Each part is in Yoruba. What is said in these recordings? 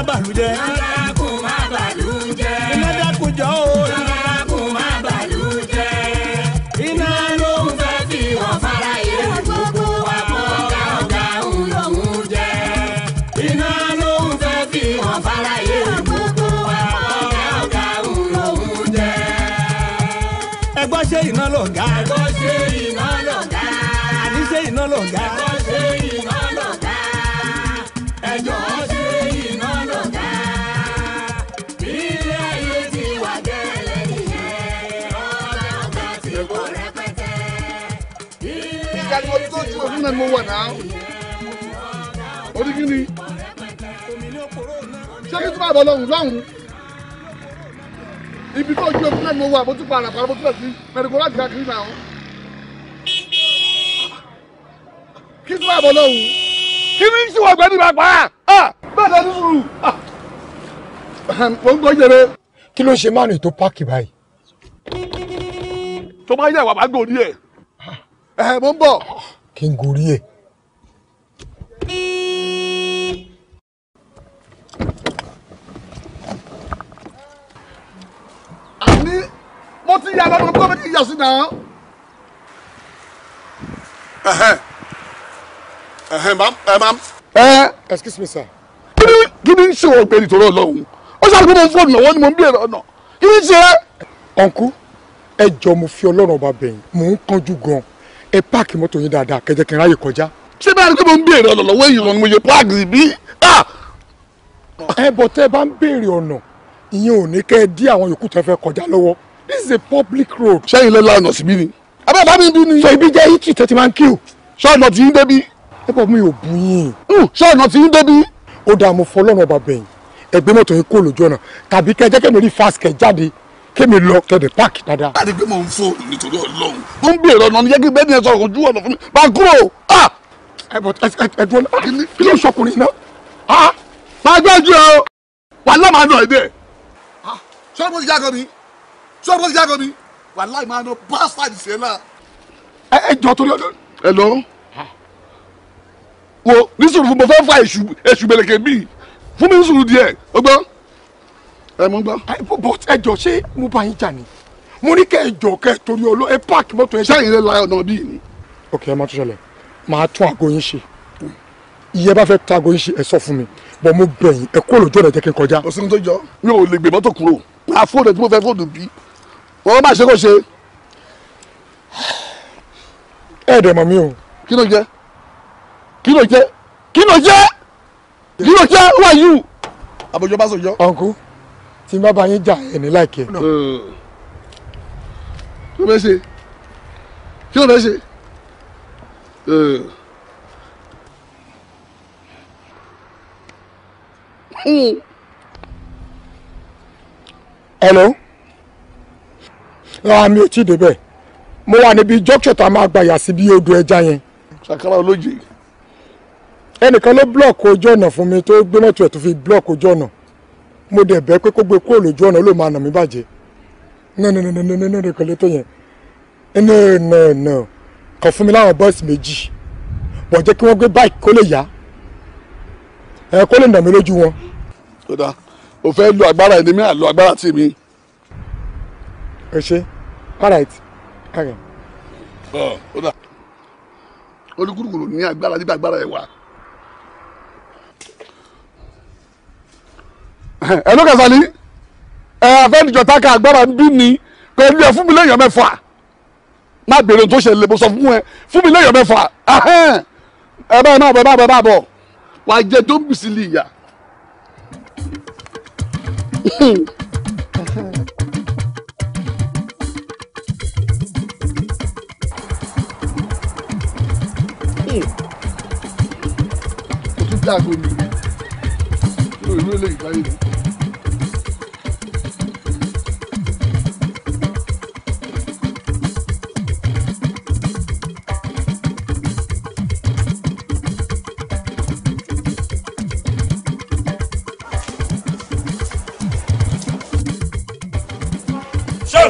má bàlùjẹ́. náà ni mo wà náà oníkí ni ṣé kí túbọ̀ àbọ̀ lọ́hùn lọ́hùn ibi tó ojú omi náà ni mo wà mo tún pa àràpàrà mo tún bẹ̀ sí mẹ́rìnkò láti ká kiri náà kí túbọ̀ àbọ̀ lọ́hùn kí ni ṣì wọ̀ gbẹ́ni bàbá bẹ́ẹ̀ lọ́dún sùúrù mo ń gbọ́ jẹrẹ. kí ló ń ṣe mánu ètò páàkì báyìí. tó bá yẹ wàá bá gbòòrí ẹ ẹ mo ń bọ̀ kí n gorí ẹ̀. àní mo ti yà lọ́dún tó fi yà sí náà. ẹ excuse me sir. kí ni kí ni ṣé o gbé nítorí ọlọ́run ó ṣàlùkò mo ń fọ́ọ̀nù lọ́wọ́ ni mo ń bèèrè ọ̀nà kí ni ṣe. ọ̀nkú ẹ jọ mo fi ọlọ́run ọba bẹ̀yìn mò ń kánjú gan-an ẹ páàkì mọ́tò yín dáadáa kẹjẹ kí n ráyè kọjá. ṣé báyìí pé mo ń béèrè ọ̀nà lọ́wọ́ èyí lọ́nà mo yẹ páàkì bí. Ah! ẹ bọ̀ tẹ́ ẹ bá ń béèrè ọ̀nà ìyẹn ò ní kẹ́ ẹ dí àwọn yòókù tẹ́ fẹ́ kọjá lọ́wọ́ this is a public road. sẹ́yìn lọ́la ọ̀nà síbí ni. abẹ́ bá mi dún ni. sọ ibi jẹ́ itri tẹ́tí máa ń kí o. sọ́ọ̀nà tí ń débi. ẹ bọ̀ mi ò bú yín. sọ́ọ̀nà tí ń débi. ó dáa fọlọ́run ọba bẹ̀yìn ẹgbẹ́ mọ́tò yín kó lójú ọ̀nà tàbí kẹ́ ẹ rí fast kẹ́ jáde kémi lọ kẹdẹ páàkì dáadáa. láti gbé mò ń fò nítorí Ọlọ́run ó ń bèrè ọ̀nà níjẹ́ kí bẹ́ẹ̀ni ẹ sọ ọ̀kan ju ọ̀nà fún mi bá kúrò. ẹ̀dùn ọ̀nà kí ló sọkùnrin náà. máa gbé ju ẹ o wà láì máa nọ ẹ dẹ. sọ́dọ̀ bó ti jágọ̀ mi sọ́dọ̀ bó ti jágọ̀ mi wà láì máa nọ báṣáàdì sí ẹ náà. ẹ jọ torí ọdọ. ẹ lọ wo nísòrò fún mi fẹ́ fà èṣù èṣù bẹ̀rẹ̀ kẹ́ bíi fún mi nísòrò díẹ̀ ọgbọ́n ẹ mú gbọ́. but ẹ jọ ṣé mo bá yín jà ni mo ní kẹ́ ẹ jọ kẹ́ ẹ torí ọlọ ẹ páàkì mọ́tò ẹ. sẹ́yìn lè la ọ̀nà bíi ni. ok ẹ má tún ṣẹlẹ̀ máa tún àgọ́ yín ṣe iye bá fẹ́ ta àgọ́ yín ṣe ẹ sọ fún mi bọ́ mo bẹ̀yìn ẹ kó lójú ọ̀nà jẹ́ kí n kọjá. kò sí ní tó jọ mi ò lè gbé mọ́tò kúrò máa fóònù tí mo fẹ́ fóònù bí wọ́n bá ṣe kó ṣe. ẹ dẹ̀ mọ̀ mi o. kí ló jẹ́ kí ló jẹ́ kí ló jẹ́ kí ló jẹ́ wáyú. àbójọ bá sọ jọ. ọ̀nkú tí n bá bá yín jà ẹni láìkẹ́. Hmm. kí ló fẹ́ ṣe kí ló fẹ́ ṣe. Hmm. hello rárá ah, mi ò tí ì débẹ̀ mo wà níbi junction tá a máa gbà yà sí bí odò ẹja yẹn. sàkárà olójì. ẹnìkan ló búlọ̀kì ojú ọ̀nà fún mi tó gbé mọ́tò ẹ̀ tó fi búlọ̀kì ojú ọ̀nà mo dẹ̀ bẹ́ pé kó gbé kúrò lójú ọ̀nà ló máa nà mí bàjẹ́ nínú kò lè tó yẹn nínú nà kàn fún mi láwọn bọ́ọ̀sì méjì bọ̀ jẹ́ kí wọ́n gbé báìkì kó lè yá ẹ kó lè nà mí lójú wọn. ó dáa o fẹ́ lo ẹ ló kẹsàn-án ni ẹ afẹ́nijọ́ ta ká agbára ń bí ni kò ní ẹ fún mi léèyàn mẹ́fà má bèrè tó ṣẹlẹ̀ mo sọ fún ẹ fún mi léèyàn mẹ́fà ẹ bá náà bọ̀ bá bọ̀ bá bọ̀ wà á jẹ tó ń bìsí lè yà. Ojú dàgbò mi, ìlú ìlú eléyìí báyìí.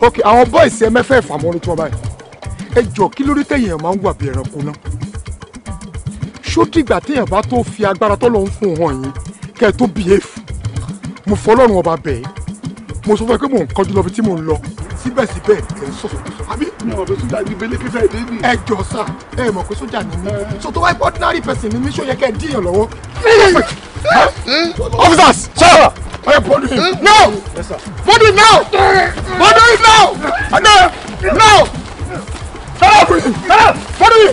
ok àwọn boys ẹ mẹ́fẹ́ ìfàmọ́rí tí wọ́n báyìí ẹ jọ kí lórí téèyàn máa ń wà bí ẹranko náà ṣó dìgbà téèyàn bá tó fi agbára tó lọ́n fún hàn yín kẹ́ ẹ tó bìhéèfù mo fọlọ́run ọba bẹ̀ ẹ́ mo sọ fún ẹ pé mò ń kọjú lọ bí tí mò ń lọ síbẹ̀síbẹ̀ ẹ̀ ń sọ̀sọ̀ àbí. mi ò mọ̀ pé sójà ní ìbílẹ̀ kíkà èdè ni. ẹ jọ sá ẹ mọ̀ pé sójà ní mí eh. so tó wá ordinary person ní mí ṣó yẹ kẹ́ ẹ díyàn lọ́wọ́. officers ṣọ́ra. Hey, Bodu! No! Yes, sir. Bodu, now! Bodu, now! No! Now! Shut up! Shut up! Bodu!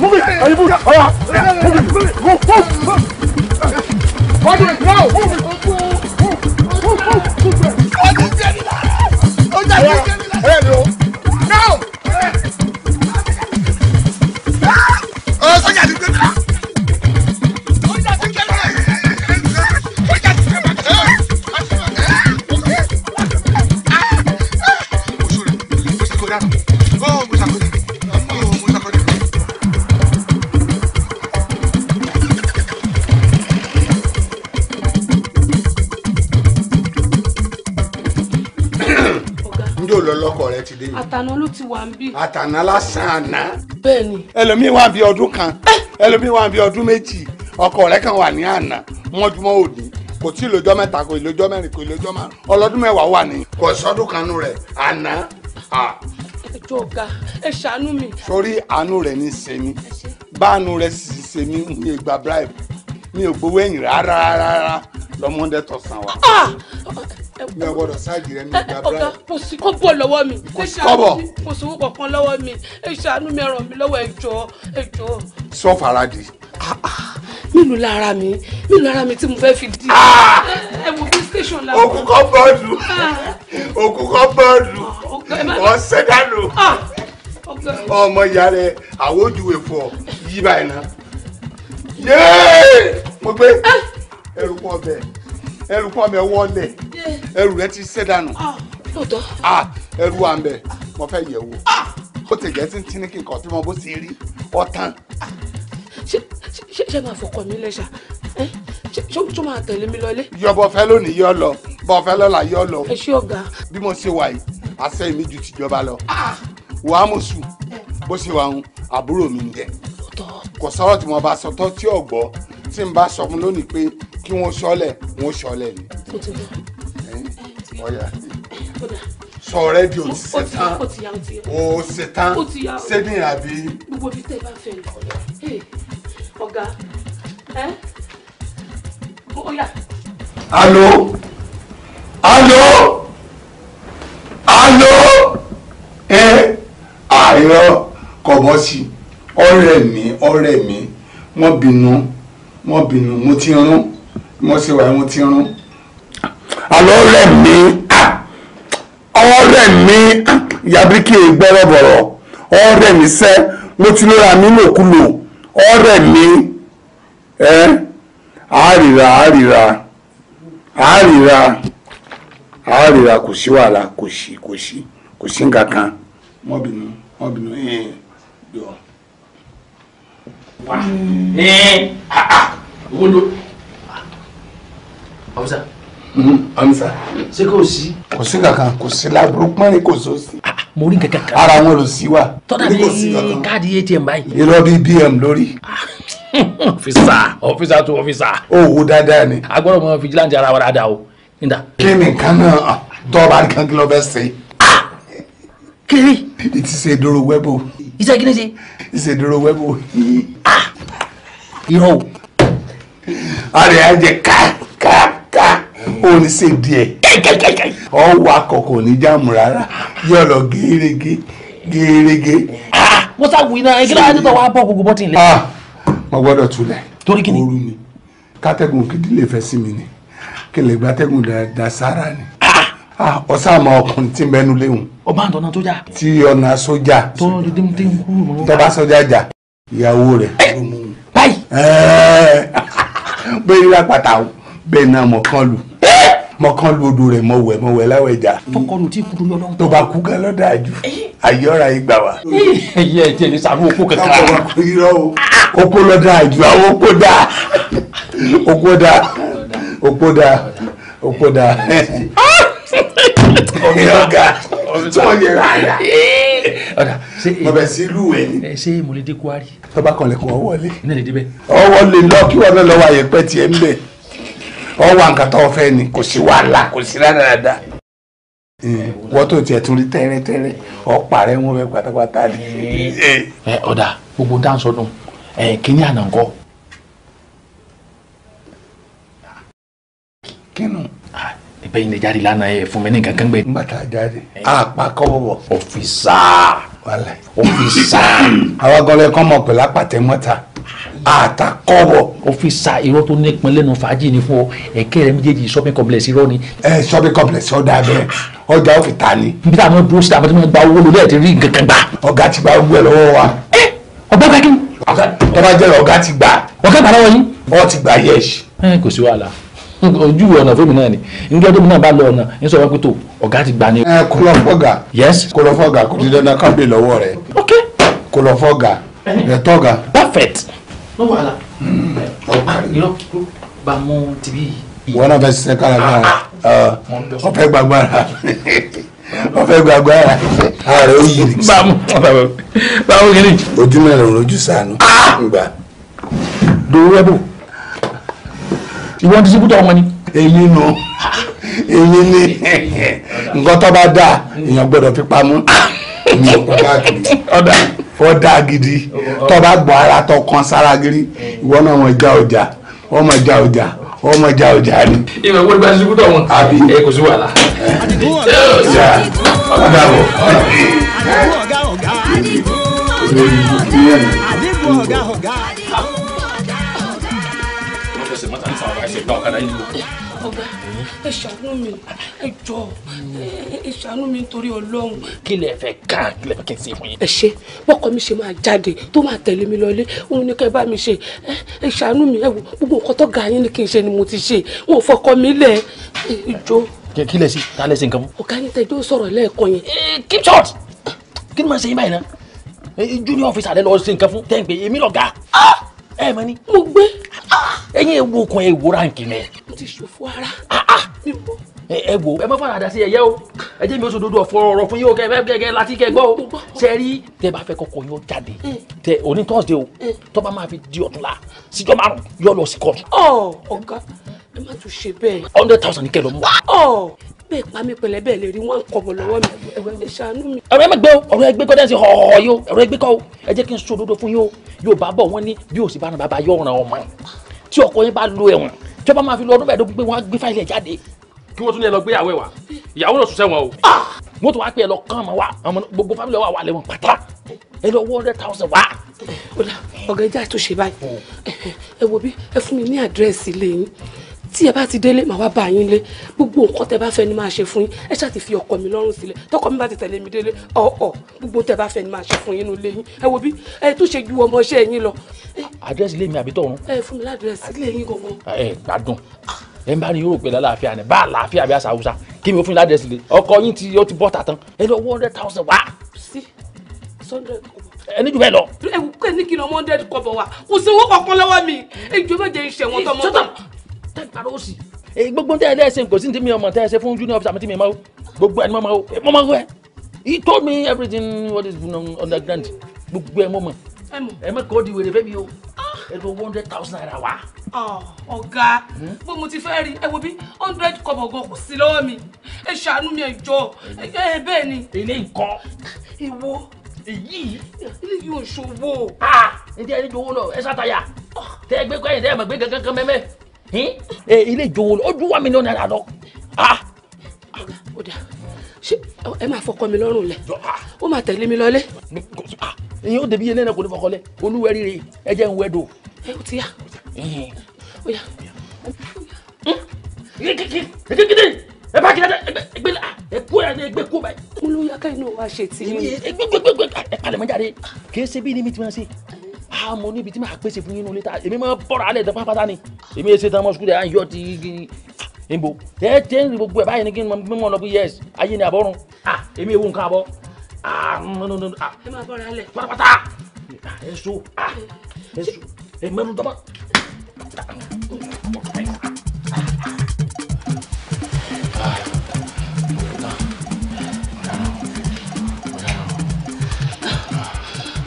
Move it! Are you move? All right. Move it! Move! Move! move. Bodu, now! Move it! Move! Move! Move! Move! Move! Move! Move! Move! Move! Move! àtàná ló ti wà ń bí. àtàná lásán àná. bẹ́ẹ̀ni. ẹlòmíín wà bí ọdún kan ẹlòmíín wà bí ọdún méjì ọkọ rẹ kan wà ní àná mọ́júmọ́ òní kò tí ì lójọ́ mẹ́ta kò ì lójọ́ mẹ́rin kò ì lójọ́ márùn ọlọ́dún mẹ́wàá wà ní. kò sọdún kanú rẹ àná. ẹjọ ọgá ẹ ṣàánú mi. sórí àánú rẹ ní sẹmi báànú rẹ sì sẹmi mi ò gba bribe mi ò gbowó rárá rárá lọ́mọ hundred thousand wa. Ah! mi ò gbọ́dọ̀ ṣáàjì rẹ mi eh, gba bíráì. ọ̀gá kò sí kó bọ̀ lọ́wọ́ mi. kò sí kọ́bọ̀. kò sí kó kan lọ́wọ́ mi ẹ ṣàánú mi ràn mí lọ́wọ́ ẹ jọ̀ọ́ ẹ jọ̀ọ́. sọ faradi. mílùú ah, ah, lára mi mílùú lára mi tí mo fẹ́ fi di. ẹ wo bí station la. òkú kan bọ́ọ̀lù òkú kan bọ́ọ̀lù ọ̀sẹ̀ dànù ọmọ ìyá rẹ àwòjúwe fọ yí báyìí náà yéé mo gbé. Eh! ẹrù pọ̀ bẹ̀ ẹrù pọ̀ bẹ̀ wọlé ẹrù rẹ ti ṣẹ́ dànù ah, ah, ẹrù wà ń bẹ̀ mo fẹ́ yẹ̀ wò ah! ó ti jẹ́ tí ní kíkọ́ tí mo bó ti rí ọ̀tán. ṣé ṣé máa fọkọ mi lẹ́ṣà ṣé tó máa tẹ̀lé mi lọlé. yọbọ fẹ́ lónìí yọ lọ bọ fẹ́ lọ́la yọ lọ. ẹ ṣé ọ̀gá. bí mo ṣe wà yìí àṣẹ mi ju tìjọba lọ wàá mọ̀ sùn bó ṣe wà ń àbúrò mi nìyẹn sọ̀tọ̀. kò sọ̀rọ̀ tí mo bá sọ̀tọ̀ tí ò gbọ́ tí n bá sọ fún lónìí pé kí wọ́n sọ́lẹ̀ wọ́n sọ́lẹ̀ ni. sọ̀rọ̀ di òtí ṣetán o ṣetán ṣẹ́ni àbí. gbogbo ibi tẹ́ bá fẹ́ ni ọ̀gá ẹ́ ó yà. alo alo alo ẹ àìrọ kọ̀bọ́sì. ọ̀rẹ́ mi ọ̀rẹ́ mi wọ́n bínú wọ́n bínú mo ti rún mo ṣe wà mo ti rún. àlọ́ ọ̀rẹ́ mi ah, ọ̀rẹ́ mi ah, yabiriki gbẹ́rẹ́ bọ̀rọ̀ ọ̀rẹ́ mi sẹ́ mo ti lóra mi lòkulò mi kò sí wàhálà kò sí kò sí kò eh, wa ẹẹ ha ha wolo. amusa. amusa. ṣé kò sí. kò sí kankan kò sí láburú pọ́nrín kò só sí. mo rí kankan kan. ara wọn ló sí wa. tọ́lá bí káàdì atm báyìí. irọ́ bí bm lórí. ọfisa ọfisa tó ọfisa. o wo dáadáa ni. a gbọ́dọ̀ mọ fìjìláńtì ara wa dáadáa o. kí ni kan náà ah, tọ́ba kan kí ló fẹ́ ṣe. kiri. ìtì ṣe dúró wẹ́bù. ìṣe kí ni ṣe. ìṣe duro wẹ́bù irọ́ o. ọ̀rẹ́ á jẹ ká ká ká ó ní ṣe díẹ̀ ọwọ́ akọkọ ní jáàmù rárá yóò lọ gẹ́rẹ́gẹ́ gẹ́rẹ́gẹ́. wọ́n ah, sá wù iná ẹgbẹ́ láti tọ́ wa bọ́ gbogbo bọ́tì ilẹ̀. Ah, mo gbọ́dọ̀ tulẹ̀ torí kí ni ooru ni kátẹ́gùn kìdílé fẹ́ sí mi ni kẹlẹ̀ gbátẹ́gùn dáadáa sára ni ah. ọsàn àmọ ọkùnrin tí mẹnu léwu. ọba àtọ̀nà tó jà. tí ọ̀nà sójà. tó ń dín dín kúrò. tọ́ba sójà jà ìyàwó rẹ̀. Eh! bẹ́ẹ̀ ni lápàtà bẹ́ẹ̀ náà Mọ̀kànlù, Mọ̀kànlù odò rẹ̀ mọ̀ wẹ̀ láwẹ̀ jà. tọkọlù tí kúrú yọ tó bá kú gan wa. ẹyẹ ẹ tiẹ̀ sàmú okó kankan. okó lọ́dà jù àwọn okó dà dà dà dà. ọ̀gá ọ̀dà ṣé ọbẹ̀ sí ìlú ẹ̀ ni. Eh, ṣé mo lè dé kwari. tọ́ba kan lẹ́kọ̀ọ́ wọlé. iná lè débẹ̀. ọwọ́ lè lọ kí wọn náà lọ́wọ́ àyẹ̀pẹ́ tiẹ̀ ń bẹ̀ ọwọ́ àǹkà tó fẹ́ ni kò sí wàhálà kò sí rádaràda. Eh, wọ́n tó tiẹ̀ tún rí tẹ́rẹ́tẹ́rẹ́ ọ̀pá rẹ̀ wọ́n fẹ́ pátápátá ni. Eh. ọ̀dà gbogbo dáhùn sọdún kíní àná ńkọ́. kínú bẹ́yìn lè jáde lánàá ẹ fún mi ní nǹkan kan gbé. nígbà tá a jáde àpá kọ́wọ́ wọ̀. ọ̀fíìsà wàhálà ọ̀fíìsà. àwa gọlẹ kọ́ mọ̀ pẹ̀lú apàtẹ mọ́ta àtàkọ́wọ̀. ọ̀fíìsà irọ́ tó ní pin lẹ́nu fàájì ni fún ọ ẹ̀kẹ́ rẹ méjèèjì shopping complex irọ́ ni. ẹ shopping complex ọ̀dà bẹ́ẹ̀ ọjà ó fi ta ni. níbi táwọn ọmọ dúró sí àwọn tó máa gba owó lórí ẹ̀ ti rí nǹkan kan gbà. ọ̀gá ti gba owó ẹ lọ́wọ́ wa. ẹ ọ̀gá gba kí ni. ọ̀gá tó bá jẹ́ ọ̀gá ti gbà. ọ̀gá gbà lọ́wọ́ yín. ọ̀ ti gbà yẹ́sì. ẹ kò sí wàhálà. ojú ọ̀nà fẹ́mi náà ni nígbà tó mi náà bá lọ ọ̀nà ń sọ wá pé tó ọ̀gá ti gbà ni. ẹ kò lọ fọgà. yes. kò lọ fọgà kò di dandan ká bè lọ́wọ́ rẹ. ok. kò lọ fọgà rẹ tọgà. perfect. ló wà lá. irọ́ bá mú tìbí yìí. wọn náà fẹ́ ṣiṣẹ́ kára náà ọ̀fẹ́ gbàgbára ọ̀fẹ́ gbàgbára ààrẹ ó yìí. báwo báwo báwo kìíní. ojú mẹ́rin lójú sànú. Ah! gbà. dòwú ẹ̀bùn ìwọ distributor wọn ni. èyí nu èyí ni nǹkan tó bá dáa èèyàn gbọ́dọ̀ fi pamọ́ ọ̀dà ọ̀dà gidi tó bá gbọ́ ara tó kan sára gírí ìwọ náà wọn já ọjà ọmọ já ọjà ọmọ já ọjà ni. ìwé wo ni bá distributor wọn. àbí ẹ kò sí wàhálà. ọ̀dà bọ̀ ọ̀dà bọ̀. gba ọ̀kadà yìí lọ. ọ̀gá ẹ ṣàánú mi ẹ jọ ẹ ṣàánú mi nítorí ọlọ́run. kí lẹ fẹ́ ká kí lẹ fẹ́ kí n ṣe fún yín. ẹ ṣe bọ́kọ mi ṣe máa jáde tó máa tẹ̀lé mi lọlé òun ni kẹ́ bá mi ṣe ẹ ṣàánú mi ẹ wo gbogbo nǹkan tó ga yín ni kì í ṣe ni mo ti ṣe wọn ò fọkọ mi lẹ̀ ẹ kí lẹ sí ta lẹ sí nǹkan fún. ọ̀gá yín tẹjọ́ sọ̀rọ̀ lẹ́ẹ̀kan yẹn. keep short kí ni màá ṣe yín báyìí ná junior officer lẹ lọ sí nǹkan fún tẹ́ ń pè ẹ mọ ni. mo gbé. ẹyin ewu kan ewu ránkì lẹ. mo ti ṣòfò ara. Ah, ah. ẹ wo ẹ má fara dà sí ẹyẹ o ẹ jẹ́ mi oṣù dúdú ọ̀fọ̀ ọ̀rọ̀ fún yín o kẹ́ẹ̀ kẹ́ẹ̀ láti kẹ́ẹ̀ gbọ́ o ṣe rí tẹ bá fẹ́ kọ́kọ́ yóò jáde mm. tẹ òní tọ́sídẹ̀ o mm. tọ́ bá máa fi di ọ̀túnla síjọ́ márùn yóò lọ sí kọ́ọ̀tù. ọ oh, ọ̀gá ẹ má tún ṣe bẹ́ẹ̀. hundred thousand kẹ́ lọ mú wa. Oh bẹ́ẹ̀ pa mí pẹ̀lẹ́ bẹ́ẹ̀ lè rí wọn kọ̀bọ̀ lọ́wọ́ mi ẹ̀wẹ̀ ṣàánú mi. ọ̀rọ̀ ẹgbẹ́ gbọ́ ọ̀rọ̀ ẹgbẹ́ kọ́ dẹ́sí họ̀ọ̀họ̀ yó ọ̀rọ̀ ẹgbẹ́ kọ́ ẹ jẹ́ kí n sọ òdodo fún yín yóò bá bọ̀ wọ́n ní bí òsì bá ràn bàbá yóò ràn ọmọ tí ọkọ yín bá lo ẹ̀wọ̀n tí wọ́n máa fi lọ ọdún mẹ́ẹ̀ẹ́dógún pé wọ́n gbé fáìlì ẹ̀ jáde kí wọ́n tún ní lọ gbé ìyàwó ẹ wá ìyàwó ah! ẹ lọ kán ọmọ wa ọmọ wá. ọ̀gá ẹja tó báyìí oh. ẹ wo bí ẹ fún mi ní àdírẹ́sì ilé tí ẹ bá ti délé màá wá bá yín lé gbogbo nǹkan tẹ bá fẹ́ ni máa ṣe fún yín ẹ ṣáà ti fi ọkọ mi lọ́rùn sílẹ̀ tọkọ mi bá ti tẹ̀lé mi délé ọ̀ọ̀ gbogbo tẹ bá fẹ́ ni máa ṣe fún yín nínú ilé yín ẹ wo bí ẹ tó ṣe ju ọmọọṣẹ́ yín lọ. àdírẹ́sì lé mi àbí tọ̀run. ẹ fún mi ládírẹ́sì lé yín gbogbo. Ah, ẹ gbádùn ẹ bá ní Europe lálàáfíà ni bá àlàáfíà bí àṣà Haúsá kí mi ò fún yín ládírẹ́sì lé ọkọ yín ti ó ti bọ́ ẹ lọ one hundred thousand wá. sí sọ́ndẹ̀ kò ẹni jù bẹ́ẹ̀ lọ. ẹ kò ní kí ni ọmọ hundred kọ́bọ̀ wa kò sí owó kankan lọ́wọ́ mi ẹ jọ̀ọ́ má jẹ́ iṣẹ́ wọn tọmọtọmọ tẹ́ parọ́ òsì gbogbo tẹ́ ẹ lẹ́sẹ̀ kò sí ní tèmi ọmọ tẹ́ ẹ ṣe fún junior officer mi tèmi ẹ máa wò gbogbo ẹni mọ́mọ́ wò mọ́mọ́ wò ẹ he told me everything what is underground gbogbo ẹ mọ́mọ́ ẹ má kọ́ di wèrè bẹ́ẹ̀ mi o ẹ lọ one hundred thousand naira wá. Ah, ọ̀gá hmm? bó mo ti fẹ́ rí ẹ wo bí hundred kọ́bọ̀ gan kò sí lọ́wọ́ mi ẹ ṣàánú mi ẹ jọ̀ọ́ ẹ bẹ́ẹ̀ ni. èlé nǹkan. ìwọ èyí ilé yóò ṣòwò. Ah! ǹjẹ́ ẹni jowó lọ ẹ ṣàtàyà ah! tẹ́ ẹ gbé kọ́ ẹ̀yìn tẹ́ ẹ mọ̀ gbé gangan kan mẹ́mẹ́. Hmm? ilé ìjòwò ó dún one million naira lọ. ṣé ẹ máa fọkọ mi lọ́rùn lẹ̀ ó máa tẹ̀lé mi lọ́lé. ìyẹn ó débi yẹn lẹ́nà kò ní fọkọ lẹ̀ olúwẹ̀rí rè ẹ jẹ́ ń wẹ́ do. ẹ ó ti yá ó yá. Hmm? ẹ bá kí ẹ kú ẹ gbé kú báyìí. mo ló yá káyìn náà wá ṣe tì í. ẹ gbé gbé gbé ẹ palẹ̀mọ́ jáde kì í ṣe bí ni mi ti máa ṣe a ah, mo níbi tí màá pèsè fún yínú létà èmi máa bọ́ra alẹ́ dán pátá ni èmi ṣe tán mọ́ sukúlẹ̀ à ń yọ ti gini níbo ẹ jẹ́ ń rí gbogbo ẹ̀ báyìí ní kí n mọ̀ lọ bí yẹ́s ayé ni àbọ̀rùn à ah, èmi ewu nǹkan àbọ̀ à nínú à ẹ máa bọ́ra alẹ́ pátápátá ah, ẹ so à ẹ so ẹ mẹ́nu dọ́bà.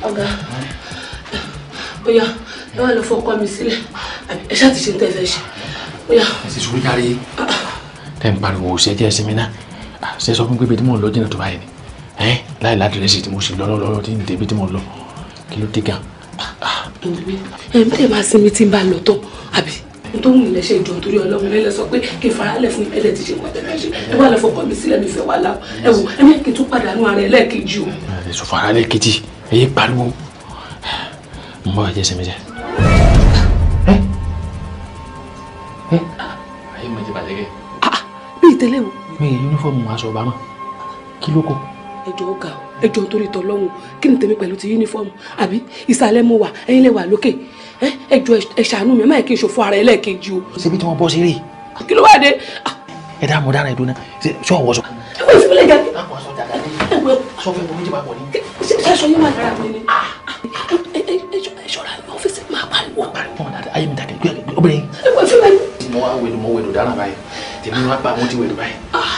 ọ̀gá bóyá ẹ wá lọ fọkọ mi sílẹ̀ ẹ ṣáà ti ṣe ń tẹ́ fẹ́ ṣe bóyá. ẹ sì sùúrù járe tẹ́ ń pariwo òṣìṣẹ́ jẹ́ ẹsẹ̀ mi náà ṣe sọ fún pé ibi tí mò ń lọ jìnnà tó báyìí ni láì ládìrẹ́sì tí mo sì lọ lọ́lọ́ tí ń débi tí mo lọ kí ló dé gan. ẹ̀mí lè máa sinmi tí ń bá lọ tán àbí tó ń lè ṣe ìjọ torí ọlọ́run lẹ́lẹ́ sọ pé kí n faralẹ̀ fún ẹlẹ́ ti ṣe pàtẹ́lẹ́ ṣe ẹ wà lọ fọkàn mi sílẹ̀ mi fẹ́ wà láwọ ẹ wò ẹ ní kí n tún pàdánù ara ẹlẹ́ẹ̀kejì o. ẹ mo bá jẹ́ sẹ́mi jẹ́. ayé mo ti bàjẹ́ kẹ́. bí ìtẹ́lẹ̀ o. mi ì yúnífọ̀mù aṣọ ọba mọ́ kí ló kọ. ẹjọ ọgá o ẹjọ torí tọlọ́hún kí ni tèmi pẹ̀lú ti yúnífọ̀mù àbí ìsàlẹ̀ mo wà ẹ̀yin lẹ wà lókè ẹjọ ẹ ṣàánú mi ẹ má yẹ kí n ṣòfò ara ẹlẹ́ẹ̀kejì o. ṣebí tí wọn bọ sílẹ̀. kí ló wà dé. ẹ dáa mo dára ẹ dúná ṣé ọwọ́ sọ. ẹ wọ ìfúnlẹ̀ jáde. sọ fún mi mo méjì máa pọ̀ ní. ṣé sọ yín máa dára mi ni. Ah, ah ṣọ́ra ẹgbẹ́ ọ́fíìsì máa pariwo. pariwo náà ayé mi dàdé gbẹ́gbẹ́ obìnrin. ẹgbẹ́ fún mi. tí mo wá wẹ̀lú mo wẹ̀lú dáná báyìí tèmi wá bá mo ti wẹ̀lú báyìí. Ah.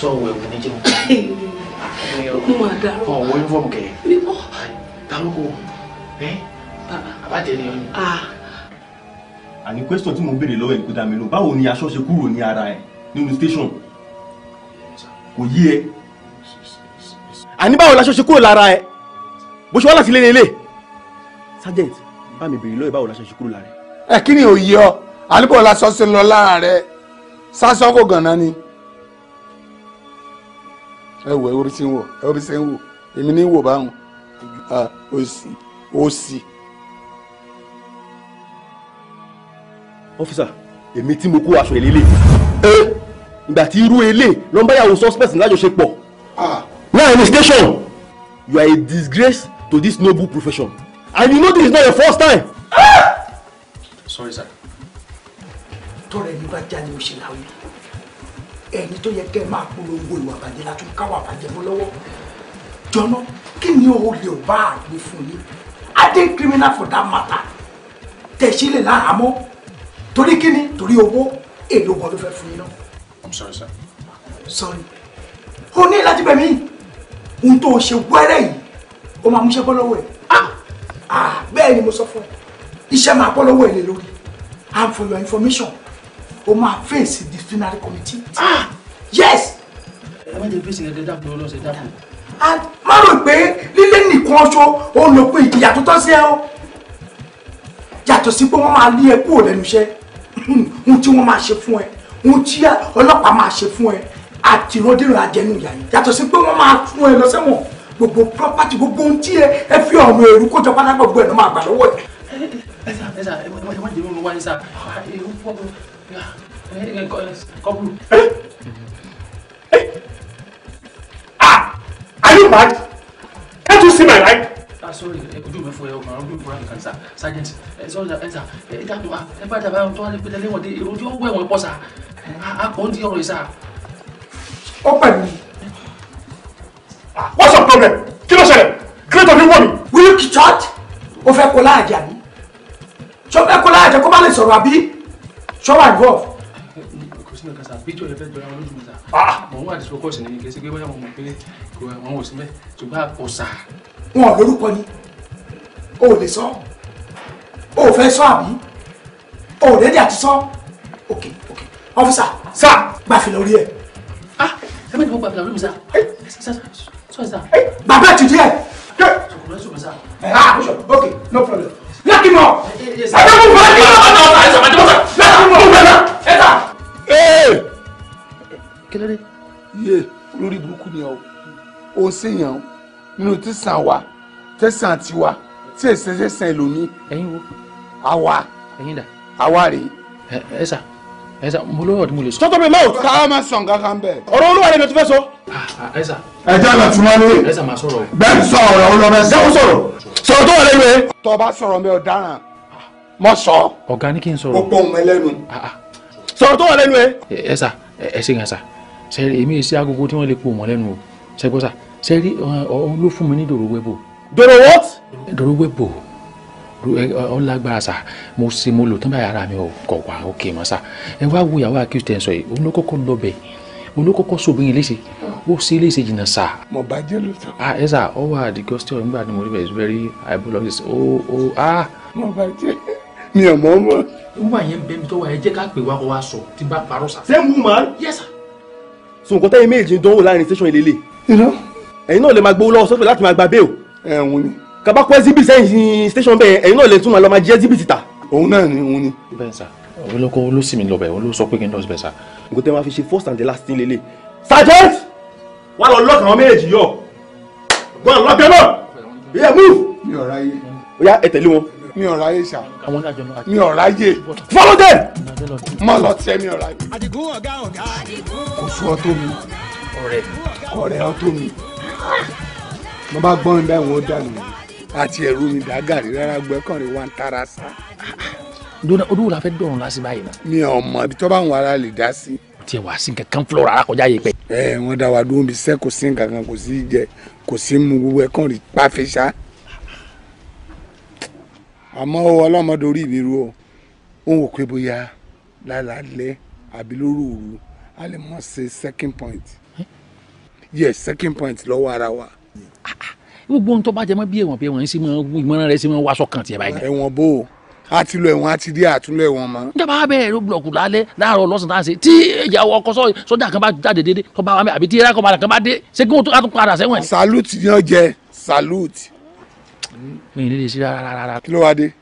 sọ wẹ̀lú ní jẹun. mo máa dárò. ọ wọ yunifọmù kẹ. mi kọ. Oh. talóko ẹ. bàbá abájẹ ni ọ ni. Ah. àní question tí mo béèrè lọ́wọ́ ẹ̀kú dàmí ló báwo ni aṣọ ṣe kúrò ní ara ẹ̀ nínú station kò yé ẹ àní báwo la ṣe kúrò lára ẹ bó ṣe wá láti lé ní ilé sergeant bá mi bèrè lọ́yẹ̀ báwo la ṣe ṣe kúrò lára ẹ. ẹ kí ni òye ọ àlùbọ̀ lásán ṣe lọ lára rẹ sásán kò gànà ni. ẹ wò ẹ orí ti ń wò ẹ orí ti ń wò èmi ní wò báwọn òsì òsì. ọ́fíìsà èmi tí mo kó aṣọ ìlélẹ̀ ìgbà tí irú ilé ló ń suspect lájọṣepọ̀ now in the station you are a disgrace to this noble profession and you know this is not your first time. sorry sir. tọrọ ẹni bá já ni o ṣe láwí ẹni tó yẹ kẹ máa polongo ìwà bàjẹ́ la tún káwà bàjẹ́ mọ́ lọ́wọ́ kí ni o lè bá àgbẹ̀ fún yín adé criminal for that matter tẹ̀sílẹ̀ láhàámọ́ torí kí torí owó èlò wọn ló fẹ́ fún yín náà. i'm sorry sir. sorry o ní láti bẹ̀ mí ohun tó o ṣe wẹ́rẹ́ yìí o máa múṣẹ́ bọ́ lọ́wọ́ ẹ̀ ah! Ah, bẹ́ẹ̀ ni mo sọ fún ẹ iṣẹ́ máa bọ́ lọ́wọ́ èlé lórí and ah, for your information o máa face the disciplinary committee. ah yes. ẹ má jẹ fèsì ẹgbẹ dàpọ̀ ọlọ́sẹ̀ dàpọ̀. and ah, má rò pé lílé nìkan ṣo òun ló pé ìjìyà tó tọ́ sí ẹ o yàtọ̀ sí pé wọ́n máa lé ẹ kúrò lẹ́nu iṣẹ́ ohun tí wọ́n máa ṣe fún ẹ ohun tí ọlọ́pàá máa ṣe fún ẹ àtìrọ́dẹ̀rọ̀ àjẹnú yàtọ̀ sí pé wọ́n máa tún ẹ lọ gbogbo property gbogbo ohun tí ẹ ẹ fi ọ̀nà èrú kó jọ pátá gbogbo ẹ̀ ló máa gbà lọ́wọ́ ẹ sà ẹ sà ẹ má jẹ́ mímú are you mad? can't you see my life? sorry ojú mi fún ẹ ọmọ ọdún ìfúra nìkan sá sergeant ẹ sọ ẹ sá ẹ dàpọ̀ à ẹ bá dàbà tó wà pété lẹ́wọ̀n dé èrò tí ó pọ̀ sá àpò ń di ọ̀rọ̀ yìí sá. ó pẹ̀lú what's your problem kí ló ṣẹlẹ̀ kí ló tó fi wọ̀ mí. will you church o fẹ́ kó láàjà ni ṣọ fẹ́ kó láàjà kó má lè sọ̀rọ̀ àbí ṣọ́wà involve. kò sínú kasa picture yẹn fẹ́ jọra wọn lójú mi sá. Ah! mọ̀ ń wà dis focus ní kí ẹ ṣe pé bóyá mo mọ̀ pé kò wọn ò sí mẹ́ ṣùgbọ́n àpò wọn ò lórúkọ ni o ò lè sọ o ò fẹ́ sọ àbí o ò lẹ́dí àti sọ ok ok ọfíìsà sá gbàfin lórí ẹ. ah ẹ bẹ́ẹ̀ ni mo gbàfin lórí mi sá. Eh, bàbá ti di ẹ. Ah, ok no problem. láti mọ. ẹ mú bọ́lá kí ló ń bá ẹ sọ̀rọ̀ ẹ láti mú bọ́lá ẹ ta. kílódé. yé lórí burúkú ni ọ o ṣèyàn nínú tẹsán wa tẹsán tiwa tí èsì tẹsán ẹlòmíì. ẹ̀yin wo. àwa. ẹ̀yin dà. àwa rèé. ẹ ẹ sà ẹ sà mo lọ́wọ́ tí mo lè sọ. tọ́tọ́ mi mọ́ ká má sàn kankan bẹ́ẹ̀. ọ̀rọ̀ olúwa rẹ̀ ló ti fẹ́ sọ. ẹ ah, ah, sà. ẹ jẹ́ àlọ́ tiwọn ní. ẹ sà máa sọ̀rọ̀. bẹ́ẹ̀ sọ ọ̀rọ̀ olóbẹ̀ sẹ́kù sọ̀rọ̀ sọ̀rọ̀ tó wà lẹ́nu ẹ. tó o bá sọ̀rọ̀ mi ò dáràn mọ sọ. ọ̀gá ní kí n sọ̀rọ̀. gbogbo ohun ẹlẹ́nu. Ah, sọ̀rọ̀ tó wà lẹ́nu eh, eh, ẹ. ẹ sà ẹ ṣe èmi èsì agogo tí wọ́n lè po mọ́ lẹ́nu o ṣe gbọ́ sà ṣe rí òun eh, ló fún mi ní dòrò wẹ́bù. dòrò what. dòrò wẹ́bù ọlágbára sà mo ṣe mo lò tán báyìí ara mi ò kọ̀ wá òkè mọ́ sà ẹ wá wo ìyàwó akíyèsí tẹ̀ ń sọ yìí òun ló kọ́kọ́ lọ bẹ̀ òun ló sóbìnrin léṣe ó ṣe léṣe jìnnà sà. mo bá jẹ́ ló tán. ah ẹ sà ọ wà digostion nígbà tí mo rí bẹ̀rẹ̀ very high blood pressure ó ó ah. mo bá jẹ́ mi ò mọ̀ mọ́. wúwà yẹn bẹ́ẹ̀ mi tó wà ẹ jẹ́ ká pè wá kó wá sọ tí bá parọ́ sà. same woman. yes sà. so nǹkan tẹ́yìn méjì ń dánwò láàrin station ìlélẹ̀. ẹ̀yin náà lè máa gbowó lọ́wọ́ sọ́pẹ̀ láti máa gba bẹ́ẹ̀ o. ẹ̀hún ni kaba kó exhibit sẹ́yìn station bẹ́ẹ̀ ẹ̀yin náà lè tún máa lọ máa jẹ́ exhibit ta. òun náà ni òun ni. bẹ́ẹ̀ sà òun ló kọ́ ló sì mí lọ́bẹ̀ òun ló sọ pé kí n lọ́sibẹ̀ sà. nǹkan tẹ́ wọ́n fi ṣe first and the last thing lélẹ̀. sergeant wà lọ lọ́ọ̀kì àwọn méjèèjì yọ wà lọ́ọ̀kì náà yẹ move. mi ò ráyè. ó yá ẹ tẹ̀lé wọn. mi ò ráyè sà. àwọn náà jọ náà. mi ò ráyè. follow them. mọ lọ tiẹ mi ò ráyè. àdìgún ọ̀gá ọ̀gá. kò sú ọ tó mi. ọ̀rẹ́ ọ̀rẹ́ ọ tó mi. mo bá gbọ́n mi báyìí wọ́n dànù àti ẹ̀rù mi dàgàrí rárá gbẹ́kànrin wa ń tara sá. dona olúwo la fẹ́ dọ̀rùn lásì báyìí náà. mi ò mọ ibi tó bá ń wàrà lè dá sí. tiẹ̀ wá sí nǹkan kan fúlọ̀rọ̀ alákọjá yìí pẹ́. ẹ wọn dá wa dúró bí sẹ kò sí nǹkan kan kò sí jẹ kò sí mu gbogbo ẹ kàn rí pàfẹ́ sá. àmọ́ ọlọ́mọdé orí mi ru o òun ò pé bóyá lálálẹ́ àbí lóru òru a lè mọ̀ ṣe second point yes second point lọ́wọ́ ara wa. Ah, ah gbogbo ohun tó bá jẹ mọ́ bí ẹ̀wọ̀n bí ẹ̀wọ̀n ṣe máa ìmọ̀ràn rẹ̀ ṣe máa wáṣọ kan tiẹ̀ báyìí. ẹ̀wọ̀n bò ó a ti lọ ẹ̀wọ̀n a ti dé àtúnlọ ẹ̀wọ̀n mọ́. ìjọba bẹ̀rẹ̀ ló búlọ̀kù lálẹ́ láàárọ̀ lọ́sàn tá a ṣe tí ìjà ọkọ̀ sọ́jà kan bá jáde dédé tó bá wà mẹ́ àbí tí ẹ̀rá kan kan bá dé ṣé kí wọ́n tó ká padà sẹ́wọ̀n. salute yan jẹ salute. mi ò ní lè ṣe rárá rárá. kí ló wá dé.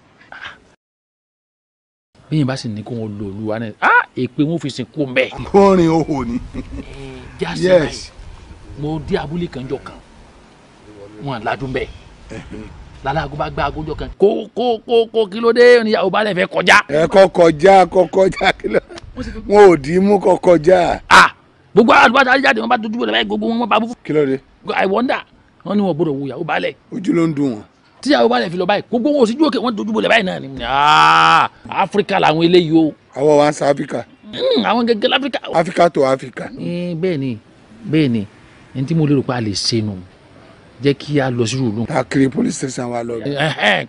bí yìnbá sì ní kó wọn lò olúwa náà ah èpè wọn fi sìnkú mẹ. àkórin òhò ni. yes mo dé abúlé kan jọ kan wọn ládùn bẹ́ẹ̀ Lala bá gbá agójọ kan kó kó kó kó kí ló dé oníyàwó bá lè fẹ́ kọjá. ẹ kọ kọjá kọ kọjá kí ló wọn ò dì í mú kọ kọjá. gbogbo àwọn àdúgbò àti wọn bá dojú bọ̀dọ̀ gbogbo wọn bá bú. kí ló I wonder wọn ni wọn gbọ́dọ̀ wo ìyàwó balẹ̀. ojú ló ń dùn wọn. tíyàwó balẹ̀ fi lọ báyìí gbogbo wọn ò sí jókè wọn dojú bọ̀dọ̀ báyìí náà ni. Ah, áfíríkà làwọn eléyìí o. àwọn wa ń sa áfíríkà. Hmm, àwọn gẹ́gẹ́ láfíríkà. áfíríkà tó áfíríkà. Eh, bẹ́ẹ̀ ni bẹ́ẹ̀ ni ẹni tí jẹ́ kí a lọ sírù lóhùn. a kiri police station wa lọ. pé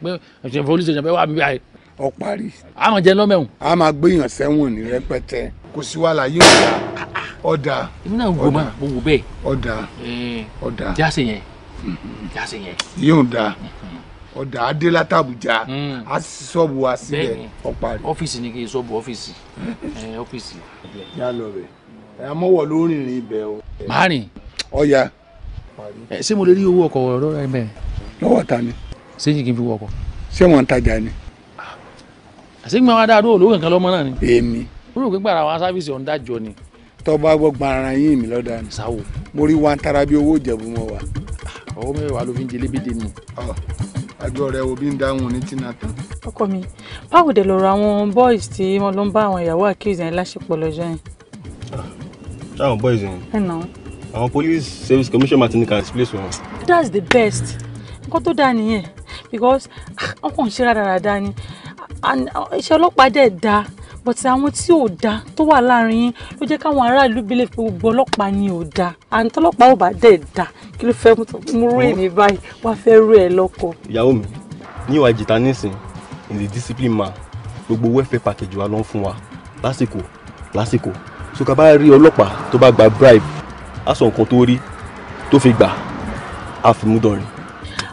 ṣe police station fẹ́ wà mí báyìí. ọ parí. a máa jẹ lọ́mẹ̀hún. a máa gbéyàn sẹ́wọ̀n ní rẹpẹtẹ kò sí wàhálà yóò dá ọ̀dà. èmi náà wò máa wò bẹ́ẹ̀. ọ̀dà ọ̀dà. jáse yẹn mhm. jáse yẹn. yóò dá mhm. ọ̀dà adé látàbújá mhm. a sì sọ́ọ̀bù wa síbẹ̀ ọ parí. ọ́fíìsì ni kì í sọ́ọ̀bù ọ́fíìsì ọ́fíìsì. yálọ bẹ ẹ amọwọ ló rìnrìn ibẹ o. máa ọya parí. ẹ eh, ṣé mo lè rí owó ọkọ̀ ọ̀rọ̀ rẹ eh, mẹ́rin. lọ́wọ́ ta ni. ṣé yìí kì í fi wọ ọkọ̀. ṣé wọn ń tajà ni. àṣegbọn ah, wa dáadọ́ olówó kankan lọ́mọ náà ni. èmi. ó rò pé gbàrà wa sáfíìsì ọ̀ǹda jọ ni. tọ́ba gbọ́ gbàrà yín mi lọ́dà ni. sáwò. mo rí wa ń tara bí owó ìjẹ̀bù mọ́ wa. ọwọ́ ah, mẹ́wàá ló fi ń jẹ lébédè ni ah, àjọ rẹ wo bí ń dáhùn ní tina tán. ọkọ mi báwo dé lọ́rọ̀ àwọn boys tí wọn lọ ń bá àwọn ìyàwó accuse yẹn láṣepọ̀ lọ́jọ́ yẹn. ṣáwọn boys yẹn. ẹ nà àwọn police service commission martin can explain to wọn. that's the best nǹkan tó dáa nìyẹn because ah, wọn kàn ń ṣe rádaràda ni ah, iṣẹ́ ọlọ́pàá dẹ̀ da. but àwọn tí ò dáa tó wà láàrin yín ló jẹ́ káwọn aráàlú bílẹ̀ pé gbogbo ọlọ́pàá ni ò dáa àǹtí ọlọ́pàá ò bá dẹ̀ dáa kí ló fẹ́ mú rú èmi báyìí wá fẹ́ rú ẹ lọ́kọ. ìyàwó mi ní ìwà ìjìtá nísìn in the discipline man gbogbo welfare package wa ló ń fún wa lásìkò lásìkò so ká bá rí ọlọ́pàá tó bá gba bribe á sọ nǹkan tó rí tó fi gbà á fi mú dọ̀rin.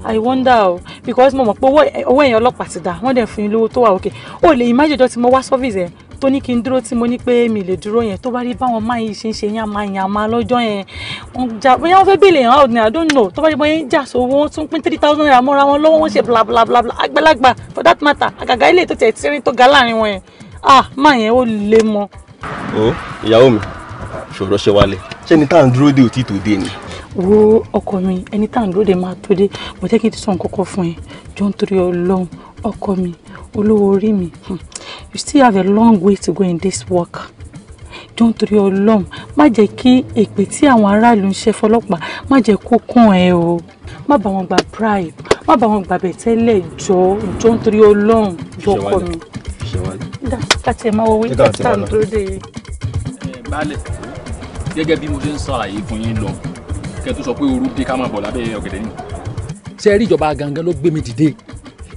I wonder o because mo mọ̀ pé owó ẹ̀yìn ọlọ́pàá ti dà wọ́n dẹ̀ fún yín lówó tó wà òkè ó lè imagine ọjọ́ tí mo wá service ẹ̀ tó ní kí n dúró tí mo ní pé mi lè dúró yẹn tó bá rí báwọn máa yìí ṣe ń ṣe yàmá yàmá lọ́jọ́ yẹn wọ́n jà bóyá wọ́n fẹ́ bèèlè yàn out ni I don't know tó bá rí bóyá jà sówó wọ́n tún pín three thousand naira mọ́ra wọn lọ́wọ́ wọ́n ṣe bla bla bla bla àgbàlagbà for that matter àgàgà ilé tó tẹ̀ tírín tó ga láàrin wọn yẹn ah máa yẹn ó le mọ. o ìyàwó mi ṣòro ṣe wálé ṣé ẹni tá à ń dúró de òtítọ́ dé ni. wo ọkọ mi ẹni tá à dúró de máa tó dé mo jẹ́ kí n ti sọ nǹkan kan fún ẹ jọ nítorí ọlọ́run ọkọ mi olówó orí mi hmm. you still have a long way to go in this work jọ nítorí ọlọ́run má jẹ́ kí èpè tí àwọn aráàlú ń ṣe fọlọ́pàá má jẹ́ kó kàn ẹ́ o má bá wọn gba bribe má bá wọn gbàbẹ̀ tẹ́lẹ̀ jọ jọ nítorí ọlọ́run jọ ọkọ mi. ṣe wálé. dá ká tiẹ̀ máa wọ wíńdà tá à ń dúró de. ẹ baálẹ̀ gẹ́gẹ́ bí mo ṣe ń ṣàlàyé fún yín lọ kẹ́ tó sọ pé ooru dé ká máa bọ̀ lábẹ́ ọ̀gẹ̀dẹ̀ nìyí. ṣé rí ìjọba gangan ló gbé mi dìde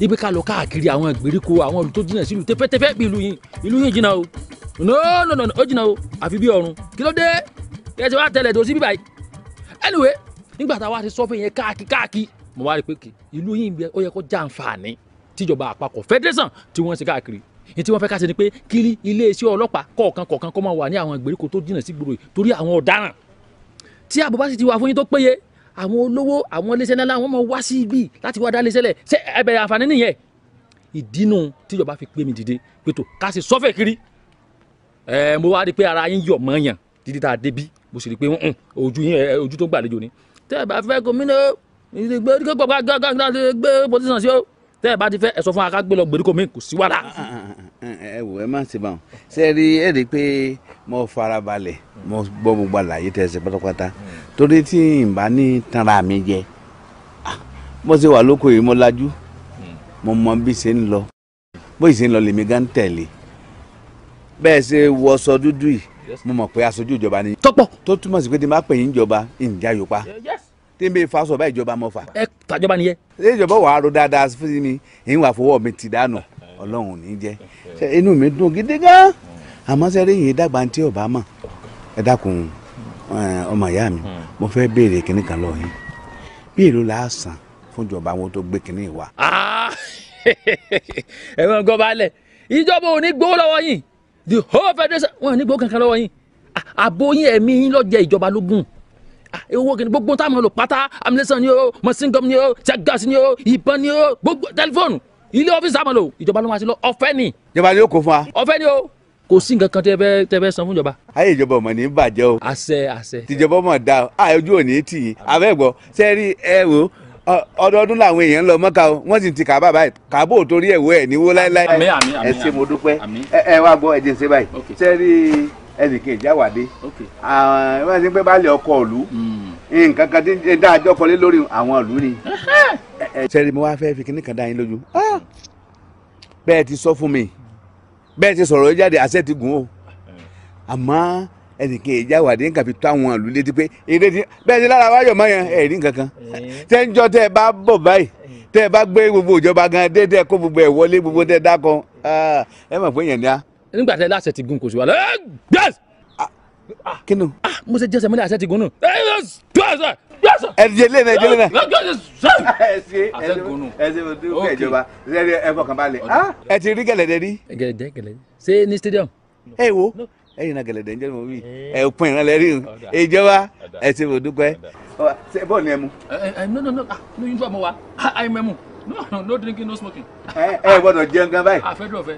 ibi ká lọ káàkiri àwọn ìgbèríko àwọn olùtó jìnnà sílùú tẹfẹtẹfẹ bí ìlú yín ìlú yín jìnnà o no no no ó jìnnà o àfi bí ọ̀run kí ló dé ẹ ti wá tẹ́lẹ̀ tó sí bíbáyìí anyway nígbà tá a wá ti sọ fún yẹn káàkiri káàkiri mo wá rí pé ìlú yín ní tí wọ́n fẹ́ ká ṣe ni pé kí iléeṣẹ́ ọlọ́pàá kọ̀ọ̀kan kọ̀ọ̀kan kó máa wà ní àwọn ìgbèríko tó jìnnà sí gbòòrò yìí torí àwọn ọ̀daràn tí ààbò bá sì ti wà fún yín tó péye àwọn olówó àwọn iléeṣẹ́ ńlá wọn máa wá sí ibi láti wá dá iléeṣẹ́ lẹ̀ ṣé ẹ bẹ̀rẹ̀ àǹfààní nìyẹn ìdínú tíjọba fi pè mí dìde pé tó ká ṣe sọ́fẹ̀ kiri ẹ mo wá rí i pé ara yín yọ̀ mọ́yàn títí tá a débí mo sì rí i pé ojú yín ojú tó gbàlejò ni tẹ́ ẹ bá fẹ́ gómìnà ìgbẹ́ tẹ́ ẹ bá ti fẹ́ ẹ sọ fún wa ká gbé lọ gbèríko mi kò sí wàrà. ẹ ah, ah, ah, eh, eh, wò ẹ má ṣe bá wọn ṣe rí ẹ rí i pé mo farabalẹ̀ mo gbọ́ gbogbo àlàyé tẹ̀ ṣe pátápátá torí tí n bá ní tanra mi jẹ mo ṣe wà lóko yìí mo lajú mo mọ bí ṣe ń lọ bó ṣe ń lọ lèmi gan tẹ̀lé bẹ́ẹ̀ ṣe wọṣọ dúdú yìí mo mọ̀ pé aṣojú ìjọba ni. tọ́pọ̀ tó túmọ̀ sí pé tí n bá pè yín ìjọba ìjà yóò pa. yes tí n bẹ fa sọ bá ìjọba mọ fa. ẹ tàjọba nìyẹn. ṣé ìjọba wàá ro dáadáa fún mi èyí wàá fọwọ́ mi ti dànù ọlọ́run ní jẹ́ ṣe inú mi dùn gidi gan àmọ́ sẹ́rí yìí dàgbà ntí ọba mọ̀ ẹ dákun ọmọ ìyá mi mo fẹ́ béèrè kinní kan lọ yín bí èlò la san fún ìjọba àwọn tó gbé kinní wa. Ah! ẹ mọ gọba alẹ ìjọba ò ní gbowó lọ́wọ́ yín the whole federation wọn ò ní gbowó kankan lọ́wọ́ yín àbóyín ẹ̀mí yín ló jẹ ìjọba lógún owó kìíní gbogbo táwọn lò pátá amúlẹ́sàn ni o mọ̀síngọ́m ni o jẹ́gàsì ni o ìbọn ni o gbogbo tẹlifóònù ilé ọ́fíìsì àmọ́ lò ìjọba ló máa ti lọ ọ̀fẹ́ ni. ìjọba ni ó kó fún wa. ọ̀fẹ́ ni o kò sí nǹkan kan tẹ fẹ́ tẹ fẹ́ san fún ìjọba. ayé ìjọba ọmọ ní bàjẹ́ o. àṣẹ àṣẹ. tìjọba ọmọ da ojú òní tì í abẹ́gbọ́ sẹ́rí ẹ wo ọdọọdún làwọn èèyàn ń lọ mọ́ka o wọ́n sì ti kà bàbá ẹ̀ kàbó torí ẹ̀wọ́ ẹ̀ níwó láéláé. ẹ ṣé mo dúpẹ́ ẹ wá gbọ́ ẹ jẹ́ ṣe báyìí sẹ́rí ẹnì kejì àwàdé àwọn ẹni pé bá lè ọkọ òlu hmm. nǹkan kan tí ẹ dá àjọ kọlé lórí àwọn òlu ni. sẹ́ni mo wá fẹ́ fi kíní kan dá yín lójú ah! bẹ́ẹ̀ ti sọ fún mi bẹ́ẹ̀ ti sọ̀rọ̀ jáde àṣẹ ti gùn o àmọ́ ẹnì kejì àwàdé nǹkan fi tó àwọn òlu létí pé èdè ti bẹ́ẹ̀ ti lára wáyọ̀ mọ́ yẹn ẹ̀rí nǹkan kan tẹ́ eh. ń jọ tẹ́ ẹ bá bọ̀ báyìí eh. tẹ́ ẹ bá gbé gbogbo ìjọba gan dé tẹ́ ẹ kó gbogbo ẹ̀ wọlé gbogbo tẹ́ ẹ dákan ah! ẹ mọ̀ pé yẹn ni a nígbà tẹ láṣẹ ti gun kò sí wa lọ. kí ni. mo ṣe jẹsẹ mi ní àṣẹ ti gun nù. ẹdìyẹ lẹ́nà ẹdìyẹ lẹ́nà. ẹ ṣe ẹ ṣe mo dúpẹ́ ìjọba ẹ fọkàn balẹ̀. Ah, ẹ ti rí gẹ̀lẹ̀dẹ́ rí. gẹ̀lẹ̀dẹ́ eh, gẹ̀lẹ̀dẹ́ ṣé ní stadium. ẹ wo ẹyìn náà gẹ̀lẹ̀dẹ́ ń jẹ́ mọ̀ wí eh. ẹ pin ìran lẹ́rí ìjọba ẹ ṣe mo dúpẹ́. ṣe bọ́ọ̀lù ẹ mu. Eh, no no no ah, no yín fún ọmọ wa Ah, ah ẹ mu no no no drinking no smoking. ẹ ẹ gbọ́dọ̀ jẹun gan báyìí. àfẹ́dùn ọ̀fẹ́.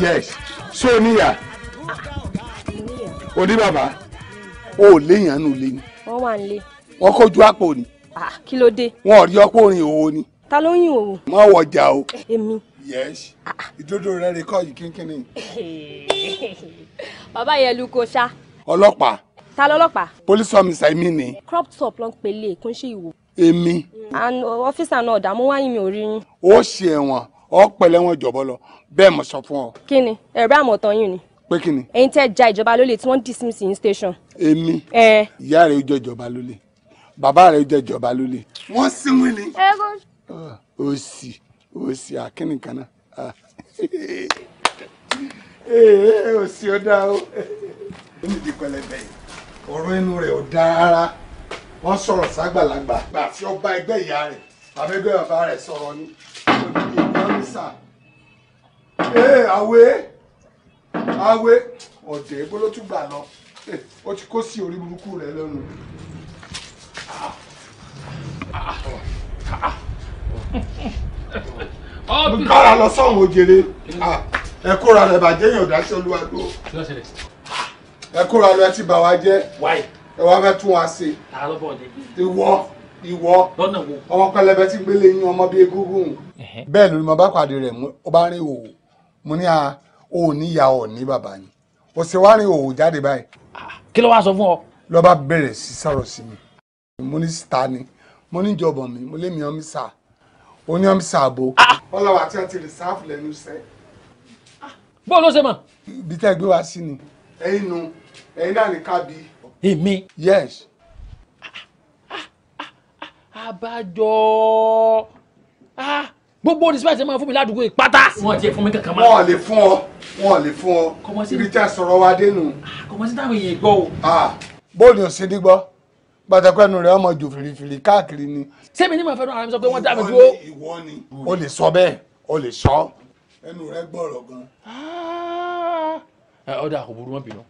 yes so níyà òní bàbá o ò léèyàn nù lé ni. wọ́n wà ń lé. wọ́n kójú àpò ni. kí ló dé. wọn rí ọpọ orin òwò ni. ta ló yìn òwò. má wọjà o. èmi. yes ìdodo rẹ rè kọ́ yìí kínkínní. bàbá yẹn lu ko ṣá. ọlọ́pàá. ta lọ́lọ́pàá. police officer mi ni. crop top ló ń pele kó ń ṣe ìwò. èmi. and officer náà dààmú wáyé mi ò rí yín. ó ṣe ẹ̀wọ̀n ọ pẹ̀lẹ́ wọn jọ̀bọ lọ bẹ́ẹ̀ mo sọ fún ọ. kí ni ẹ̀rọ yìí ni. pé kí ni. ẹ̀yin ja ìjọba lólè tí wọ́n dismiss in station. èmi ìyá rẹ̀ jẹ́ ìjọba lólè bàbá rẹ̀ jẹ́ ìjọba lólè. wọ́n sinwin ni. òsì òsì akínìkanna òsì ọ̀dà o. ó ní ìdí pẹlẹbẹ yìí ọ̀rọ̀ ẹnu rẹ̀ ò dáa rárá wọ́n sọ̀rọ̀ ságbàlagbà gbà tí ó bá ẹgbẹ́ ìyá rẹ̀ àbẹ́gbẹ́ bàbá rẹ̀ sọ̀rọ̀ ni ee àwé àwé ọ̀dẹ̀ bóló tún gbà lọ eh, ó ti kó sí orí burúkú rẹ lẹ́nu. kára lọ sọ́hún òjèrè ah, ẹ kóra lọ ìbàjẹ́ yàn dáṣẹ́ olúwadó ẹ kóra lọ ẹ ti bà wá jẹ́ ẹ wá fẹ́ tún wá ṣe ìwọ ìwọ ọmọ pẹlẹbẹ tí gbélé yín ọmọ bíi egúngún bẹ́ẹ̀ lórí mo bá pàdé rẹ̀ ó bá rìn òwò mo ní a ò ní ìyá ò ní bàbá ni ó ṣe wá rìn òwò jáde báyìí. kí ló wáá sọ fún ọ. ló bá bẹ̀rẹ̀ sí sọ̀rọ̀ sí mi mo ní sita ni mo ní ìjọba mi mo lé mi ọmọ sà ó ní ọmọ sà bo. ọlọ́wà tí wọ́n ti rìsáàfù lẹ́nu iṣẹ́. bọ́ọ̀ ló ṣe mọ̀. ibi tẹ́ gbé wá sí ni. ẹ̀yin nu ẹ̀yin náà ní kábí. èmi. yes abájọ ah, gbogbo respect máa fún mi ládùúgbò ìpátá. wọn ti fún mi kankan máa. wọn ò lè fún ọ wọn ò lè fún ọ ibi tí a sọ̀rọ̀ wa dénú. Ah, kọmọsí táwọn èèyàn gbọ́ o. Ah. bóòlù ò ṣe ní gbọ́ pàtàkì ẹnu rẹ ọmọ jù fìrìfìrì káàkiri ni. sẹ́mi ní màá fẹ́ràn ara mi sọ pé wọ́n dá mi dúró. ìwọ ni o lè sọ bẹ́ẹ̀ o lè sọ. ẹnu rẹ gbọ́rọ̀ gan. ọ̀dà kò burú mọ́ bínú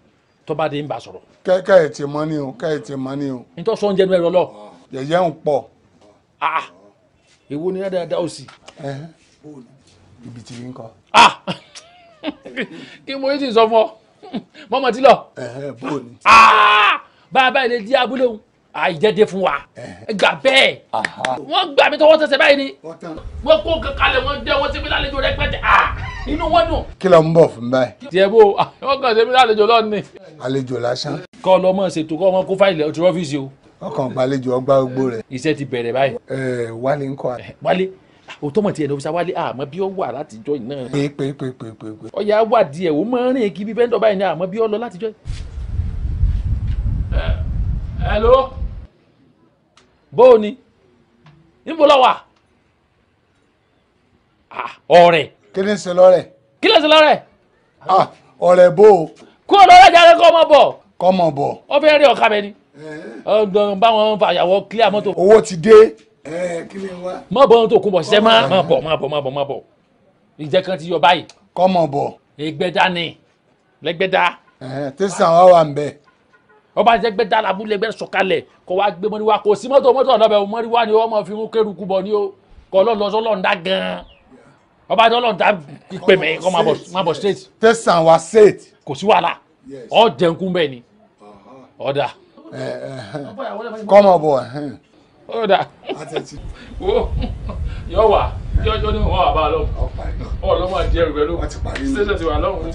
tó bá dé ń bá sọ̀rọ̀. kẹ́ẹ̀ tí mọ́ ni o kẹ́ẹ̀ tí mọ́ ni o. nítorí sọ oúnjẹ nu ẹ̀rọ lọ èwo ah, ah. ni dáadáa ó sì. ibi tí ń kọ. Ah. kí mo yìí ti sọ fún ọ mọ́mọ́ tí lọ. bóòlù. bàbá ilé di abúlé òun àìjẹ́dẹ́ fún wa gbà bẹ́ẹ̀ wọ́n gbà mí tọwọ́ tẹsẹ̀ báyìí ni wọ́n kó kankanlẹ̀ wọ́n dẹ́ wọ́n ti mi lálejò rẹpẹtẹ inú wọn dùn. kí ló ń bọ̀ fún báyìí. tiẹ̀ bó wọ́n kàn ṣe mi lálejò lọ́ọ̀ni. àlejò lásán. kọ́ ọ lọ́mọ ṣètò kọ́ ọmọ kó fáìlì ọtí ọ́fíìsì o ọkàn gbàlejò ọgbà gbogbo rẹ̀. iṣẹ́ ti bẹ̀rẹ̀ báyìí. ẹ wálé ń kọ́ àlẹ́. Eh, wálé òótọ́ mọ̀ tí ẹni òfìsà wálé àmọ́ bí ó wà látijọ́ iná. pé pé pé pé pé pé. ọ̀yà wádìí ẹ̀ wò máa ń rìn kí bí bẹ́ńdọ̀ báyìí ni àmọ́ bí ó lọ látijọ́. ẹ ẹ eh, ló bó o ni níbo lọ wà ah, ọ̀rẹ́. kí ni ṣe lọ́rẹ̀. kí ni ṣe lọ́rẹ̀. Ah, ọ̀rẹ́ bó kó o lọ rẹ̀ jáde kọ́ ọmọ bọ̀. kọ́ ọmọ bọ̀. ọ rí ọ̀ka ọgbọ̀n báwọn fàyàwọ́ clear mọ́tò. owó ti dé. mọ̀ bọ́ tó kún bọ̀ ṣiṣẹ́ má má bọ̀ má bọ̀ má bọ̀ má bọ̀ ìjẹ́ kan ti yọ báyìí. kọ́mọ bọ̀. ẹgbẹ́dá ni lẹ́gbẹ́dá. tẹ̀sán wa wà ń bẹ̀. ọba jẹgbẹ́dá làbúlẹ̀gbẹ́ sọ̀kalẹ̀ kọ́ wa gbé mọ́ni wa kò sí mọ́tò mọ́tò ọ̀nà bẹ̀ mọ́ni wa ni ó mọ̀ fi ń kérukú bọ̀ ni ó kọ́ lọ́lọ́sọ́ lọ́ọ̀dá gan-an ọba tó lọ́ọ̀dá pè mí kọ́ máa bọ̀ straight. tẹ̀sán wa straight. kò sí wàhálà ọ̀ dẹ̀kun bẹ́ẹ̀ ni ọ̀dà. Oh, É, é. Então Como boa. ó dà wo yọ wà yọ yọ ní wọn wà bá a lọ ọ lọ máa jẹ ìrẹ ló ṣẹṣẹ ti wà lọhùnún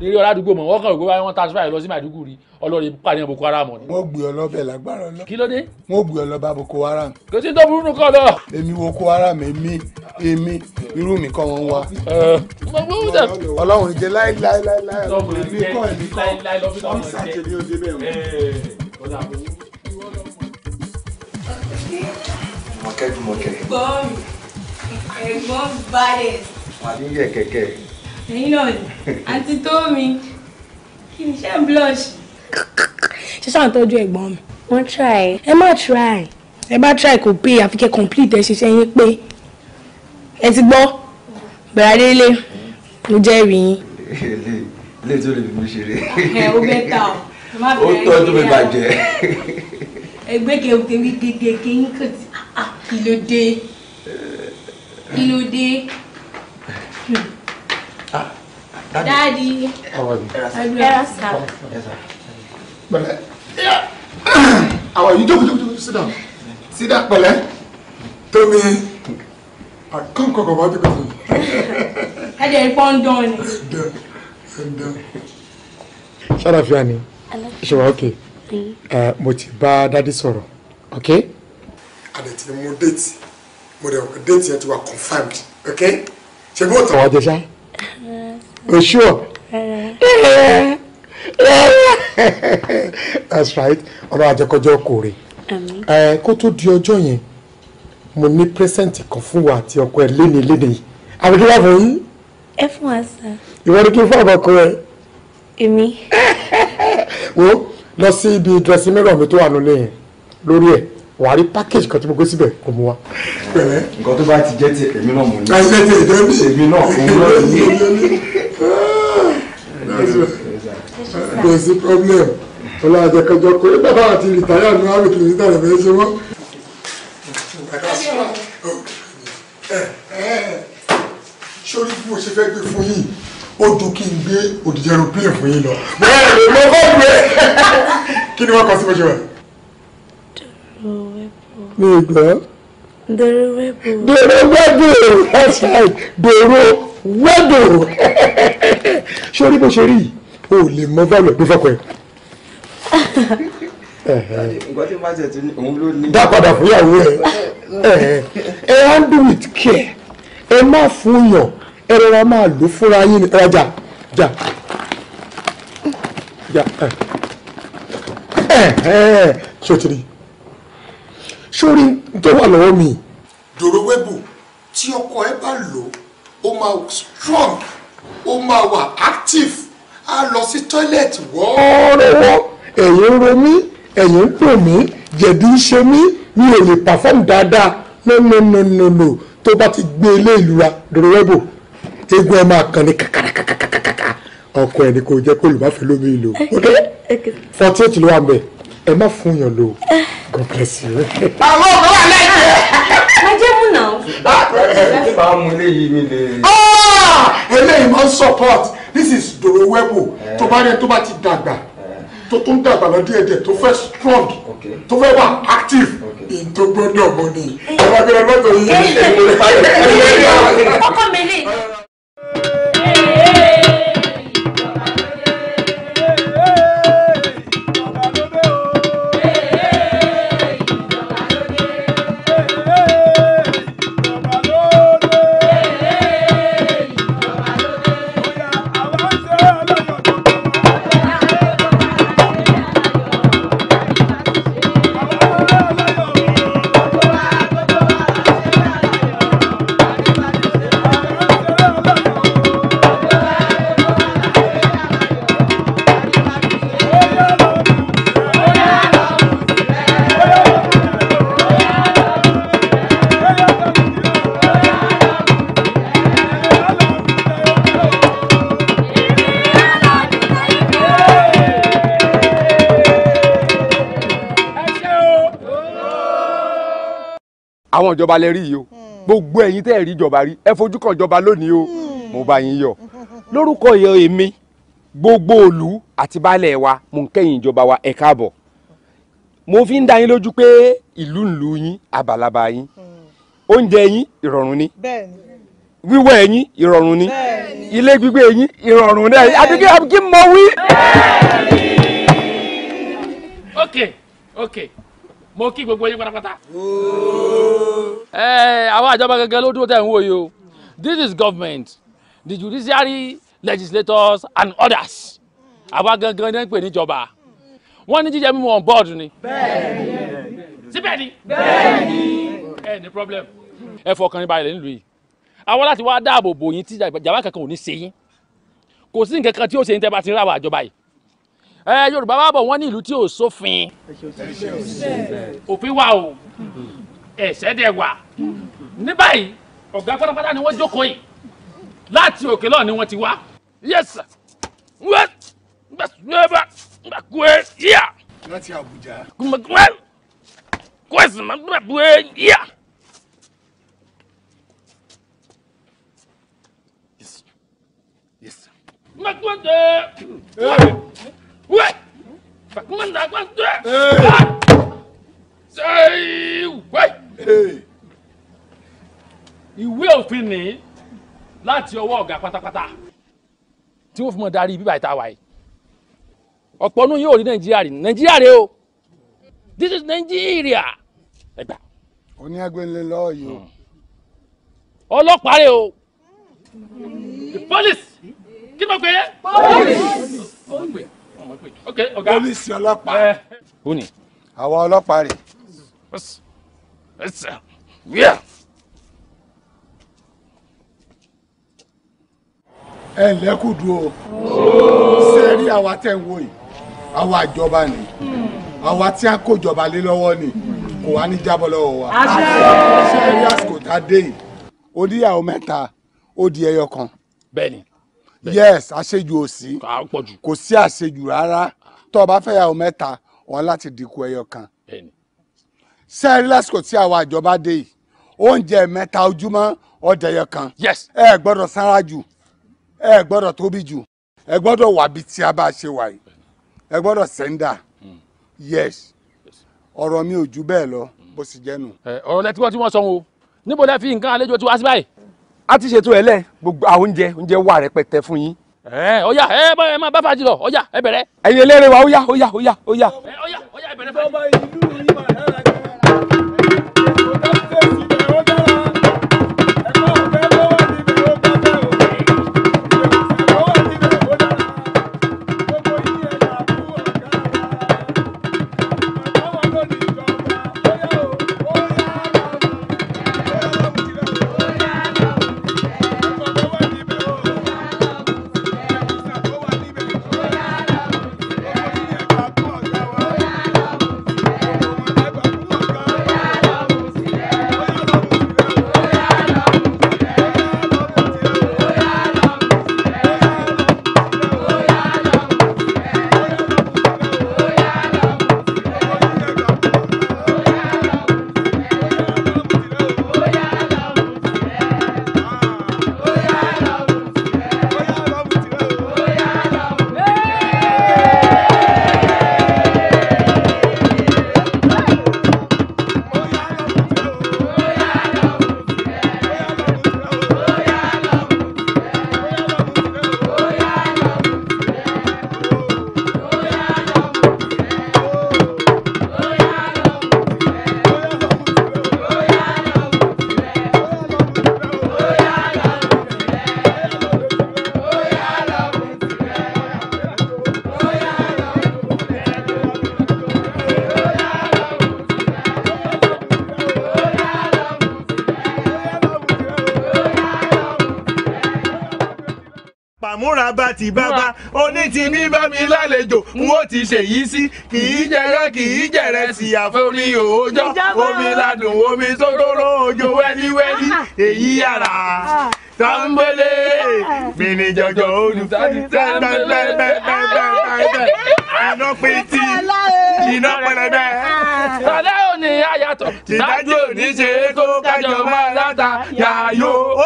eré ọlá àdúgbò mọ wọn kàn rò pé wọn transfer ẹ lọ sí Maiduguri ọlọrin pàdé Boko Haram ni. mo gbé ọlọbẹ lágbára lọ. kí ló dé. mo gbé ọlọba Boko Haram. kò sí tó burú nù kọ lọ. èmi Boko Haram èmi èmi irú mi kọ́ wọn wá. ọlọ́run jẹ láí láí láí láí èmi kọ́ èmi kọ́ ọ̀sán ṣe ni ó dé bẹ́ẹ̀ mọ́. Jùmọ̀kẹ́ Jùmọ̀kẹ́. Ẹ̀gbọ́n mi, ẹ̀gbọ́n balẹ̀. Wà ní yẹ̀ kẹ̀kẹ́. Ẹ̀yin náà ni, me tó mi, kí ni ṣe ń blush? Ṣé sáà ń tọ́jú ẹ̀gbọ́n mi? Wọ́n try. Ẹ má try. Ẹ bá try kò pé àfi kẹ́ complete ẹ ṣiṣẹ́ yín pé. Ẹ ti gbọ́, bẹ̀rẹ̀ délé, mo jẹ́rìí yín. Ilé tó lè fi mi ṣeré. Ẹ o bẹ́ ta o. Ó tọ́jú mi bàjẹ́ ẹgbẹ́ kẹwì gègé kẹyìn kan ti kí ló dé kí ló dé. dáàdi ẹ̀rọ sá. pẹ̀lẹ́ àwọn yìí jókòó jókòó sit down sit down pẹ̀lẹ́ tómi àkọ́kọ́ bá bí kọ́kọ́. ẹ̀jẹ̀ ìpọ́n dán ni. ṣàràfíà ni ṣe wà ókè. Okay ẹ mo ti bá dádì sọ̀rọ̀ ok. àdètì ni mo déètì mo dẹ̀ déètì yẹn ti wà confirmed ok ṣe bí o tàn wá jẹ ṣá o sure uh-huh. that's right ọlọ́run àjẹkọjọ́ kò rè ẹ kó tó di ọjọ́ yẹn mo ní pẹ́sẹ́ǹtì kan fún wa àti ọkọ ẹ léni léni yìí àbíkí wà fún yín. ẹ fún wa sir. ìwọ ni kí n fún àbọ̀kọ ẹ. èmi. wo lọ sí ibi dressing mirror mi tó wà nílé yẹn lórí ẹ̀ wà á rí package kan tí mo gbé síbẹ̀ kò mú wa. nǹkan tó bá ti jẹ́ ti èmi náà mú ni èmi náà fún un lọ́ọ̀ yìí. kò sí problem ọlọ́àjẹ kọjọ kó nígbà bá àti rìtáyà ní wàá rìkìlì níta rẹ̀ fẹ́ ṣe wọ́n. sórí bí mo ṣe fẹ́ gbé fún yìí ó ju kí n gbé òdìjẹ aeroplane fún yín lọ bẹ́ẹ̀ lè lọ bá gbé kí ni wọ́n kọ sí bó ṣe wà. mi gbọ́. dèrò wẹ́bù. dèrò wẹ́bù that's right dèrò wẹ́bù sórí bó ṣe rí o lè mọ báyọ̀ gbé fọ́kọ̀ ẹ̀. dá padà fún ìyàwó ẹ ẹ handle with care ẹ má fún yàn ẹ rọra máa lò fúnra yín ni ọjà jà jà ẹ ẹ sotiri sórí tó wà lọ́wọ́ mi. dòrò wẹ́bù tí ọkọ ẹ bá lò ó máa strong ó máa wà active á lọ sí tọ́ílẹ̀tì wọ́ọ́rọ́wọ́ ẹ̀yìn ń ro mí ẹ̀yìn ń pò mí jẹ̀dí ń ṣe mí mi ò lè pàfọ́ọ̀mù dáadáa no no no no no tó bá ti gbé ilé ìlú wa dòrò wẹ́bù tẹ́gbọ́n ẹ máa kàn ní kàkàràkàkàkàkà ọkọ ẹ ní kò jẹ́ kó olùbáfẹ́ lómi ìlò ok forty eight ló wà mbẹ ẹ má fún yàn lò god bless you. àwọn ọmọ wa lẹ́yìn. má jẹ́ mú nà ó. bá a mú eléyìí mi lè. eléyìí máa ń support this is dòwe wẹ́bù tó bá rẹ tó bá ti dàgbà tó tún dàgbà lọ díẹ̀díẹ̀ tó fẹ́ strong tó fẹ́ wà active tó gbọ́dọ̀ mọ ni ẹ máa gbé lọ lọ́tọ̀ ọkọ mi lè. àwọn ìjọba lẹ rí yìí o hmm. gbogbo ẹ̀yin tẹ́ ẹ̀ rí ìjọba rí ẹ fojú kan ìjọba lónìí o hmm. mo bá yín yọ̀ lórúkọ yọ èmi gbogbo òlú àti baálẹ̀ wa mo ń kẹ́yìn ìjọba wa ẹ káàbọ̀ mo fi ń dá yín lójú pé ìlú ńlú yín àbàlàbà yín hmm. oúnjẹ yín ìrọ̀rùn ni wíwọ̀ yín ìrọ̀rùn ni ilé gbígbé yín ìrọ̀rùn ni àbí kí n mọ wí. ok ok mo kí gbogbo yín pátápátá. ẹ àwọn àjọba gẹ́gẹ́ ló dúró tẹ̀ ń wò yìí o this is government the judiciary legislators and others àwa gangan ní pè níjọba wọ́n ní jíjẹ mímu on board ni. bẹ́ẹ̀ni. síbẹ̀ ni. bẹ́ẹ̀ni. ẹ ní problem. ẹ fọkàn yín balẹ̀ nílùú yìí àwa láti wá dáàbò bò yín tí jàmbá kankan ò ní ṣe yín kò sí nǹkan kan tí ó ṣe yín tẹ́ bá ti ń ráwọ̀ àjọba yìí ẹ yorùbá wà bọ̀ wọ́n ní ìlú tí ò sófin òfin wà o ẹ̀ṣẹ̀ dẹ̀ wà ní báyìí ọ̀gá pátápátá ni wọ́n jókòó yìí láti òkè lọ́ọ̀ ni wọ́n ti wá yẹ́sà wẹ́ gbàgbé gbàgbé yíyà. láti Àbújá. gbàgbé kwesì gbàgbé yíyà. Yes, sir. Yes, sir. Ué! Vai comandar com a Sei! Ué! Ìwé òfin ni láti ọwọ́ ọ̀gá pátápátá tí wọ́n fi mọ̀ darí bíbá ìta wáyé. Ọ̀pọ̀ ọdún yóò rí Nàìjíríà rí Nàìjíríà rẹ o. This is Nigeria. Ẹ gbà. Oní agbẹ́lẹ̀ lọ́ọ̀ yìí o. Hmm. Ọlọ́pàá rẹ o. The police. Kí ló pè é? Police pólísì ọlọ́pàá. ó ní. àwọn ọlọ́pàá rè. ẹ ǹlẹ́ kù dúró ṣe rí àwa tẹ̀ ń wò yìí àwa àjọba ni àwa tí a kó ìjọba lé lọ́wọ́ ni kò wá ní jábọ́ lọ́wọ́ wa ṣe rí àsìkò tá a dé yìí ó di ìyàwó mẹ́ta ó di ẹyọ kan. bẹ́ẹ̀ni yes àṣejù ò sí kò sí àṣejù rárá tó o bá fẹ́ yàwó mẹ́ta wọn láti dínkù ẹyọ kan sẹ́ẹ̀rí lásìkò tí àwọn àjọba dé yìí oúnjẹ mẹ́ta ojúmọ́ ọ̀dẹ̀yọ kan ẹ gbọ́dọ̀ sára jù ẹ gbọ́dọ̀ tóbi jù ẹ gbọ́dọ̀ wà bí tí a bá ṣe wà yìí ẹ gbọ́dọ̀ sẹ́ńdà hmm. yes ọ̀rọ̀ mi ò ju bẹ́ẹ̀ lọ hmm. bó sì jẹ́ nù. ọ̀rọ̀ lẹ́tí wọ́n ti wọ́n sọ wọn o níbo lẹ́ fi nǹkan àlejò tí wọ́n á sí báyìí a ti ṣètò ẹ lẹ gbogbo àwọn oúnjẹ oúnjẹ wà rẹpẹtẹ fún yín. ẹ ọya ẹ bá ẹ máa bá fàájì lọ ọya ẹ bẹ̀rẹ̀. ẹ̀yin eléré wa ọya ọya ọya ọya. ọya ọya ẹ bẹ̀rẹ̀ fàájì. bá ti bàbá oní ti mí bá mi lálejò hmm. n ó ti ṣèyí sí kì í jẹrẹ kì í jẹrẹ sí àforí òòjọ́ omi ládùn omi sódóró òjò wẹ́líwẹ́lí ah. èyí yàrá ah. tambele ah. mini jọjọ olùtàdí tẹ́lẹ̀tẹ́lẹ̀tẹ́lẹ̀tẹ́lẹ̀ iná pétí iná pẹlẹbẹ. Tọ́lá ò ní àyàtọ̀, tájú ṣe é kó kájọ máa láta yàyó. Ó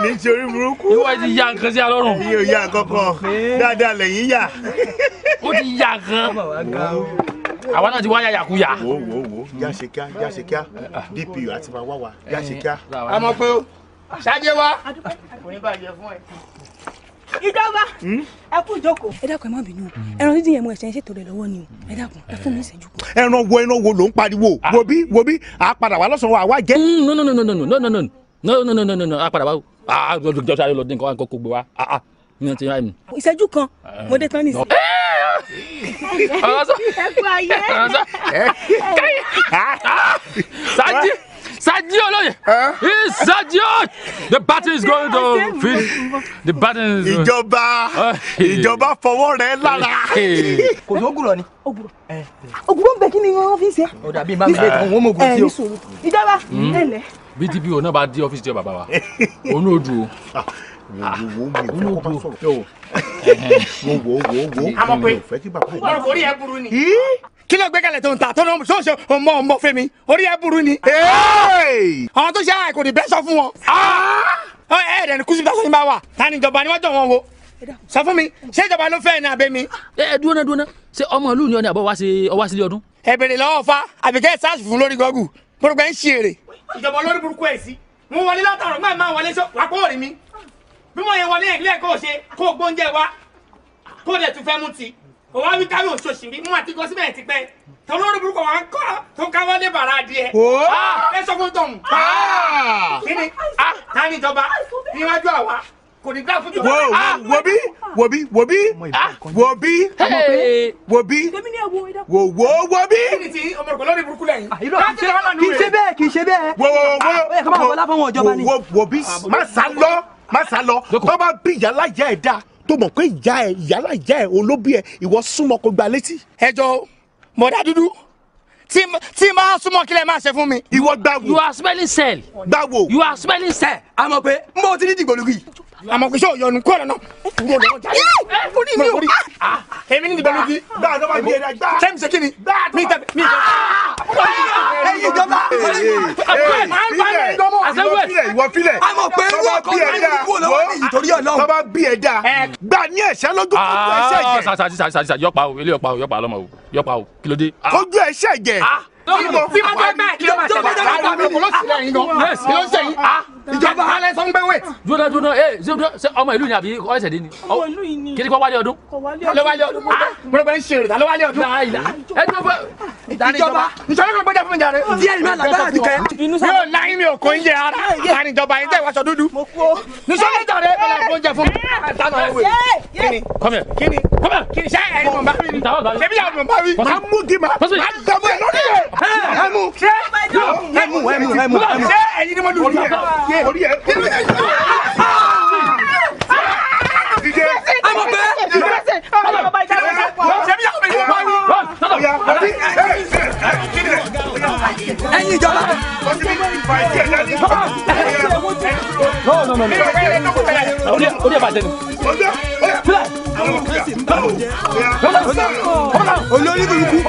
ní ṣe orí burúkú. ìwọ ti ya nǹkan sí alọ́run. ẹ̀yin ò ya kankan dáadáa lẹ́yìn yà. ó ti ya kan àwa náà ti wá yàyà kúyà. wò wò Wo yá ṣe kíá yá ṣe kíá dpu àti máa wá wa eh, yá ṣe kíá. a mọ̀ pé o ṣáájú wa kò ní bàjẹ́ fún ẹ ìjọba hmm? ẹ kú ìjókòó. ẹ dákun ẹ má bínú ẹran dídín yẹn mo ẹsẹ ṣètò lọ́wọ́ ni o ẹ dákun ẹ fún mi ìṣẹ́jú. ẹran wo ẹran wo ló ń pariwo ah. wo bí wo bí àá padà wá lọ́sàn-án wa wá jẹ́. Mm, no no no no no no no no no no no no no a ah, padà wá o ah jọ sáré lọ dín nǹkan kó gbé wa ah ah ní ti ráì mi. ìṣẹ́jú kan mo dé tán nìyí. Eh! ẹkú ayé. sáájú eh! sáájú olóye eh? sáájú the battle is going to finish the battle is. ìjọba ìjọba fọwọ́ rẹ lára. kò sí ogurọ ni. ogurọ ogurọ ń bẹ kí ni wọn fi ń ṣe. ọ̀dà bíi má mi lè tán wọn mọ̀ ògùn sí o. ìjọba hmm? ẹ lẹ bí dpo náà bá dé ọ́fíìsì jẹ́ bàbá wa òun ò dùn o. òun ò dùn wo wo wo wo mi ò fẹ́ kí bàbá yìí. ọ̀rọ̀ orí ẹ burú ni. kí ló gbé kalẹ̀ tó ń ta tó ń ṣe ọmọ ọmọ fẹ́mi orí ẹ burú ni. àwọn tó ṣe àìkò ní bẹ́ẹ̀ sọ fún wọn. Ah! ẹ̀ẹ́dẹ̀ ni kùsùn tásán bá wà ta ni ìjọba ni wọ́n jọ wọn wo sọ fún mi ṣé ìjọba ló fẹ́ ní abẹ́ mi. ẹ ẹ dúró náà dúró náà ṣé ọmọ ìlú ni ọ ní àbọ̀ wá sí ọwá sílé ọdún. ẹ bèrè lọ́wọ́ fa àbíkẹ́ sars fún lórí gọ́gù burúkú ẹ̀ ń ṣe èrè. ìjọba olórí burúkú ẹ̀ sí mo wọlé látàrọ̀ máa máa wọlé lápò rí mi bí mo yẹ wọlé yẹn kílẹ̀ kó o ṣe kó o gbóúnjẹ wa kó o dẹ̀ tún fẹ́ mú ti o wá wí káwé òṣòṣì mi mú àti gọ́símẹ̀ ti pẹ́ tolórí burúkú wa ń kọ́ tó káwọ́ lé bàrà adìẹ. Ah, ẹ sọ fún tọ̀hún. Ah. kí ni a ah, ta ni ìjọba níwájú àwa choreograph jọ. wo wo ah! bi ah, wo bi wo bi wo bi wo bi wo wo wo bi. kí n ah, ṣe bẹ́ẹ̀ kí n ṣe bẹ́ẹ̀. wo wo wo ẹ kọ́ bá wọlé fún wọn ìjọba ni. wo wo bi má sá lọ má sá lọ tó bá bí yàrá dúdú tí tí máa súnmọ́ kílẹ̀ máa ṣe fún mi. ìwọ gbàwò. you are smelling cell. gbàwò. you are smelling cell. àmọ́ pé mo ti ní dìgbòlugi àmọ́ kò sọ yọnu kọ́ ọ̀nà kúrò lọ́wọ́ jáde. ẹ kò ní mi o. èmi ní ìbẹ̀rù bí. gbà àdó máa bí ẹ̀rọ gbà. sẹ́mi ṣe kí ni. mi tẹ mi tẹ. ẹyin ìjọba. àṣẹwẹ̀ ìwọ filẹ̀. a mọ̀ pé wọ́n kọ́ ẹ̀ ní kúrò lọ́wọ́ ní ìtòrí ọlọ́run. tọ́ba bí ẹ dáa. gbà ní ẹ̀ṣẹ́ lójú kókó ẹ̀ṣẹ̀ jẹ. sàṣà sàṣà sàṣà yọpa o ilé yọpa o yọpa lọmọ o yọpa o kí ló dé. ojú ẹ̀ṣẹ̀ jẹ. tí mo bá bẹ́ẹ̀ kí ló máa ṣẹlẹ̀. Eh, dúró dúró ẹ ṣe ọmọ ìlú ni àbí ọ̀ṣẹ̀ dín ni. ọmọ ìlú yìí ni. kí ni kò wálé ọdún. kò wálé ọdún. lọ́wọ́lé ọdún. Ah! pẹ̀lẹ́pẹ̀ ń ṣèrè tán lọ́wọ́lé ọdún. ẹ dúró fún ìjọba ìjọba kan gbọ́dọ̀ fún mi jàre. díẹ̀ ni mi àlágbára ti kẹ́. yóò láyé mi ò kó ń jẹ ara ah! àní ìjọba yìí tẹ̀ wáṣọ dúdú. nisọ́lẹ̀ jàre bẹ̀rẹ̀ kó ń jẹ fún mi. kíni kíni kíni ṣe ẹni mọ̀ bá mi. ṣebí yà mọ̀ bá mi. a mú di ma. a dàmú ẹ lórí rẹ. ẹ mú ẹ mú ẹ mú ẹ mú. ṣé ẹyin ni mo lù ú yẹ ẹ̀yin ìjọba. o de bàjẹ́ ni. olórí burúkú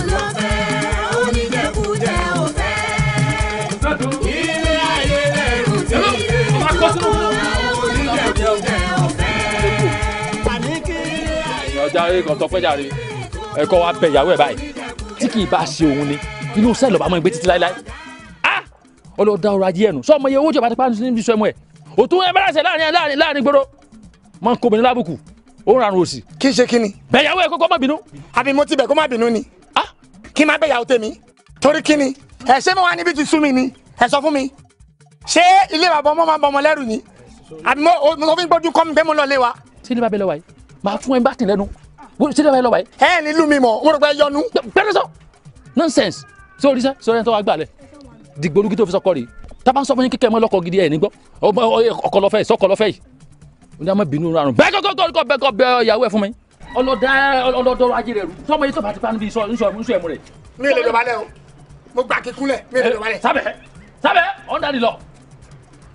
jàre kàn tọpẹ́ jàre ẹ̀kọ́ wa bẹ ìyàwó ẹ̀ báyìí tí kì í bá ṣe òun ni inú sẹ́ẹ̀lì ọba máa ń títí láéláé ọlọ́dà ah! ọrọ̀ ajé ẹ̀nu sọ ọmọ iye owó jọba ti pa níbi sọ ẹmu ẹ̀ òtún ẹ bẹ́rẹ̀ sẹ̀ láàrin láàrin láàrin gbòòrò máa ń kó obìnrin lábùkù ó ń rarun òsì. kí ṣe kí ni. bẹ̀yàwó ẹ̀ kókó má bínú. àbí mo ti bẹ̀ kó má bínú ni. Ah! kí n má bẹ̀yàwó tèmi torí kí ni ẹ ṣé mo wá níbi ti sú mi ni ẹ sọ fún mi ṣé ilé bàbá ọmọ máa bọ ọmọ lẹ́rù ni àbí mo fi gbójú kọ́ mi pé mo lọ lé wa. sí ilé bàbá ẹ lọ wáyé màá fún ẹ bá tì lẹ́nu ṣé dábàá yẹn lọ́ba yẹn. ẹ nílùú mi mọ̀ wọ́n rẹ̀ pẹ́ yọnu. bẹ́ẹ̀ sọ nonsense ṣé o rí sẹ́ sọ́yìn tó wá gbà lẹ̀ dìgbòlugi tó fi sọkọ rè tábà ń sọ fún yín kíkẹ́ mọ́ lọ́kọ̀ gidi ẹ̀ nígbọ́ ọkọlọfẹ́ sọkọlọfẹ́ yìí ó dá mọ́ bínú rárun bẹ́ẹ̀ kọ́kọ́ bẹ́ẹ̀ bẹ́ ìyàwó ẹ̀ fún mi ọlọ́dà ọlọ́dọ̀rọ̀ ajé rẹ̀ rú sọmọ yìí tó bá ti pa níbi iṣọ́ ìmúṣọ́ ẹ̀mú rẹ̀. mi ò lè dọ̀bálẹ̀ o mo gbà kíkúnlẹ̀ mi ò lè dọ̀bálẹ̀. Eh, sábẹ́ sábẹ́ ọ̀ndà nìlọ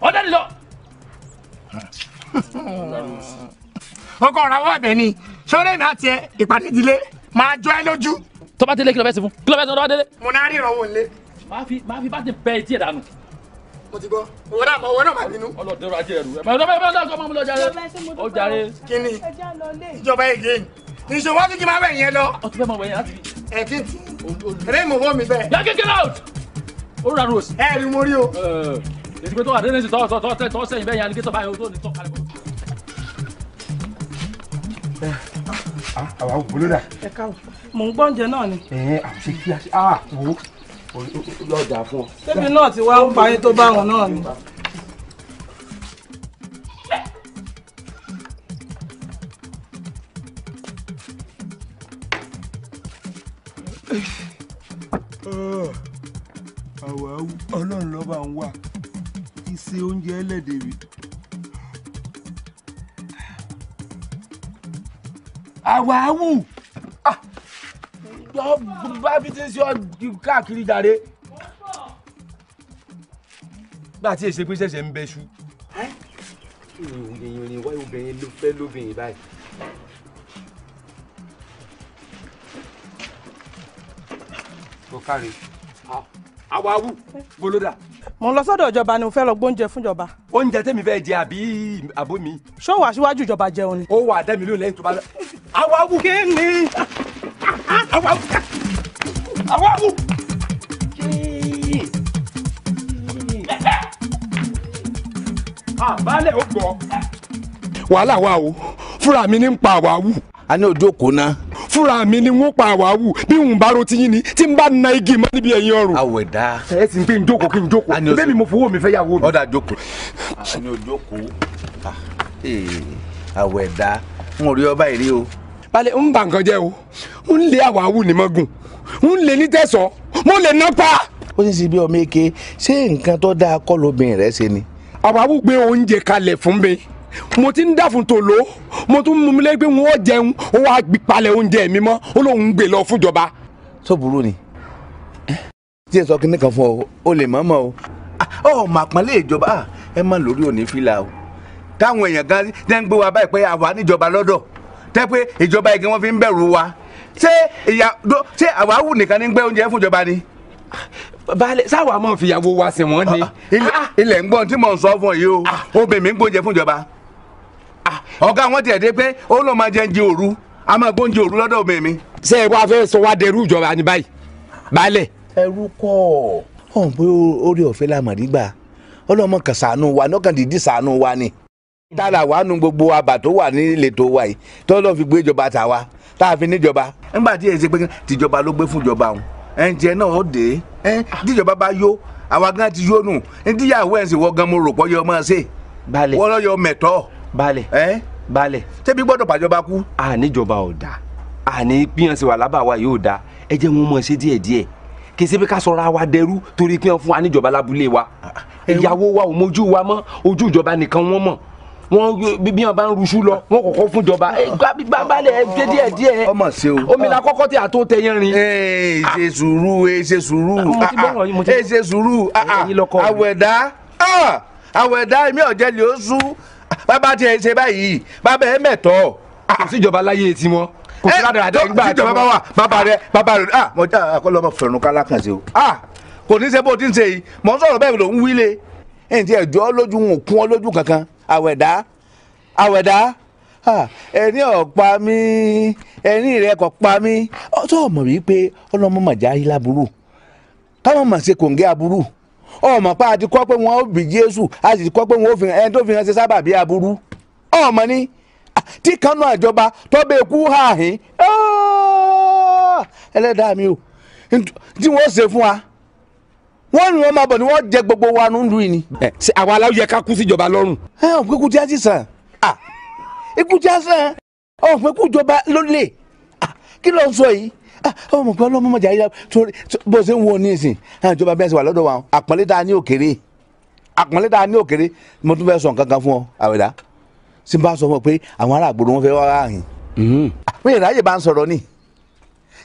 ọ̀ndà nìlọ ọkọ ọ̀rọ̀ àwọn ọ̀bẹ ni ṣọ́ọ́rẹ́ mi àti ẹ ìpàdé ìdílé máa jọ ẹ lójú. tó bá délé kí ló fẹ́ sí fún kí ló fẹ́ sí fún tó bá délé. mo náà rí ìrànwọ́ nílé. máa fi máa fi bá ti bẹ etí ẹ̀ dànù. mo ti gbọ́ owó náà mọ owó náà máa bínú. ọlọ́dẹ ọrọ̀ ajé ẹ̀rù ẹ̀ máa lọ́ọ́ ìṣe wọ́n tún kí n máa wẹ̀yìn ẹ lọ. ọtún bẹ́ẹ̀ máa wẹ̀yìn láti fi. ẹ̀fín tí eré ìmọ̀wọ́ mi bẹ́ẹ̀. yàgé get out. ó rà rose. ẹ rí mo rí o. èdè pé tó wà dé ní ìsìn tọ́wọ́ tọ́wọ́ tẹ́yìn bẹ́ẹ̀ yẹn alligator báyìí ó tó ní tọ́ kalẹ̀ bọ́. Ah, ah, àwa ò bolo dà. ẹ káwọ mò ń gbọ́njẹ náà ni. ẹ àṣẹ kí a ṣe á ah, wò ó lọ́jà fún ọ. débi náà ti wá ń parí tó bá wọn náà ni. àwa ọlọ́run lọ́ba ń wà ìṣe oúnjẹ ẹlẹ́dẹ̀ẹ́ àwáwù ah. bá bí ti ń ṣe ọ káàkiri jàre gbà tí èsè pé ṣẹ̀ṣẹ̀ ń bẹ́ṣú. ìròyìn ìròyìn wáyé obìnrin ló fẹ́ lóbìnrin báyìí. ó káre. Ah àwáwù bolódà. mo lọ sọ́dọ̀ ìjọba ni mo fẹ́ lọ gbóúnjẹ fúnjọba. oúnjẹ tẹ́mi fẹ́ jẹ àbí àbó mi. ṣó wàá síwájú ìjọba jẹun ni. ó wà á dá mi lóhùn lẹ́yìn tó bá lọ. àwáwù. kí ni. àwáwù. àwáwù. àbálẹ̀ ó gbọ́. wàhálà wa o fúnra mi ní ń pa àwáwù. a ní ojú òkú mi ni wọn pa àwáwù bí n bá yín ni n bá na igi mọ níbi ẹ̀yìn ọrùn. awọ ẹ̀dá. ẹ sì ń pè ń jókòó kí n jókòó mi mo fowó mi fẹ́ yàwó mi. ọ̀dà jókòó a ojú òkú awọ ah, eh, o. balẹ̀ ń bà nǹkan o n lé àwáwù ní mọ́gùn n lé ní tẹ̀sán mo lè ná pa. ó sì ṣe bí ọmọ eke ṣé nǹkan tó dáa ni. àwáwù gbé oúnjẹ kalẹ̀ fún mi mo ti ń dàfún tó lò mo tún mú mi lé pé wọn ò jẹun ó wàá palẹ̀ oúnjẹ mi mọ́ ó lóun ń gbé lọ fúnjọba. tó burú ni tí ẹ sọ kí nìkan fún ọ o lè mọ̀ mọ́ o ah, ọ mà pọ́nlé ìjọba ah, ẹ má lórí òní fìlà o táwọn èèyàn gan jẹ́ ń gbé wa báyìí pé àwa níjọba lọ́dọ̀ tẹ́ pé ìjọba igi wọn fi ń bẹ̀rù wa ṣé ìyá ṣé àwa wù nìkan ní gbé oúnjẹ fúnjọba ni baálẹ̀ sáwà máa fìyàwó wa sìn wọ́n ni. Ah, ilẹ̀ ń gbọ́n tí mò ń sọ fún yìí o obìnrin mi ń gbóúnjẹ fún ìjọba ọ̀gá wọn tiẹ̀ dé pé ó lọ́ọ́ máa jẹ oúnjẹ òru a máa gbóúnjẹ òru lọ́dọ̀ ọmọ mi. ṣé ẹ wá fẹ́ sọ wá dẹrú ìjọba ní báyìí balẹ̀. ẹrú kọ ọ̀hún pé orí ọ̀fẹ́ la mọ̀ nígbà ọlọ́mọ kan ṣàánú wa lọ́kàn dídí ṣàánú wa ni. tára wa nu gbogbo abà tó wà ní ìletò wa yìí tọ́lọ́ fi gbé ìjọba tà wa tá a fi níjọba. nígbà tí èsì pé tìjọba ló gbé fún ìjọba òun ẹnjẹ náà ó dé ẹ tíjọba bá yó àwa gan ti yó nù ní tíyàwó ẹ̀ sì wọ gan mo rò pọ̀ yọ ọmọ ṣe wọ́n lọ́ yọ mẹ̀tọ́ baálẹ̀. ẹ baálẹ̀. tẹ́bí gbọ́dọ̀ bàjọba kú. a níjọba ò dáa a ní píyànsì wà lábà wa yóò dáa ẹ jẹ́ wọn mọ̀ ṣe díẹ̀díẹ̀ kì í ṣe pé ká sọra wa dẹrú torí pé wọn fún wa níjọba lábúlé wa ìyàwó wa ò mójú wa mọ́ ojú ìjọba nìkan wọ́n mọ̀ wọn bí wọn bá ń ruṣu lọ wọn kọ́kọ́ fún jọba gbàgbàlẹ ẹgbẹ díẹ̀ díẹ̀ ọmọ ṣe o omi la kọ́kọ́ tí a tó tẹ yẹn rin. ee ṣe sùúrù ee ṣe sùúrù ee ah, ah. ṣe sùúrù awẹ̀dá ah, awẹ̀dá èmi ọ̀jẹ̀ lè ó sùn bàbá tiẹ̀ ṣe báyìí bàbá ẹ mẹ̀tọ́. kò síjọba láyé etí wọn kò sí ládàá àdá ìgbà tí wọn. bàbá wa bàbá rẹ bàbá rẹ ah mo já akọlọ ọmọ fẹrun kálá kan sí o ah kò ní í ṣe bó ti ń ṣe yìí mò ń sọ̀rọ̀ bẹ́ẹ̀ ló ń wílé ẹ̀ ń tiẹ̀ jọ́ lójú wọn kún ọ lójú kankan àwẹ̀dá àwẹ̀dá ah, ẹni ọ̀pá mi ẹni rẹ kọ̀ pa mí ọtọ́ ọmọ wípé ọlọ́mọ màjá yìí láburú káwọn mà ṣe kòǹgẹ́ aburú ọmọ pa àti kọ́ pé wọ́n ó bí Jésù a sì kọ́ pé wọ́n ó fi ẹni tó fi hàn ṣe sábà bí aburú ọmọ ni tí kanú àjọba tọ́bẹ̀ kú hàhín ẹlẹ́dàá mi o tí wọ́n ṣe fún wa wọ́n ní wọ́n máa bọ̀ ni wọ́n jẹ gbogbo wa nílùú yìí ṣe àwa aláwọ̀ yẹ ká kú síjọba lọ́rùn. ẹ ò pé kú tí a ti sàn ikú tí a sàn ẹ ò pé kú jọba ló lè kí ló ń sọ yìí Ah, ọmọ nǹkan ọlọ́mọ mọ̀jà yíra torí bó ṣe ń wo ní ìsìn ìjọba bí wọ́n ṣe wà lọ́dọ̀ wa àpọ́nlé tá a ní òkèrè àpọ́nlé tá a ní òkèrè mo tún fẹ́ sọ nǹkan kan fún ọ àwẹ̀dá sì bá sọ fún ọ pé àwọn ará àgbòdo wọn fẹ́ wá ráàyìn. mi ìráyè bá ń sọ̀rọ̀ ni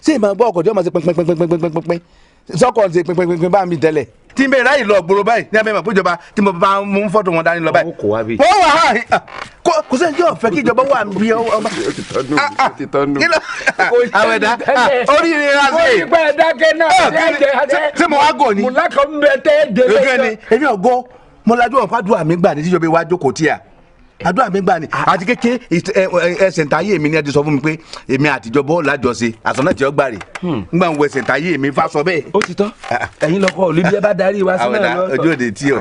ṣé ìmọ̀ ọkọ̀ tí máa ṣe pínpín sọkọ ṣe pinpinpin bá mi tẹ́lẹ̀ tí n bẹ ráyè lọ gbòòrò báyìí ní abẹ́mọ̀ péjọba tí mo bá mú fọ́tò wọn dání lọ báyìí. kò wá bí. wọ́n wà á kò sẹ́ni tí yóò fẹ́ kí ìjọba wà bí ọba. àwọn ẹ̀dá oríire ra sí. wọ́n ti pẹ́ dákẹ́ náà. Ah, ṣé mo wá gọ̀ ni. mo lákọ̀ọ́ ń bẹ tẹ́ délé. èmi ọgọ́ mo lajú ọ̀pá dùn àmì gbà ní tíjọba iwájú kò tíya àdúrà mi gbà ni ah. àti kéke ẹsẹ̀ ntáyé mi ni ẹ ti sọ fún mi pé èmi àtijọ́ bọ́ọ̀lù àjọṣe àsọ̀nà tí ó gbà rè hmm. ngbà ń wọ ẹsẹ̀ ntáyé mi fa sọ bẹ́ẹ̀. ó ti tọ́ ah, ah. ẹ̀yin lọkọ olùbí ẹ bá darí wa sínú ẹ̀ lọ́sọ̀ ojú òde tí o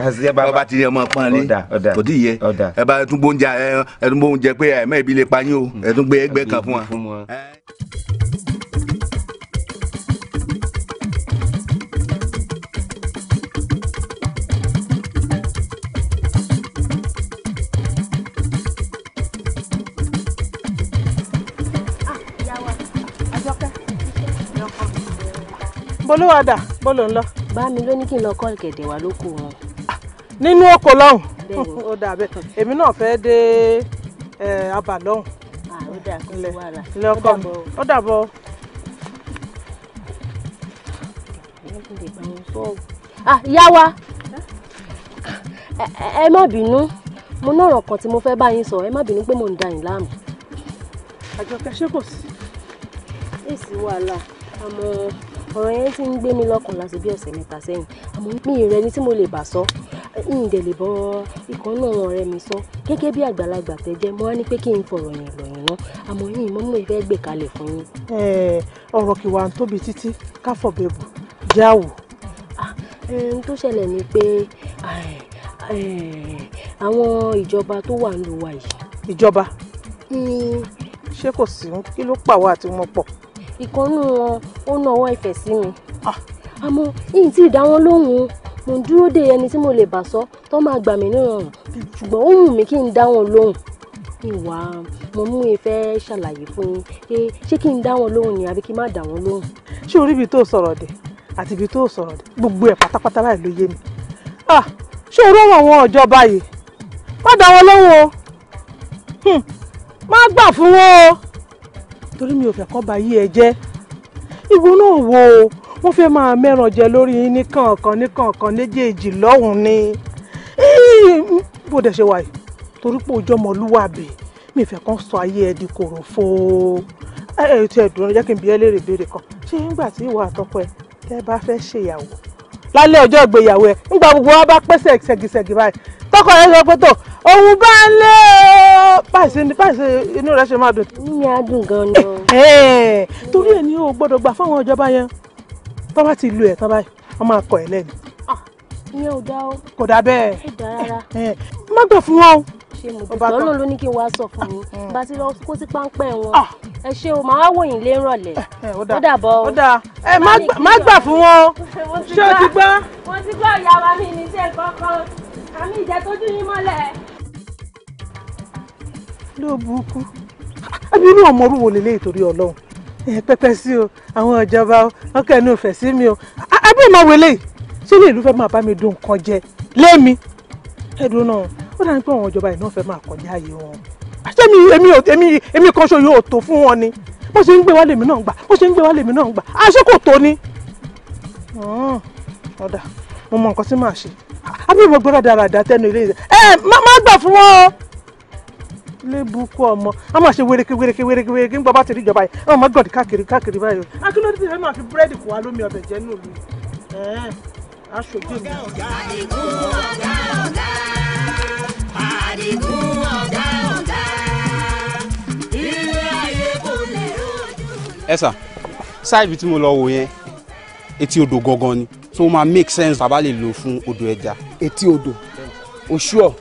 ọba ti ní ọmọ pọ́n lé kò tí yẹ ẹ bá tún bóúnjẹ pé ẹ̀mẹ́ ìbí lè pa yín o hmm. ẹ̀ tún gbé ẹgbẹ́ kan fún wa. bolúwadà bó ló ń lọ. bá mi ló ní kí n lọ kọ́ ìkẹ̀dẹ̀ wá lóko wọn. Ah, nínú oko lọ́hùn ó dà bẹ́ẹ̀ èmi náà fẹ́ dé abà lọ́hùn. ó dà kó sí wàhálà ó dàbọ̀. ìyá wa ẹ má bínú mo náà ràn kan tí mo fẹ́ bá yín sọ ẹ má bínú pé mò ń da yín láàmú. àjọkẹ́ ṣé kò sí. èsì wàhálà àmọ́ ọ̀rọ̀ yẹn ti ń gbé mi lọ́kàn láti bí ọ̀sẹ̀ mẹ́ta sẹ́yìn àmọ́ mi ì rẹni tí mo lè bà sọ ìyìn dẹ̀ lè bọ́ ikọ̀ náà wọn ọ̀rẹ́ mi sọ gẹ́gẹ́ bí àgbàlagbà tẹ́ jẹ́ mo wá ní pé kí n fọ̀rọ̀ yẹn lọ̀ yẹn náà àmọ́ yìnyín mọ́mọ́ ìfẹ́ gbè kalẹ̀ fún yín. ọ̀rọ̀ kì wá ń tóbi títí káfọ̀ bẹ́bù jẹ́ àwò. ohun tó ṣẹlẹ̀ ni pé àwọn ìjọba tó wà ń lò wá yìí. ìjọba ṣé kò sí kí ló pàwọ́ àti wọn pọ̀ ìkànnù wọn ó nawọ́ ìfẹ́ sí mi ah. àmọ́ yìí tí ìdá wọn lóhùn o mo ń dúró de ẹni tí mo lè bà sọ tó máa gbà mí nírọ̀rùn ṣùgbọ́n ó wù mí kí n dá wọn lóhùn ìwà mo mú ìfẹ́ ṣàlàyé fún yín pé ṣé kí n dá wọn lóhùn ni àbí kí n má dá wọn lóhùn. ṣé orí ibi tó sọ̀rọ̀ dé àti ibi tó sọ̀rọ̀ dé gbogbo ẹ̀ pátápátá báyìí ló yé mi ah, ṣé orí ọ̀rọ̀ wọn ọjọ́ báyìí má dá wọn lóhùn o hmm. má gbà fún wọn o torí mi ò fẹ́ kọ́ ba yí ẹ jẹ́ ìwọ náà wo wọ́n fẹ́ máa mẹ́ràn jẹ lórí ní kọ̀ọ̀kan ní kọ̀ọ̀kan méjèèjì lọ́hùn ni bó dẹ̀ ṣe wà yìí torí pé ojú ọmọlúwàbí mi fẹ́ kàn sọ ayé ẹ di kòròfo ẹ ẹ tí ẹ dùn ẹ jẹ́ kí n bi ẹ léèrè ìbéèrè kan ṣé nígbà tí ìwà àtọkọ ẹ tẹ́ bá fẹ́ ṣèyàwó lálẹ́ ọjọ́ ìgbéyàwó ẹ nígbà gbogbo wa bá pẹ́ sẹ́gìsẹ́gì báyìí tọkọ rẹ sọ pé tó òun bá ń lé pàṣẹ pàṣẹ inú rẹ ṣe máa dùn. mi á dùn gan ni. Eh, eh, eh. torí ẹ o gbọ́dọ̀ gbà fáwọn ìjọba yẹn tó bá ti lu ẹ tó bá wọn máa kọ ẹ lẹ́nu. Ah, ìyẹn ò dá o. kò dá bẹ́ẹ̀. má gbà fún wọn o ṣe mo lọ́nà ló ní kí n wá sọ fún yín bá ti lọ kó sí páńpẹ́ wọn ah. ẹ ṣe o màá wò lé rànlẹ́ ó dàbọ̀ ó dà má gbà fún wọn ṣé o ti gbọ́. mo ti gbọ́ ìyá wa mi ní iṣẹ́ àmì ìjẹ́tójú yín mọ́lẹ̀. ló burúkú ẹbí inú ọmọ orúwo lélẹ́ ìtorí ọlọ́run ẹ pẹpẹ sí o àwọn ìjọba ọkọ ẹnu ìfẹ́ sí mi o abẹ́ ìmọ̀ wẹlé ṣé ilé ìlú fẹ́ máa bá mi dùn nǹkan jẹ lémi ẹ̀dùn náà ó dàbí pé àwọn ìjọba ìná fẹ́ máa kọjá ayé wọn ṣé èmi èmi èmi kan ṣo yóò tó fún wọn ni bó ṣe ń gbé wá lèmi náà gbà bó ṣe ń gbé wá lèmi náà gbà aṣọ kò tó ni ọ̀dà mo mọ nǹkan tí màá ṣe abẹ́rẹ́ gbọ́dọ̀ ilé yìí ẹ má gbà fún wọn lébùkú ọmọ a máa ṣe wéréké wéréké wéréké wéréké ń gbọ́ bá ti rí ìjọba yìí ọmọ oh gọ̀dì káàkiri káàkiri báyìí. ti fẹ́ máa fi búrẹ́dì kó wa lómi ọbẹ̀ jẹ́ nù aṣojú mi. ẹ sà sáà so ó máa make sense tá a bá lè lò fún odò ẹja. etí odò oṣuọ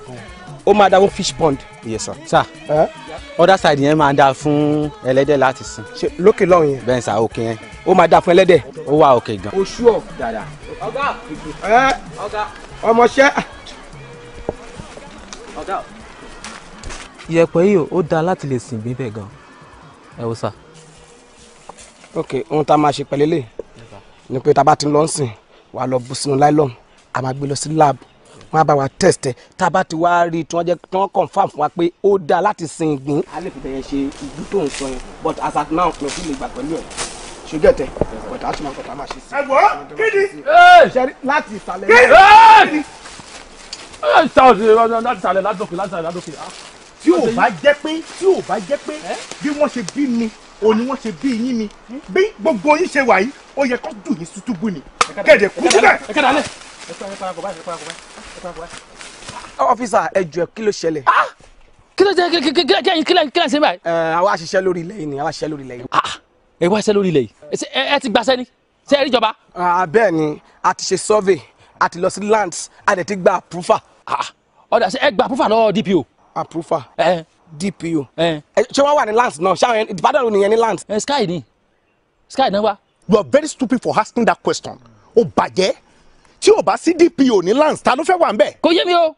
ó máa dá fún fish pond. yes sir. sir eh? other side yẹn máa da fún ẹlẹ́dẹ̀ láti sìn. ṣe lókè lọ́hùn yẹn. bẹ́ẹ̀ sá òkè yẹn. ó máa dá fún ẹlẹ́dẹ̀. ó wà òkè gan. oṣuọ dada. ọgá ẹ ọgá ọmọṣẹ. ọgá. iyẹ̀pẹ̀ yìí ó da láti lè sìn bíbẹ̀ gan ẹ wò sá. ok ohun tá a máa ṣe pẹ̀lú lè ni pé tá a bá ti lọ ń sìn wàá lọ bù sínú nylon a máa gbé lọ sí lab wọn á bá wa test ẹ tá bá ti wá rí tí wọn jẹ tí wọn confam fún wa pé ó dáa láti sin ìgbín. a fi bẹ̀yẹn ṣe ìgbín tó ń sọ yẹn but as at now mi ò fi lè gbà pẹ̀lú ẹ̀ ṣùgbọ́n tẹ but a tún máa kọ̀tà máa ṣe sí. ẹ̀gbọ́n kíni. láti ìsàlẹ̀ kíni. láti ìsàlẹ̀ látòkè láti ìsàlẹ̀ látòkè. tí ò bá jẹ́ pé tí ò bá jẹ́ pé bí wọ́n ṣe bí mi òun ni wọ́n ṣe bí yín mi bí gbogbo yín ṣe wà yìí ó yẹ kó dùn yín sútúbù ni kẹ̀dẹ̀ kú síbẹ̀. ọ́fíìsà ẹ jọ̀ọ́ kí ló ṣẹlẹ̀. Ah! kí ló ṣẹlẹ̀ kí ló kí ló kí ló ṣe báyìí. Eh, àwa ṣiṣẹ́ lórí ilẹ̀ yìí ni àwa ṣiṣẹ́ lórí ilẹ̀ yìí. Ah! ẹ wá ṣiṣẹ́ lórí ilẹ̀ yìí ẹ ti gbaṣẹ́ ni ṣe é rí ìjọba. Ah, bẹ́ẹ̀ ni a ti ṣe survey a ti lọ sí lands a dẹ̀ ti gba approval. ọ̀dà ṣe ẹ gba approval lọ́wọ́ DPO. approval. ẹ eh, DPO ṣé wọ́n wà ní lands náà ṣáwọn ìbàdàn ò nìyẹn ní lands. sky ni sky náà wá. you are very stupid for asking that question o bàjẹ́ tí o bá sí DPO ní lands ta ló fẹ́ wà ń bẹ̀. kò yé mi o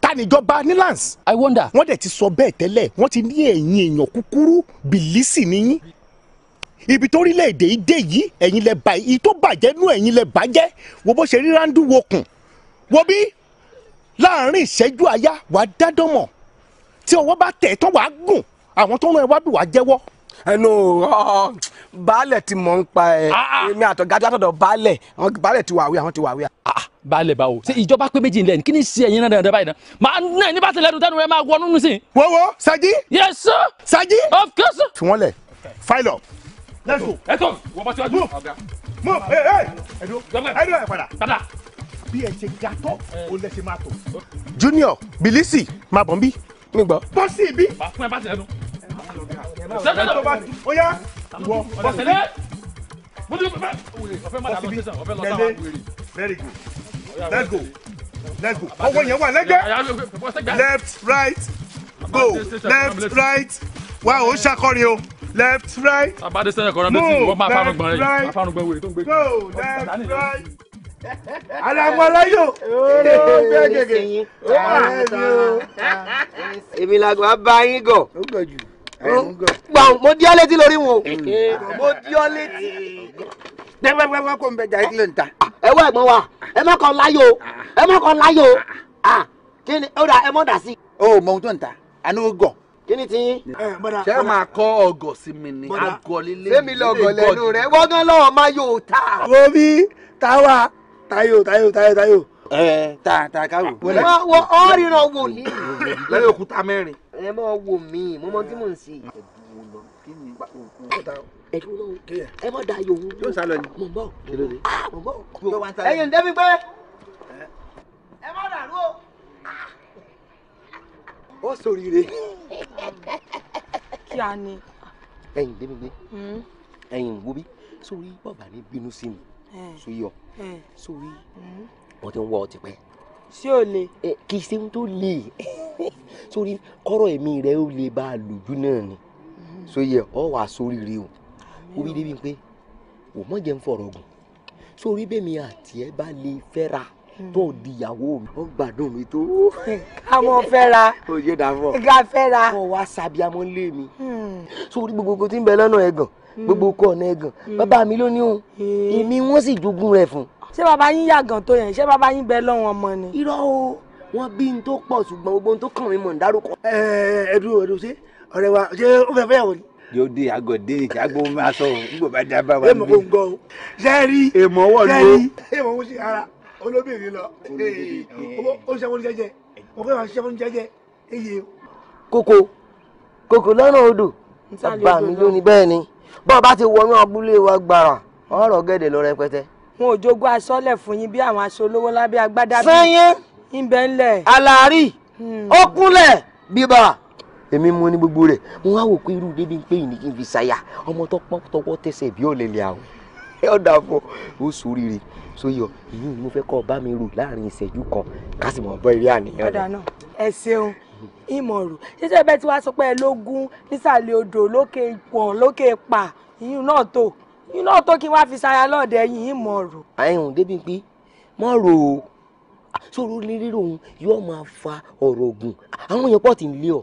tanijọba ní lands. i wonder. wọ́n dẹ̀ ti sọ bẹ́ẹ̀ tẹ́lẹ̀ wọ́n ti ní ẹ̀yin èèyàn kúkúrú bìlísì níyín ibi tó orílẹ̀-èdè yìí dé yìí ẹ̀yin lẹ bá yìí tó bàjẹ́ nú ẹ̀yin lẹ bàjẹ́ wo bó ṣe rí rándú láàrin ìṣẹ́jú àáyá wàá dádọ́mọ̀ tí ọwọ́ bá tẹ̀ tán wàá gùn àwọn tó ń rán ẹ wá bí wàá jẹ́wọ́. ẹnu baálẹ̀ ti mọ̀ ń pa ẹ ah, ah. èmi àtọ̀gá látọ̀dọ̀ baálẹ̀ baálẹ̀ ti wà wí àwọn ti wà wí. Ah, baálẹ̀ báwo ṣe ìjọba pé méjì ńlẹ̀ ní kí ni ṣe ẹ̀yin náà dandan báyìí náà màá náà ní bàtà lẹ́nu tẹ́nu rẹ máa wọnú nù sí. wo wo Saji. yes sir. Saji. of course. fi wọn lẹ file up. let's go. ẹ tó wọ́n bá ti wá jù. mú ẹ ẹ ẹdun ẹdun ẹ padà. padà bí ẹ ṣe ga tó eh. o lẹ ṣe máa tó. junior bilisi máa bọ̀ ń bí mi gbọ́. bọ́sì ibi. fún ẹ bá ti lẹnu. sẹ́sẹ́ tó bá ti. ó yá wọ bọ́sì ibi. mo ti fẹ́ ọ̀fẹ́ má very good let's go let's go ọwọ́ yẹn wà lẹ́gbẹ́ left right go left right wá ò ṣàkọrin o left right move left right go left right alamualayo bẹ́ẹ̀ gègé ó wà ah. èmi làgbà bá yín gọ̀ gbọ̀n mo di ọ́ létí lórí wọn mo di ọ́ létí. dẹ́gbẹ́gbẹ́gbẹ́ kò ń bẹ jà ìdílé níta. ẹ wọ ẹ̀gbọ́n wa ẹ má kàn láyò ah. ẹ má kàn láyò ah. kí ni ó dà ẹ mọ̀ dà sí. o mọ ohun tó ń ta àní ó gọ̀ kí ni ti yín. Eh, ṣé máa kọ́ ọgọ̀ sí mi ni agọ̀ lílé ìgbọ̀dì. sẹ́mi lọ́gọ̀ lẹ́nu rẹ̀ wọ́gán lọ́wọ́ máa yóò ta. wo bí táwa Táyọ̀ Táyọ̀ Táyọ̀ Táyọ̀. ẹ ta ta ká wò. wọ́n wọ ọ́rìnà wò ní. lẹ́yìn òkúta mẹ́rin. ẹ máa wò mí mo mọ tí mò ń ṣe. ẹ dúró lọ́wọ́ ẹ má da yòówù. yóò sá lọ ni. mò ah, ń bọ̀ mò ń bọ̀. ẹ̀yin débi pé ẹ má dàrú o. ó ṣoríire. kí a ní. ẹ̀yin débi pé hmm. ẹ̀yin wo bí sórí bàbá ní bínú sí mi eh. sóyí ọ. Eh. sórí wọ́n hmm. ti ń wọ́ ọ tipẹ́. ṣé o lè. Eh, kì í ṣe ohun tó lè sórí kọ́rọ̀ ẹ̀mí rẹ ó lè bá a lòjú náà ni hmm. sóyè ọ wà sórí rẹ o ó wí débi pé o mọ̀ jẹ́ ń fọ̀rọ̀ gùn sórí bẹ́mi àti ẹ bá lè fẹ́ra hmm. tó di ìyàwó mi ó gbádùn mi tó. kámọ́ fẹ́ra òye dàbọ̀ ká fẹ́ra kọ́ wa sábíàmọ́ lé mi sórí gbogbo tí ń bẹ lọ́nà ẹ̀gàn gbogbo kọ ọ̀nà ẹ̀gàn hmm. bàbá mi ló ní òun èmi hmm. wọ́n sì jogún rẹ̀ fún. ṣé bàbá yín yàgàn tó yẹn ṣé bàbá yín bẹ lọ́wọ́ ọmọ ni. irọ́ o wọ́n bí n tó pọ̀ ṣùgbọ́n gbogbo n tó kàn mí mọ̀ ń dárúkọ. ẹ ẹ dúró ẹ dúró ṣé ọ̀rẹ́ wa ṣé ó fẹ́ fẹ́ yàwó ni yóò dé àgọ́ dé ìjà gbọ́ máa sọ nígbà bá dá bá wa. èmọ̀ kò ń gọ o ṣe é rí èmọ̀ wọ̀ ló èmọ̀ ń ṣe ara olóbìnrin lọ ó ṣe wọn jẹjẹ fẹ́ máa ṣe wọn jẹjẹ eye. kòkò kòkò lọ́nà odò bọ́ọ̀ bá ti wọnú abúlé wa gbàrà ọ̀rọ̀ gẹ̀dẹ̀ lọ rẹpẹtẹ. wọn ò jogún aṣọ́lẹ̀ fún yín bí àwọn aṣọ olówó lábẹ́ agbádá bí. sẹ́yìn ìbẹ̀ ńlẹ̀. àlàárí hmm. ó kúnlẹ̀ bíbà èmi mú ní gbogbo rẹ̀ mo wá wò pé irú débi ń pè yìí ní kí n fi ṣàyà ọmọ tó pọ́n tọwọ́ tẹsẹ̀ bí ọ̀lẹ́lẹ̀ àwọn ọ̀dà fún ó sóríire sóyọ ìyún ni mo fẹ́ kọ́ ọ bá mi rò láàrin ìṣẹ́jú kan ká bọ́ eré àníyàn. ọ̀dà náà ẹ ṣeun ìmọ̀rù ṣíṣe bẹ́ẹ̀ tí wàá sọ pé ẹ lógún nísàlẹ̀ odò lókè pọ̀n lókè pa ìyún náà tó ìyún náà tó kí wàá fi ṣaya lọ́ọ̀dẹ yìí ìmọ̀rù. àìhùn débi pé má rò ó sóró rírò òun yóò máa fa ọ̀rọ̀ ògùn àwọn èèyàn pọ̀ tí ń lé ọ.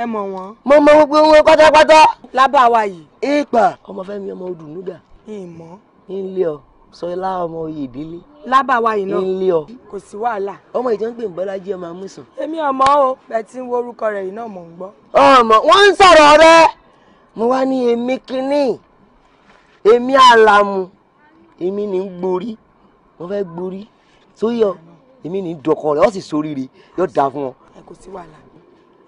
ẹ mọ̀ wọ́n. mo mọ gbogbo wọn pátápátá. lábàá wa yìí. èèpà ọmọ fẹ́mi ọmọ odùnúgà. ìmọ̀. ń lé ọ sọlá ọmọ oyè ìdílé. lábàwá yìí náà ńlẹ ọ. kò sí wàhálà. ọmọ ìjọ ń pè ń bọ́lá jí ẹ máa mú sùn. èmi ọmọ o bẹ́ẹ̀ tí ń wo orúkọ rẹ̀ yìí náà mò ń gbọ́. ọmọ wọn ń sọ̀rọ̀ rẹ mo wá ní èmi kínní èmi àlàmù èmi ní gborí mo fẹ́ gborí tó yọ èmi ní dọkọ rẹ ó sì soríire yóò dáa fún ọ. ẹ kò sí wàhálà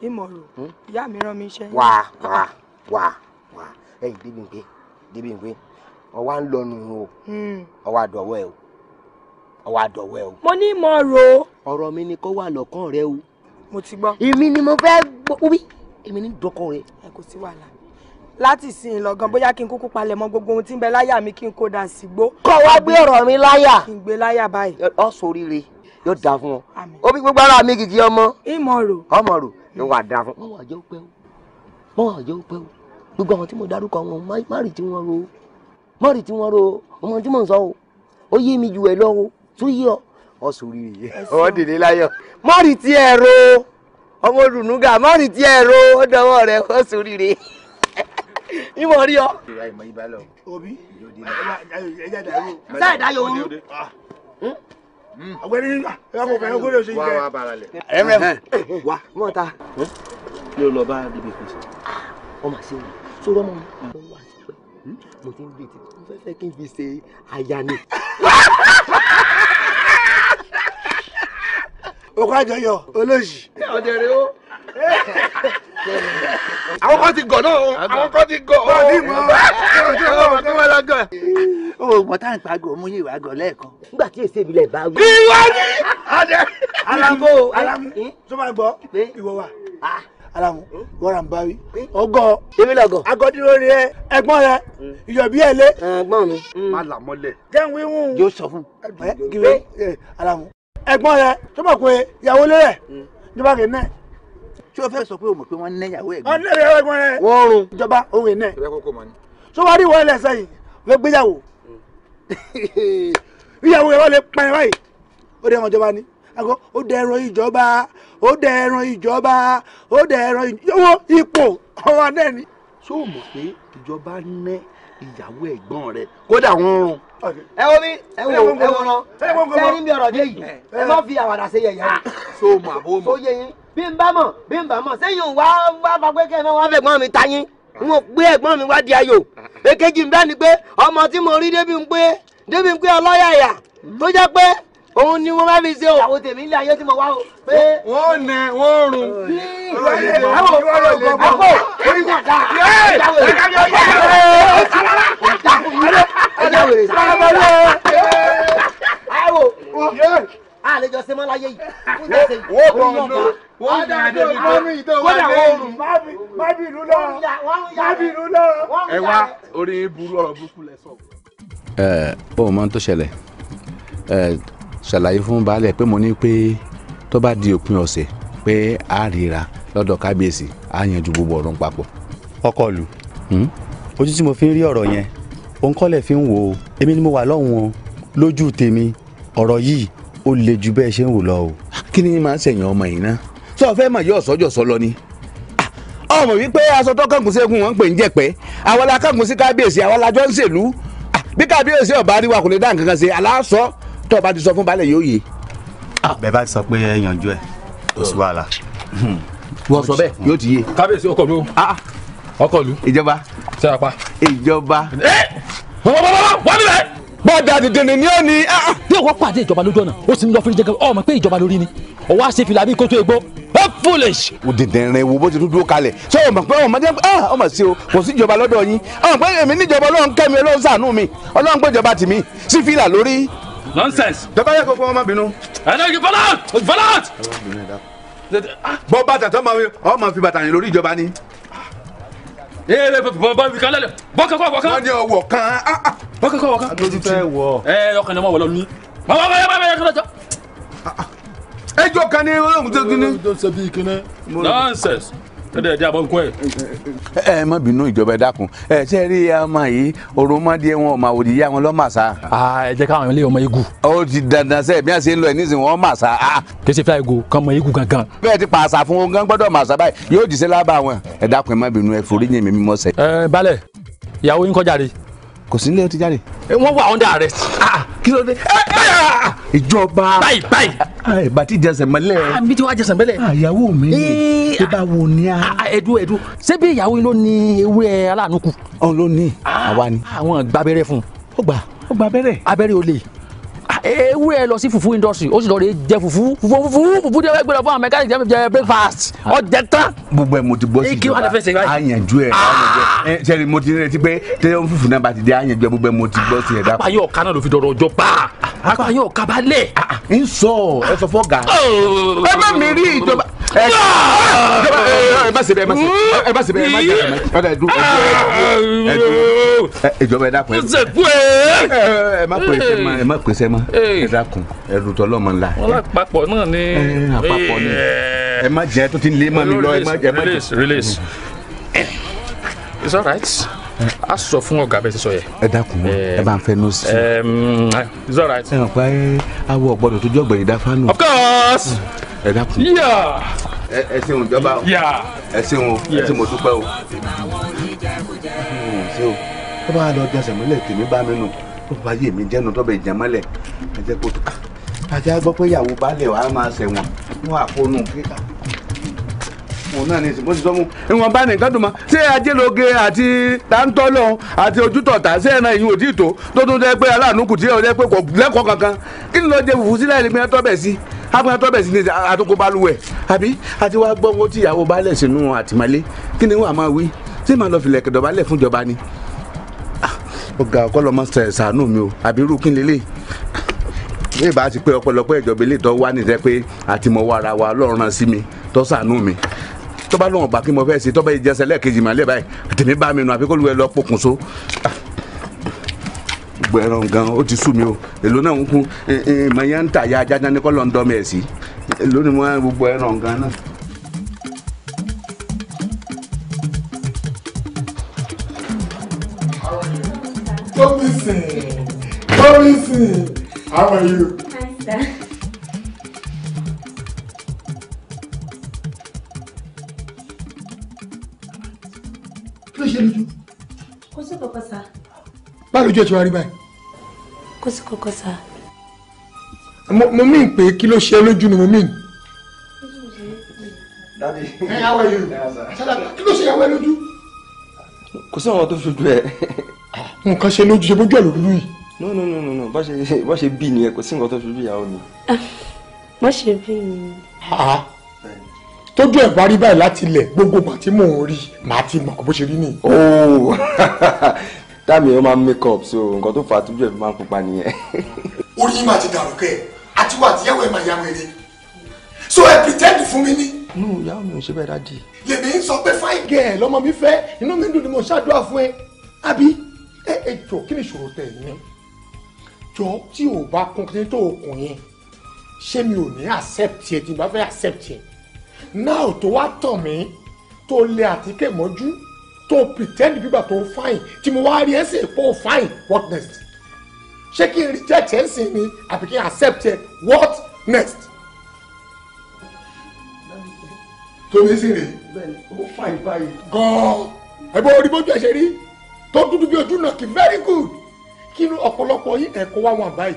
ìmọ̀ràn hmm? ìyá mi rán mi iṣẹ́. wà wà wà wà ẹ̀yìn débi ń gbé débi ń gbé ọwá ń lọnu o ọwá hmm. àdọ̀wọ́ ẹ o ọwá àdọ̀wọ́ ẹ o. mo ní mo rò ó. ọ̀rọ̀ mi ni kó wà lọ́kàn rẹ o. mo ti gbọ́. èmi ni mo fẹ́ gbọ́ wí èmi ní dọ́kàn rẹ. ẹ kò sí wàhálà láti sìn in lọ́gán bóyá kí n kúkú palẹ̀ mọ́ gbogbo ohun tí ń bẹ láyà mi kí n kó dà sí gbó. kọ́ wá gbé ọ̀rọ̀ mi láyà. kí n gbé láyà báyìí. ọ ṣoríire yóò dáa fún ọ. ó bí gbogbo ara mi kìkì ọmọ. ìmọ̀ rò. ọmọ rò ló wà dáa fún. Hmm. mọ̀ jẹ́ ó pẹ́ o mọ̀ jẹ́ ó pẹ́ o gbogbo àwọn tí mo dárúkọ wọn má rí tí wọ́n ro o mọ́ọ̀rì tí wọ́n ro ọmọ tí mò ń sọ o ó yé mi ju ẹ lọ o tó yé ọ ọ sòrí rèé ọwọ́ dèlé láyọ̀ mọ́ọ̀rì tí ẹ ro ọmọ olùnúgà mọ́ọ̀rì tí ẹ ro ó dọwọ́ rẹ ọ sòrí rèé ìmọ̀ rí ọ. obi ẹja dàrú. sáà dá yòówù. àgbẹ̀rẹ̀ ní ẹ̀kọ́ fẹ́ kó lè ṣe jẹ. wá wá wá mọ̀ ta. kí hmm? ló lọ bá dìbò ìpèsè. Ah, ọmọ àṣẹ wọn sọ̀rọ̀ mọ́ mi. Hmm. Hmm? mo ti ń bèèrè mo fẹ́ fẹ́ kí n fi ṣe aya ni. òkú àjọyọ̀ olóyè. ọ̀dẹ̀ rẹ o àwọn kan ti gọ̀ náà o àwọn kan ti gọ̀ o. báyìí mọ ọjọ́ ọmọ o mọ tá à ń mú yìí wá gọ lẹ́ẹ̀kan. nígbà tí èsì ìbílẹ̀ bá wí. ìwọ ni. alago alamu tó eh? máa gbọ́ ìwọ wa ara mu wọ́n ra ń bá wí. ọgọ́ èmi lọ́gọ́. agọdúró ni ẹ ẹ̀gbọ́n rẹ hmm. ìyọ̀bí ẹ lé. ẹ̀gbọ́n mi hmm. má là mọ́lẹ̀. jẹun wíwú. yóò sọ fún. ẹ kiri ẹ ara mu. ẹ̀gbọ́n rẹ tó mọ̀ pé ìyàwó lé rẹ̀ nígbà kìí náà ṣé o fẹ́ sọ pé o mọ̀ pé wọ́n ń nẹ́yàwó ẹ̀gbọ́n. wọ́n ń nẹ́yàwó ẹ̀gbọ́n rẹ̀. wọ́n rún. ìjọba òun ẹ̀ náà. tó wá rí ìwọ ẹlẹ́sẹ̀ yìí fẹ́ gbéyàwó. Hmm. ìyàwó ẹ̀ wọ́n lè báyìí àgọ́ ó dẹ̀rọ ìjọba ó dẹ̀rọ ìjọba ó dẹ̀rọ ìjọba ipò ọwọ́ náà ni. ṣó o mọ̀ pé ìjọba ní ìyàwó ẹ̀gbọ́n rẹ̀ kódà wọ́n rún. ẹ wo mi ẹ wo ẹ wo lọ ṣé ní mi ọ̀rọ̀ dé yìí ẹ má fi àwàdà ṣe yẹ̀yẹ́. Ah, ṣó o mọ̀ àbó mi. ó yẹ yín bí n bá mọ̀ bí n bá mọ̀ sẹ́yìn wá wá fagbé kẹ́ ẹ náà wá fẹ̀gbọ́n mi ta yín n ò gbé ẹ̀gbọ́n mi wá di ayò èkejì ń bẹ́ẹ̀ ni pé ọmọ tí mo rí débi ń pé débi ń pé ọlọ́yàyà tó jẹ́ pé òun ni mo bá fi ṣe o. àwọn tèmi ilé ayé tí mo wá o. pé wọ́n nẹ wọ́n rún. ẹ̀wọ̀n ìwọ́n rẹ̀ gbọ́ bọ́. orí náà dáa. ẹ ẹ ká mi ọ yẹ. ẹ ti dákun mi lé. ẹ jẹ́ wèrè. sábà lé. àwọ̀ àlejò sẹ́mọ́láyé yìí. wọ́n bọ̀ ọ́n lọ. wọ́n dà bí olórí ìdánwò lẹ́yìn. má bí ìlú lọ. má bí ìlú lọ. ẹ wá orí burú ọ̀rọ̀ burúkú lẹ sọ. ẹ ò mọ ohun tó ṣẹlẹ̀ ṣàlàyé fún baálẹ̀ pé mo ní pé tó bá di òpin ọ̀sẹ̀ pé a ríra lọ́dọ̀ kábíyèsí a yanjú gbogbo ọ̀rọ̀ papọ̀. ọkọ lù hmm? ojú tí mo fi ń rí ọ̀rọ̀ yẹn òun kọ́lẹ̀ fi ń wò ó èmi ni mo wà lọ́hùn wọn lójú tèmi ọ̀rọ̀ yìí ó le ju bẹ́ẹ̀ ṣe ń wò lọ o. Ah, kí ni màá ṣèyàn ọmọ yìí ná sọ fẹ́ mọ̀ yóò sọ́jọ́ sọ lọ ni ah, ọmọ wípé aṣọ tó kàngùn ségun wọn ń pè ń jẹ̀pẹ́ àwọn la sí kábíyèsí àwọn la ń ṣèlú ah, bí kábíyèsí ọba rí wa kò lè dá nǹkan kan ṣe aláṣọ tó o bá ti sọ fún baálẹ̀ yóò yé. Ah. bẹ́ẹ̀ bá ti sọ pé ẹ yanjú ẹ kò sí wàhálà. Hmm. wọ́n sọ bẹ́ẹ̀ yóò ti yé. kábíyèsí ọkọ mi o ah, ah. ọkọ lu. ìjọba sẹ́yàpá. ìjọba. Eh! wọ́n ní bẹ́ẹ̀. bọ́dà dìdìrín ni ó ní. bí ọkọ pàdé ìjọba lójú ọ̀nà O sì ń lọ fún jẹ́gẹ́ ọmọ pé ìjọba lórí ni ọwọ́ àṣẹ fìlà bí kótó egbò ó foolish. dìdìrín wo bó ti dúdú kalẹ̀ ṣé ọmọ pé ọmọ jẹ́ ọmọ sí o kò sí ìjọba lọ́dọ̀ yín ọmọ pé èmi níjọba ọlọ́run kẹ́mi ọlọ́run ṣàánú mi ọlọ́run pé ìjọba tì mí sí fìlà lórí nonsense. bẹ́ẹ̀ yẹ kó fún ọmọ bínú. ẹ náà kí fọlá fọlá. bọ́ bàtà tó máa ọmọ fi bàtà yẹn lórí ìjọba ni. ee bọ́ bọ́ kan lẹ́lẹ̀ bọ́ kankan wọ̀ kan. wọ́n ní ọwọ́ kan. Ah, ah. bọ́ kankan wọ̀ kan. a lójú fẹ́ wọ̀. ẹ eh, ọkàn náà wọ̀ lọ ní. bàbá bàbá bàbá yẹ kọ́lọ́jọ́. ejò kan ní olóhùn tó kíní. nonsense tẹ́lẹ̀ ẹ̀jẹ̀ àbọ̀ nkún ẹ̀. ẹ ẹ má bínú ìjọba ẹ dákun ẹ ṣe rí ọmọ yìí òròmọdé wọn ọmọ òdì yá wọn lọ mà ẹ jẹ́ káwọn ilé ọmọ igu. ó ti dandan sẹ́ bí wọ́n ṣe ń lọ ẹ̀ nísìnyí wọ́n mà sá. kì fíà igu kan mọ igu gangan. bẹ́ẹ̀ ti pàṣà fún wọn gán gbọ́dọ̀ mà sá báyìí yóò jíṣẹ́ lábàá wọn ẹ dákun ẹ má bínú ẹ forí yẹn mi mọ́ sẹ́. ẹ balẹ̀ ìyàwó yín kọjá rèé kò sí nílé ó ti jáde. Eh, wọ́n wà under arrest. Ah, ah, kí ló dé. Eh, eh, ah, ìjọba. báyìí báyìí. bàtí jẹsẹ̀ mọ́lẹ̀. àbí tí wàá jẹsẹ̀ mọ́lẹ̀. àyàwó mi ni tí bá wo ni a. ẹdú ẹdú ṣé bí ìyàwó yìí ló ní ewé aláàánú kù. òun ló ní àwa ni. àwọn gbàbẹ́rẹ́ fún un. ó gbà ó gbàbẹ́rẹ́. abẹ́rẹ́ olè ewúrẹ́ lọ sí fufu industry ó sì lọ rè jẹ fufu fufu fufu fufu jẹ gbẹdọ fún àwọn mẹkáníkì jẹ breakfast ọjẹ tán. gbogbo ẹ mo ti bọ sí ìjọba àyànjú ẹ sẹni mo ti ní retí pé tẹlifíwọn fufu náà bá ti dé àyànjú ẹ gbogbo ẹ mo ti bọ sí ẹdá. apayọ ọ̀ka náà ló fi dọ̀rọ̀ ọjọ́ pa apayọ ọ̀ka bá lẹ̀. n sọ ẹ sọ fọgà ẹ má mi rí ìjọba ẹ bá ṣe bẹ ẹ bá ṣe bẹ ẹ má jẹ ẹ má jẹ ẹ dúró ẹ dúró ẹ dúró ìjọba ẹ dá pẹ ẹ má pèsè ẹ má pèsè ẹ má ẹ dákun ẹrù tọlọmọ ńlá. wọn lápapọ̀ náà ni. àpapọ̀ ni ẹ má jẹ́ tó ti lé mọ́ mi lọ ẹ má jẹ́. release release it's alright a sọ fún ọgá bẹ́ẹ̀ ti sọ yẹ. ẹ dákun eh. ẹ bá ń fẹ́ nọ́ọ̀sì. it's alright. ẹ hàn pa ẹ awọ ọgbọdọ tó jọ gbẹ̀yìn dáfánù. of course. ẹ dákun. ẹ ṣeun ìjọba o ẹ ṣeun ẹ ṣe mo dúpẹ́ o. ẹ hmm, bá lọ dẹsẹ̀ mọ́lẹ̀ tèmi bá mi nù ó bá yé mi jẹ́nu tọ́bẹ̀ jẹ́ mọ́lẹ̀ ajẹ́ kó ajá ah, gbọ́ pé ìyàwó baálé wa máa ṣẹ̀wọ̀n wọn àfonú kíkà òun náà ni ìsìnkú ti sọ mú. ìwọ̀n bá nìkan dùn mọ́ ṣé ajéloge àti táńtọ́lọ́ àti ojútọ̀tà ṣé ẹ̀ràn ìyún òdì tó tó tún jẹ́ pé aláàánú kùtì ẹ̀ ọ̀jẹ́ pé kò lẹ́kọ̀ọ́ kankan kí ni lọ́ọ́ jẹ fùfú sílẹ̀ ẹ̀rìn gbìyànjọ́ tọ́bẹ̀ sí agbọn tọ́bẹ̀ sí ni àtúnkò bá lúwẹ̀ àbí àti wàá gbọ́ wọn tí ìyàwó baálẹ̀ sínú àtìmọ́lé kí ni wọn àmọ́ wí tí màá lọ filẹ̀ kẹ̀dọ̀ baálẹ̀ fúnjọba ni ọ̀gá ọ̀kọ́lọ́mọ ṣàánú mi o àbí irú kí n lélẹ̀ ní ìbá ti pé ọ̀pọ̀lọpọ̀ ìjọba ilé ìtọ́ wá nìjẹ́ pé àti mo wá ara wa ọlọ́run rán sí mi tó ṣàánú mi tó bá lóun ọ̀gbà kí mo fẹ́ ṣe tó bá ìjẹsẹ̀ lẹ́ẹ̀kejì mà lẹ́ẹ̀ báyìí àtẹ̀mí bá mi nù àbí kó lu ẹ lọ pokùnso gbẹ̀rán gan ó ti sú mi o èlò náà ń kú ìmọ̀ yẹn ń tà ya ajá ní kọ́ lọ́ndọ́ mẹ́ẹ̀sì èlò ni mo gbogbo ẹ̀ràn gan náà. Tomison, Tomison, how are you? Nice. sir. Kí ló ṣe lójú? Kò sí kọ̀kọ́ sá. Báwo lójú ẹ̀ ti wá rí báyìí? Kò sí sá. Mo mí pé kí ló ṣe lójú ni mo mí. how are you? Kí ló ṣe ìyàwó ẹ lójú? Kò sí àwọn tó ṣojú ẹ nǹkan ṣe lójú ṣe bójú ẹ̀ lórí yìí. no no no no no bá ṣe bá ṣe bí nìyẹn kò sí nǹkan tó fi bí ìyàwó mi. Ah, má ṣe bí mi. Ah, tójú ẹ̀ bá rí báyìí láti ilẹ̀ gbogbo ìgbà tí mò ń rí màá ti mọ̀ bó ṣe rí nìyí. ooo oh, táàmì ó máa make up so nǹkan tó fà á tójú ẹ̀ fi máa ń pupa nìyẹn. orí yín máa ti dàrú kẹ́ ẹ̀ àti wà àtìyàwó ẹ̀ máa yá wẹ̀rẹ̀ so ẹ pretend fún mi ní nù ìyá mi ò ṣe bẹ́ẹ̀ dájú. lèmi ń sọ pé fine girl lọmọ mi fẹ́ inú mi dùn ni mo ṣàdúrà fún ẹ àbí ẹ ẹ jọ kí ni ìṣòro tẹ ẹ ní jọ tí o bá kún kí ni tó o kún yẹn ṣé mi ò ní accept ẹ tí n bá fẹ́ accept ẹ náà tó wá tàn mí tó lé àtíkè mọ́jú tó pretend gbígbà tó fine tí mo wá rí ẹsẹ̀ pọ̀ fine what next ṣé kí n reject ẹ sìn ni àbí kí n accept ẹ what next. tóbi sí rè é ó fà ìbáyé. gan-an ẹ̀bùn orí bójú ẹ̀ ṣe rí tó dúdú bí ojú náà kì very good kí inú ọ̀pọ̀lọpọ̀ yín ẹ̀kọ́ wá wọn báyìí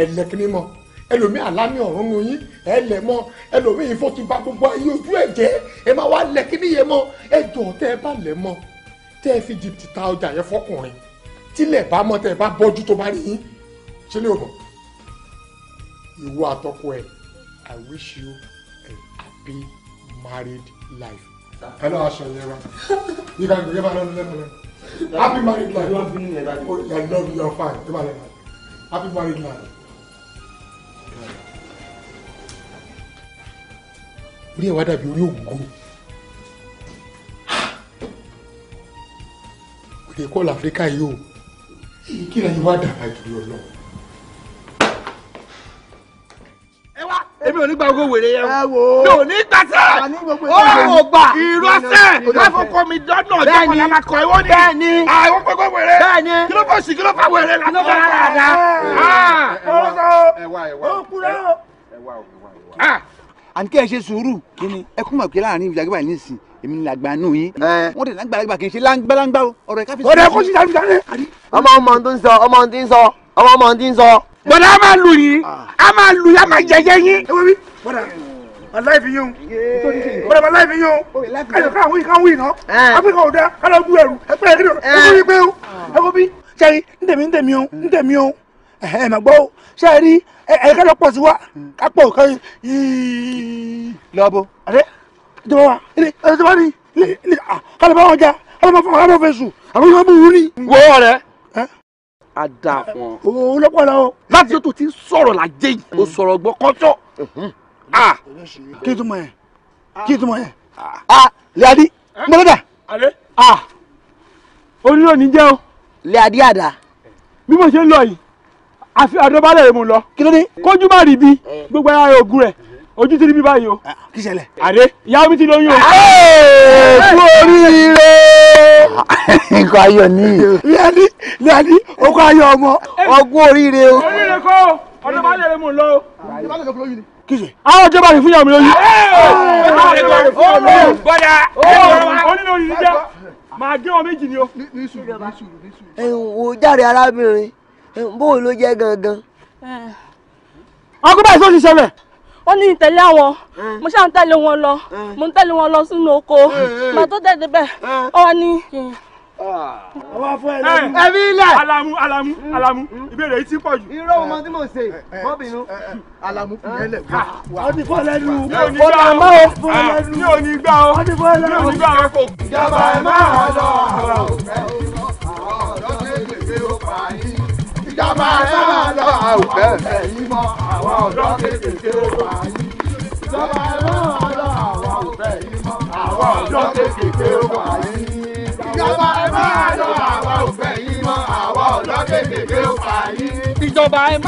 ẹ̀lẹ́kìnní mọ́ ẹlòmíì àlámì ọ̀run nu yín ẹ̀lẹ́ mọ́ ẹlòmíì ìfọ́ ti ba gbogbo ayé ojú ẹ̀ jẹ́ ẹ máa wá lẹ́kìnní yẹn mọ́ ẹ jọ̀ tẹ́ ẹ bá lẹ̀ mọ́ tẹ́ ẹ fi jìbìtì ta ọjà yẹn fọkùnrin tílẹ̀ bá mọ́ tẹ́ ẹ bá bọ́jú tó bá rí yín ṣé lè mọ̀ ìwọ àtọkọ ẹ I wish you a happy married life. Hello, Asha Yera. You can give another level happy married life you happy married life oh you are love you are fine tell me happy married life. orí ẹ̀ wá dàbí you ògùn òde kọ́ọ̀lù áfíríkà yìí o kí ni ayé wá dàbà ìdúró ọlọ́run. èmi ò ní gba owó wèrè yẹn o mi ò ní gbà sẹ ọ̀rọ̀ ò gbà irọ́ sẹ láfọkọ mi dọ́nà ọjọ́ kan lára kọ ẹ̀wọ́n ni bẹ́ẹ̀ni àwọn gbogbo wèrè bẹ́ẹ̀ni kí ló fọ́ sí kí ló fà wèrè lànà bá rà dá. àní kí ẹ ṣe sùúrù kí ni ẹ kún mọ̀ pé láàrin ìjà gbígbà yìí nísìn èmi ni àgbà nù yín wọ́n tẹ̀lé àgbàlagbà kì í ṣe láńgbàláńgbà ọ̀rọ̀ ẹ̀ káfíńsì. ọ̀rẹ́ kó ṣì dáadáa ọmọ ọmọ tó ń sọ ọmọ tó ń sọ ọmọ ọmọ tó ń sọ bọ̀dá a máa lù yín a máa lù yín a máa jẹjẹ yín. ẹ wọ́n mi bọ̀dá aláìfi yín o bọ̀dá aláìfi yín o ayọ̀ ká wí ká wí iná áfíríkà ò dá kálọ̀ gbú ẹrù ẹgbẹ́ ẹ̀rí rẹ̀ ẹgbẹ́ yín pé o ẹ wọ́n mi sẹ́yìn ń tẹ̀mí ń tẹ̀mí o ń tẹ̀mí o ẹ̀ mà gbọ́ o sẹ́yìn rí ẹ̀ kálọ̀ pọ̀ sí wa ká pọ̀ ká yìí. lọ́bù. àdé ìjọba wa ilé ẹ̀ ìjọba ni ilé kálọ̀ bá wọn já kálọ̀ bá fọ á dáa fún ọ. òun ló pọ̀ lọ. láti tó ti sọ̀rọ̀ làjẹ́ yìí o sọ̀rọ̀ gbọ́ kọ́tọ̀. kí n tún mọ yẹn kí n tún mọ yẹn. lẹ́àdí mọ́lẹ́dà. onírò ní jẹ́ o. lẹ́àdí àdá. bí mo ṣe ń lọ yìí àfi àdọ́bálẹ̀ rẹ̀ mo lọ. kí ló dé. kójú má gbogbo ara rẹ̀ ògùn ojú ti rí bí báyìí o. Ah, kí ṣẹlẹ̀. àdé ìyá mi ti lóyún o. Ah, kú oríire. nǹkan ayọ̀ ni. yanni yanni okó ayọ̀ ọmọ ọgbọ́n oríire o. oríire kọ́ ọdún bá lè mú un lọ. ọdún bá lè mú un lóyún ni kíse. àwọn ìjọba rẹ̀ fúnyàwó mi lóyún. bọ́dà onílòyìn ní jẹ́ màá gé wọn méjì ni o. wò jáde arábìnrin bóun ló jẹ́ gangan. ọkùnrin báyìí sọ́ọ́ ti ṣẹlẹ̀ wọ́n ní ìtẹ̀lé àwọn mo ṣáà ń tẹ̀lé wọn lọ mo ń tẹ̀lé wọn lọ sínú oko mà tó dẹ̀dẹ̀ bẹ̀ ọ wá ní. ọwọ́ ah. fún ẹ lẹ́nu. ẹbí ilẹ̀. alamu alamu alamu ìbéèrè yìí ti pọ̀ jù. irọ́ ọmọ tí mò ṣe eh, eh, mọ́bìnú. Eh, alamu fún ẹ lẹ́nu. ó ní fọ́ lẹ́nu. ó ní àmọ́ ó fún ẹ lẹ́nu. mi ní gbà ó ah, mi ò ní ìjọba ẹ máa lọ ọ̀rọ̀ ọ̀rọ̀ ọ̀rọ̀ ìjọba sábà lọ àwùjọ ẹ̀fẹ̀ yìí mọ àwọn ọ̀dọ́ kéékèèké ó wà yìí. ìjọba náà lọ àwọn ọ̀fẹ́ yìí mọ àwọn ọ̀dọ́ kéékèèké ó wà yìí. ìjọba náà lọ àwọn ọ̀fẹ́ yìí mọ àwọn ọ̀dọ́ kéékèèké ó wà yìí. ìjọba ẹ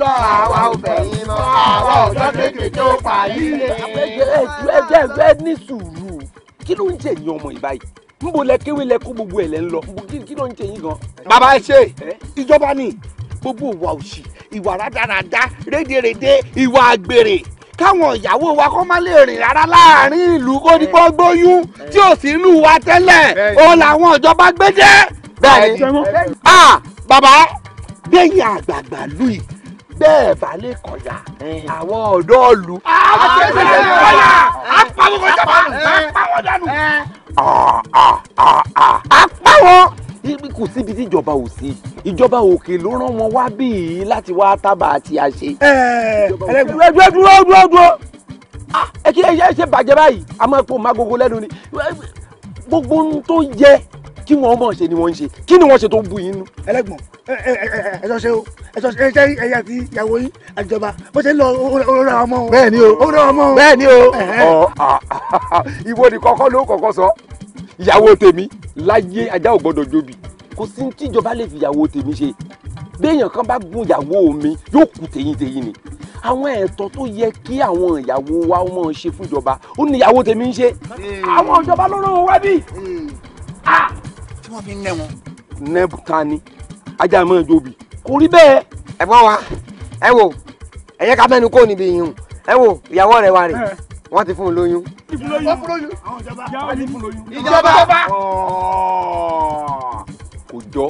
lọ àwa ọ̀fẹ́ yìí mọ àwọn ọ̀dọ́ kéékèèké ó wà yìí. ẹ jẹ́ ẹ jẹ́ ẹ ní sùúrù kí ló ń jẹ̀yìn ọmọ ìbáyìí n bò lẹ kéwé lẹ kó gbogbo ẹ lẹ ń lọ kí ló ń ṣe yín gan. bàbá ẹ ṣe ìjọba ni gbogbo ìwà òṣì ìwà rádaràda rédèrèdè ìwà àgbèrè káwọn ìyàwó wa kọ́ má lè rìn rárá láàrin ìlú kó ní kó gbóyún tí ò sí ìlú wa tẹ́lẹ̀ òun làwọn ìjọba gbé dé. bẹ́ẹ̀ni ah, bàbá bẹ́yìn àgbààgbà lùyìí bẹ́ẹ̀ bá lè kọjá àwọn ọ̀dọ́ ọ̀lú. àtẹ̀sílẹ̀ kọjá apáwọn jàmbá apáwọn dànù. apáwọn kò síbi tí ìjọba ò sí ìjọba òkè ló rán wọn wá bíi láti wá tábà àti àṣe. ẹ ẹ dúró dúró dúró ẹ kí ẹ ṣe bàjẹ́ báyìí àmọ́ ẹ pò máa gogo lẹ́nu ni gbogbo ohun tó yẹ kí wọ́n mọ̀ ṣe ni wọ́n ń ṣe kí ni wọ́n ṣe tó ń bu yín nú. ẹlẹgbọn ẹ sọ ṣe o ẹ sọ ṣe ṣe ẹyà àti ìyàwó yín àjọba bó ṣe ń lọ òrora ọmọ o. bẹ́ẹ̀ni o ọmọ o. o. ìwọ kọ́kọ́ ló kọ́kọ́ sọ ìyàwó tèmi láyé ajá ò gbọ́dọ̀ jóbi kò sí tíjọba lè fi ìyàwó tèmi ṣe béèyàn kan bá gun ìyàwó mi yóò kù tèyíntèyín ni àwọn ẹ̀tọ́ tó yẹ kí àwọn ìyàwó wa máa ṣe fún ìjọba ó ní ìyàwó tèmi ń ṣe àwọn ìjọba ló wá bí wọ́n fi ń nẹ́ wọn. nẹ́ẹ̀bù ta ni ajá mọ́ ẹjọ́ bì kò rí bẹ́ẹ̀. ẹ bọ́ wa ẹ wò ẹ yẹ ká mẹ́nu kó níbi yìí hùn ẹ wò ìyàwó rẹ wa rè eh. wọ́n ti fún un lóyún. wọ́n ìjọba kò jọ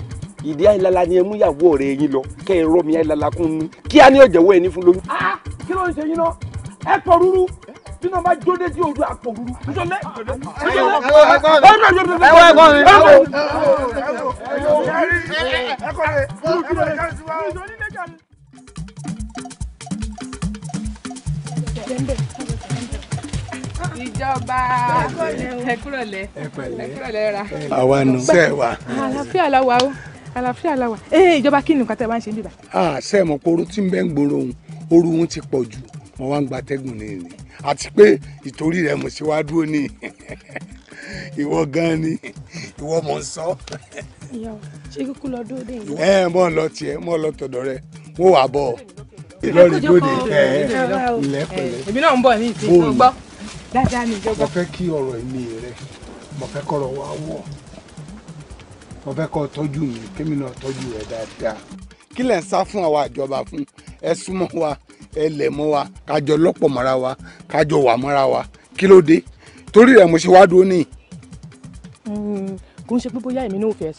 ìdí àìlala ni ẹ ìyàwó rẹ yín lọ kẹ ẹ rọ mi àìlala kún un kí á ní ọjọwọ ẹ ní fún lóyún. Ah, kí ló ń ṣe yín náà ẹ tọ rúrú tí náà bá jó létí ojú àpò òru. ǹjọ́lẹ̀ ẹ wọ ẹ̀kọ́ mi. ẹ̀kọ́ mi. ìjọba ẹkúrọ̀lẹ́ ẹkúrọ̀lẹ́ ra. àwa nù sẹ́ wa. àlàáfíà la wà o àlàáfíà la wà. ee eh, ìjọba kí ni nǹkan tẹ́ bá ń ṣe níbà. a ah, sẹ́ẹ̀mọ̀ pé ooru tí ń bẹ́ ń gbòòrò òun ooru wọn ti pọ̀ jù mo wá ń gba tẹ́gùn ní ìní àti pé ìtorí rẹ mo ṣe wá dúró ní ìwọ gan ni ìwọ mọ̀ ń sọ. ṣé kúkú lọ dóde yìí. ẹ mọ lọ tiẹ mọ lọ tọdọ rẹ wọn wà bọ ìlọrin dóde ẹ ìlẹpẹlẹ. èmi náà ń bọ̀ ní ìsìn mo gbọ́. dáadáa ni ìjọba. mo fẹ́ kí ọ̀rọ̀ ẹ̀mí rẹ mo fẹ́ kọ̀rọ̀ wá wọ̀ mo fẹ́ kọ́ tọ́jú mi kémi náà tọ́jú rẹ dáadáa kí lẹ̀ ń sá fún àwa ìjọba fún ẹ súnmọ́ wa ẹ lẹ̀ mọ́ wa kájọ lọ́pọ̀ mọ́ra wa kájọ wà mọ́ra wa kí ló dé torí rẹ̀ mo ṣe wá dúró nìyí kò ń ṣe pé bóyá èmi náà fẹ́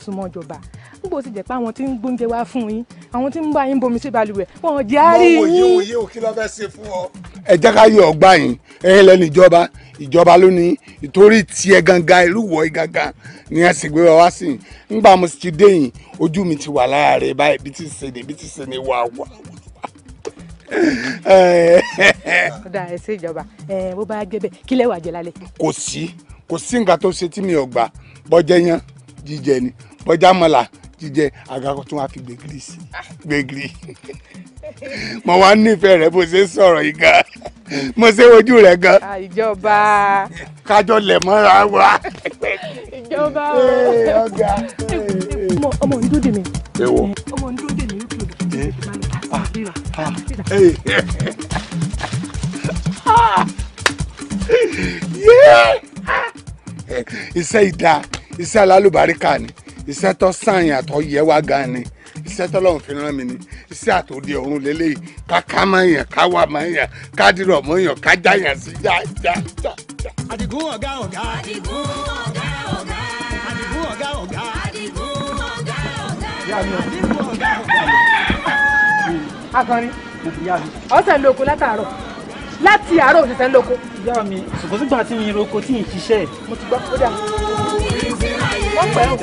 súnmọ́ ìjọba nígbà tí jẹ́ pé àwọn tí ń gbóúnjẹ wá fún yín àwọn tí ń bá yín bomi sí balùwẹ̀ wọn jẹ́ àárí yín. wọ́n wòye òye òkè lọ́fẹ́ ṣe fún ọ. ẹ jẹ́ ká yọ ọgbà yín ẹ̀yin lẹ́nu ìjọba ìjọba ló ìtorí tiẹ̀ gangan ìlú gangan ni ẹ sì gbé wá sí i ńgbà mo ti dé yìí ojú mi ti wà lára rẹ báyìí bí ti ṣe ni bí ti ṣe ni wà wà wà kò sí kò sí nǹkan tó ṣe tí mi ò gbà bọ́jẹ́ jíjẹ ni bọ́jẹ́ jíjẹ àgàkọ́ tí wọ́n á fi gbègìrì sí mo wá nífẹ̀ẹ́ rẹ bó ṣe sọ̀rọ̀ yìí gan mo ṣe ojú rẹ gan. Ah, ìjọba. kájọ lẹ̀ mọ́ra wa. ìjọba eh, o. ọmọ ọmọ ń mi iṣẹ́ alálùbáríkà ni iṣẹ́ tó sàyìn àtọ́ yẹ wá gan ni iṣẹ́ tó lọ́run fi rán mi ni iṣẹ́ àtòdì ọ̀run lélẹ́yìí káká máa yàn káwà máa yàn kádìrọ̀ máa yàn kájà yàn sí já já já. Àdìgún ọ̀gá ọ̀gá. Àdìgún ọ̀gá ọ̀gá. Àdìgún ọ̀gá ọ̀gá. Àdìgún ọ̀gá ọ̀gá. Àdìgún ọ̀gá ọ̀gá. Akọrin ọ̀sẹ̀ lóko látàárọ̀ láti àárọ̀ òṣìṣẹ́ lóko. Ìyá mi ṣùgbọ́n sígbà tí mi roko tí ì ṣiṣẹ́ mo ti gbọ́ kódà wọ́n pẹ́ o.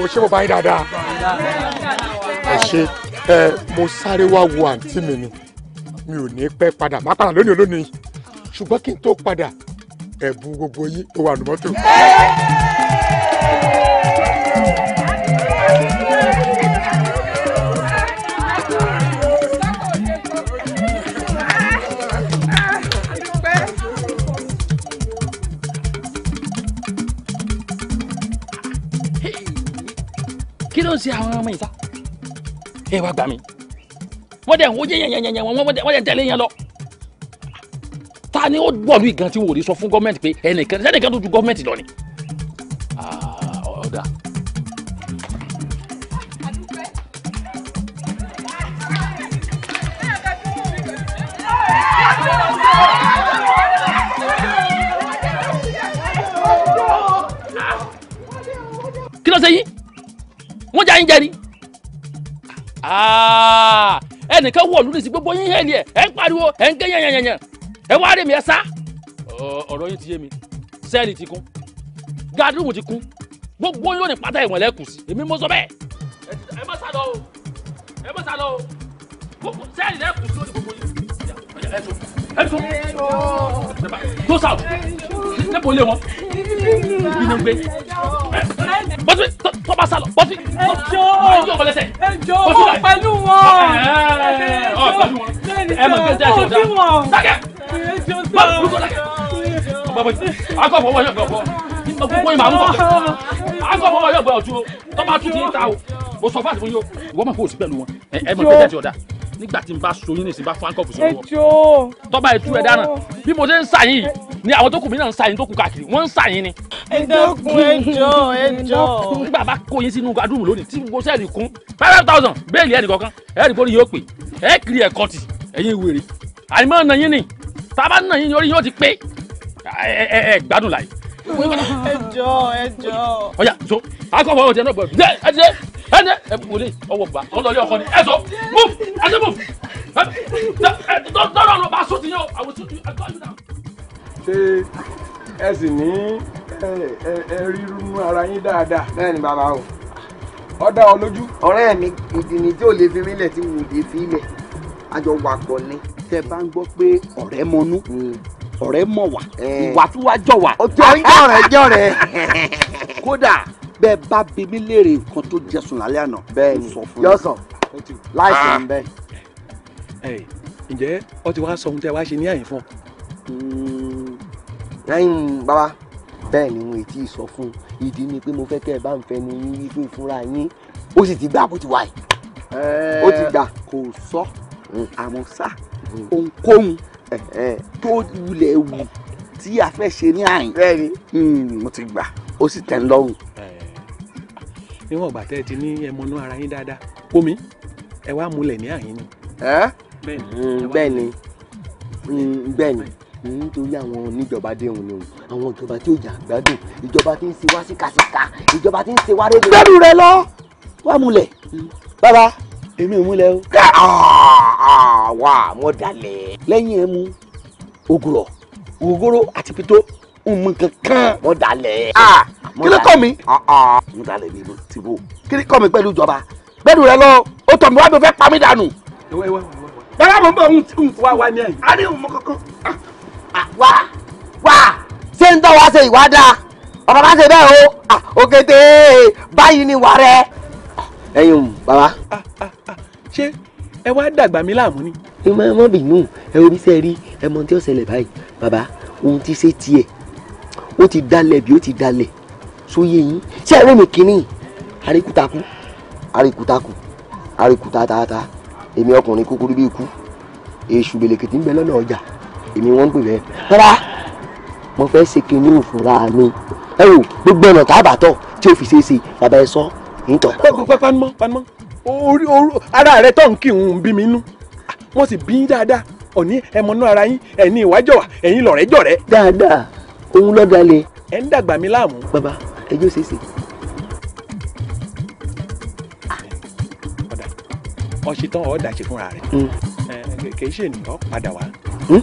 o ṣé mo bá yín dáadáa ẹ ṣe ẹ mo sáré wá wo àǹtí mi ni mi ò ní pẹ́ padà má padà lónìí olónìí ṣùgbọ́n kí n tó padà ẹ̀bùn gbogbo yín ó wà ní ló ṣe àwọn ọmọ ìta ẹ wá gbà mí wọ́n dẹ̀ ń wọ́n yẹn yẹn yẹn wọ́n dẹ̀ yẹn lọ ta ni ó bọ̀lú ìgan tí wò sọ fún gọ́ọ̀mẹ̀ntì pé ẹnìkan sẹ́nìkan tó ju gọ́ọ̀mẹ̀ntì lọ ni. Ah, kí ló ṣe yìí wọ́n já yín jẹ ni. ẹnìkan wọ̀ lórí sí gbogbo yín hẹ́ẹ̀lì ẹ̀ ẹ̀ ń pariwo ẹ̀ ń gé yànyànyànyàn ẹ wá rèmi ẹ sá. ọ̀rọ̀ yín ti yé mi sẹ́ẹ̀lì ti kún gàdúrùmù ti kún gbogbo yín lónìí pátá ìwọ̀n lẹ́kùn sí èmi mo sọ bẹ́ẹ̀. ẹ má sá o ẹ má sá o gbogbo sẹ́ẹ̀lì lẹ́kùn sí lónìí gbogbo yín. ẹ tó ẹ tó tó sáà lẹ́kọ̀ọ́ lé wọn inú gbé bọ́sí tọ́ba sálọ bọ́sí ẹjọ́ ẹjọ́ pẹ̀lú wọn ẹ mọ̀ gbé dáhùn dáhùn dákẹ́ bọ́sí lùkọ́ dákẹ́ bọ́sí akọ̀ fọwọ́ yọ̀ gbọ̀ gbogbo ìmọ̀ àwọn ọ̀gbẹ́ akọ̀ fọwọ́ yọ̀ gbọ̀ ọ̀tún tọ́ba tún ti ta o mo sọ fún àtìmọ́ yìí o ìwọ mọ̀ kó o sí pẹ̀lú wọn ẹ mọ̀ gbé dáhùn nígbà tí n bá so yín nísìnyí bá fún akọ̀fù sọ̀rọ̀ tọ́ba ètú bí mo ṣe ń sà ni àwọn tó kù náà ń sa yín káàkiri wọ́n ń sa ni. ẹ dẹ́kun ẹjọ́ ẹjọ́. nígbà bá kó yín sínú adúmù lónìí tí gbogbo sẹ́ẹ̀lì kún five thousand bẹ́ẹ̀lì ẹnì kọ̀ọ̀kan ẹ̀rì bórí yóò pè ẹ̀ kiri ẹ̀kọ́ tì ẹ̀yin wèrè àìmọ́ ọ̀nà yín ni tábà nà yín orí yóò ti pé ẹ̀ ẹ̀ gbádùn láyé. ẹjọ́ ẹjọ́. ọ̀yà so akọ̀wé ọ̀tẹ̀ náà bọ̀ ẹ̀ ẹni ẹ wòle ọwọ gba ọlọlẹ ọkọ ni ẹ sọ move ẹ sọ move ẹ dọdọ lọ bá a sọ ti yẹ o àwọn sọ ti yẹ o ṣé ẹ sì ní ẹ rírú nú ara yín dáadáa. bẹ́ẹ̀ ni bàbá o. ó dá ọ lójú. ọ̀rẹ́ mi ìdìní tí ò lè fi mí lẹ̀ tí mo lè fi lẹ̀ àjọ wà pọ̀ ni. tẹ bá ń gbọ́ pé ọ̀rẹ́ mọnú hmm. ọ̀rẹ́ mọ̀ wá ìwà tí wàá jọ wá. ó jọ ń jọ rẹ jọ rẹ. kódà bẹ́ẹ̀ bá bi mí léèrè nǹkan tó jẹ sùn lálẹ́ àná. bẹ́ẹ̀ ni yọ sọ láìsí ah. ń bẹ́ẹ̀. ǹjẹ́ ó ti wá sọ ohun tí a wá ṣe ní àyìn fún ọ ẹ̀yin bàbá bẹ́ẹ̀ ni wọn ti sọ fún un ìdí ni pé mo fẹ́ kẹ́ ẹ bá ń fẹ́ ni yín wípé fúnra yín ó sì ti gbà bó ti wà yìí ó ti gbà kò sọ hmm. àmọ́ sá hmm. ohunkóhun tó wulẹ̀ wù tí a fẹ́ ṣe ní àyìn bẹ́ẹ̀ ni hmm, mo ti gbà ó sì tẹ́ ń lọ́rùn. níwọ̀n ìgbà tẹ́ ẹ ti ní ẹmọnú ara yín dáadáa omi ẹ wá múlẹ̀ ní àyín ni. bẹ́ẹ̀ ni bẹ́ẹ̀ Hm, nítorí àwọn oníjọba déhùn ni o àwọn ìjọba tí ò jà gbádùn ìjọba tí ń ṣe wá síkàsíkà ìjọba tí ń ṣe wá rédíò. gbẹ́rù rẹ lọ wá múlẹ̀ hm. bàbá èmi ò múlẹ̀ o. wà á mọ̀ dalẹ̀. lẹ́yìn ẹ̀ mú ògùrọ̀ ògóró àti pitó nǹkan kankan. mọ̀ dalẹ̀. kí ló kọ́ mi. mọ̀ dalẹ̀ mi ti bò kí ló kọ́ mi pẹ̀lú ìjọba gbẹ́rù rẹ lọ ó tọ̀ mi wá mi fẹ́ pa mí dànù. bàbá mo bọ̀ ń wá wá ní ẹ̀yìn. a ní òun mọ Ah, wá wá ṣé ń tọ́ wá ṣe ìwà dáa ọ̀rọ̀ bá ṣe bẹ́ẹ̀ o ah, òkété báyìí ni wà rẹ. ẹ̀yin bàbá. Ah, ṣé ẹ wá dàgbà mi láàmú ni. ẹ má má bínú ẹ orí sẹ rí ẹ mọ tí ó ṣẹlẹ̀ báyìí bàbá ohun tí ṣe tiẹ̀ ó ti dalẹ̀ bí ó ti dalẹ̀ sóyè yín ṣé ẹ rí mi kínní àríkùtakù àríkùtakù àríkùtatata èmi ọkùnrin kúkúrú bí ikú èṣù gbèlèkìtì ń bẹ lọ́nà ọjà èmi wọ́n ń pè bẹ́ẹ̀ rárá mo fẹ́ ṣe kinní òfúra mi ẹ wò gbogbo ọ̀nà tábà tọ̀ tí o fi ṣe é ṣe bàbá ẹ sọ nítọ̀. panimọ́ panimọ́ orí orí ara rẹ tó ń kí n bí mi nú wọ́n sì bí dáadáa òní ẹmọ náà ara yín ẹ̀yin ìwájọ́ wa ẹ̀yin lọ̀rẹ́jọ́ rẹ. dáadáa òun ló dalẹ̀. ẹ ń dàgbà mi láàmú. bàbá ẹjọ́ ṣe é ṣe. ọ̀ṣìtàn ọ̀ọ́dà ṣe fúnra rẹ̀ hmm. kì í ṣe ènìyàn padà wá. Hmm?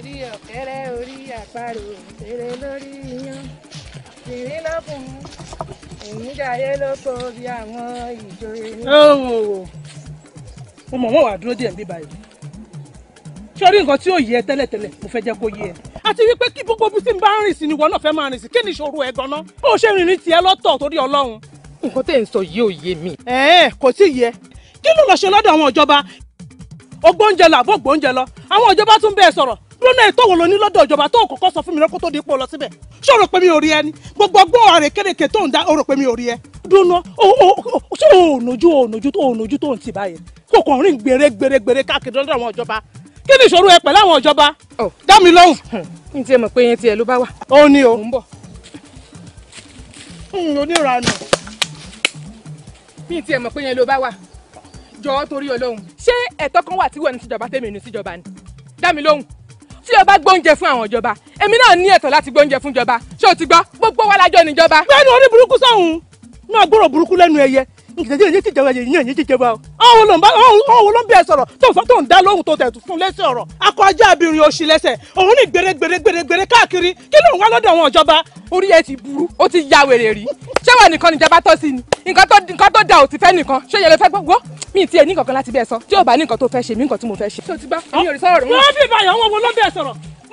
orí ọ̀kẹ́rẹ́ orí àparò òṣèré lórí iyán ìrìn lọ́kùnrin èyí dàyé lóko bí àwọn ìjòyè ní. mo mọ̀ wọ́n wà dúró díẹ̀ níbí báyìí sórí nǹkan tí ò yẹ tẹ́lẹ̀tẹ́lẹ̀ mo fẹ́ jẹ́ kó yé ẹ àti wípé kí gbogbo bí tí n bá ń rìn sí ni wọn náà fẹ́ máa rìn sí kí ni ìṣòro ẹ gan-an ó ṣe rìnrìn tiẹ̀ lọ́tọ̀ torí ọlọ́run. nǹkan tẹ̀ ń sọ yìí ò yé mi. ẹ ẹ kò tí ì yẹ kí ló lọ ṣe lọ́dọ̀ àwọn ìjọba ògbóúnjẹ lọ àbó ògbóúnjẹ lọ àwọn ìjọba tún bẹ́ẹ̀ sọ̀rọ̀ lọ́nà ètò òwò lóní lọ́dọ̀ ìjọba tó kọ́kọ́ sọ fún mi lọ́kọ́ tó di ipò lọ síbẹ̀ ṣé o rò pé mi ò rí ẹ ni gbogbo ọgbọ́n àrè kéréke tó ń da o rò pé mi ò rí ẹ dúnà ṣé o nojú o nojú tó o nojú tó ń tì báyẹn kò kàn rìn gbèrè gbèrè gbèrè káàkiri lọ́dọ̀ àwọn ìjọba kí ni ìṣòro ẹ pẹ̀lú àwọn ìjọba dá mi lóhùn. n tiẹ̀ mọ̀ pé yẹn tiẹ̀ ló bá wà. ó ní o. oníranù. mi tiẹ̀ mọ̀ pé yẹn ló bá wà jọ̀ọ́ torí Ọlọ́run ṣé ẹ̀tọ́ kan wà tí wọ́n ní síjọba tèmi ní síjọba ni dá mi lóhùn tí o bá gbóúnjẹ fún àwọn ìjọba èmi náà ní ẹ̀tọ́ láti gbóúnjẹ fún ìjọba ṣé o ti gbọ́ gbogbo wa lájọ níjọba. bẹ́ẹ̀ni orí burúkú sọhùn náà gbọrọ burúkú lẹ́nu ẹyẹ ìṣèjì yìí ti jẹba yìí yìí ti jẹba o. àwọn wo ló ń bẹ sọ̀rọ̀ tó fọ́ tó ń dá lóhùn tó tẹ̀ fún lẹ́sẹ̀ ọ̀rọ̀. akọ ajá abirin oṣù lẹ́sẹ̀ òun ní gbèrè gbèrè gbèrè gbèrè káàkiri kí ló ń wá lọ́dọ̀ àwọn ìjọba. orí ẹ ti burú ó ti ya wèrè rí ṣé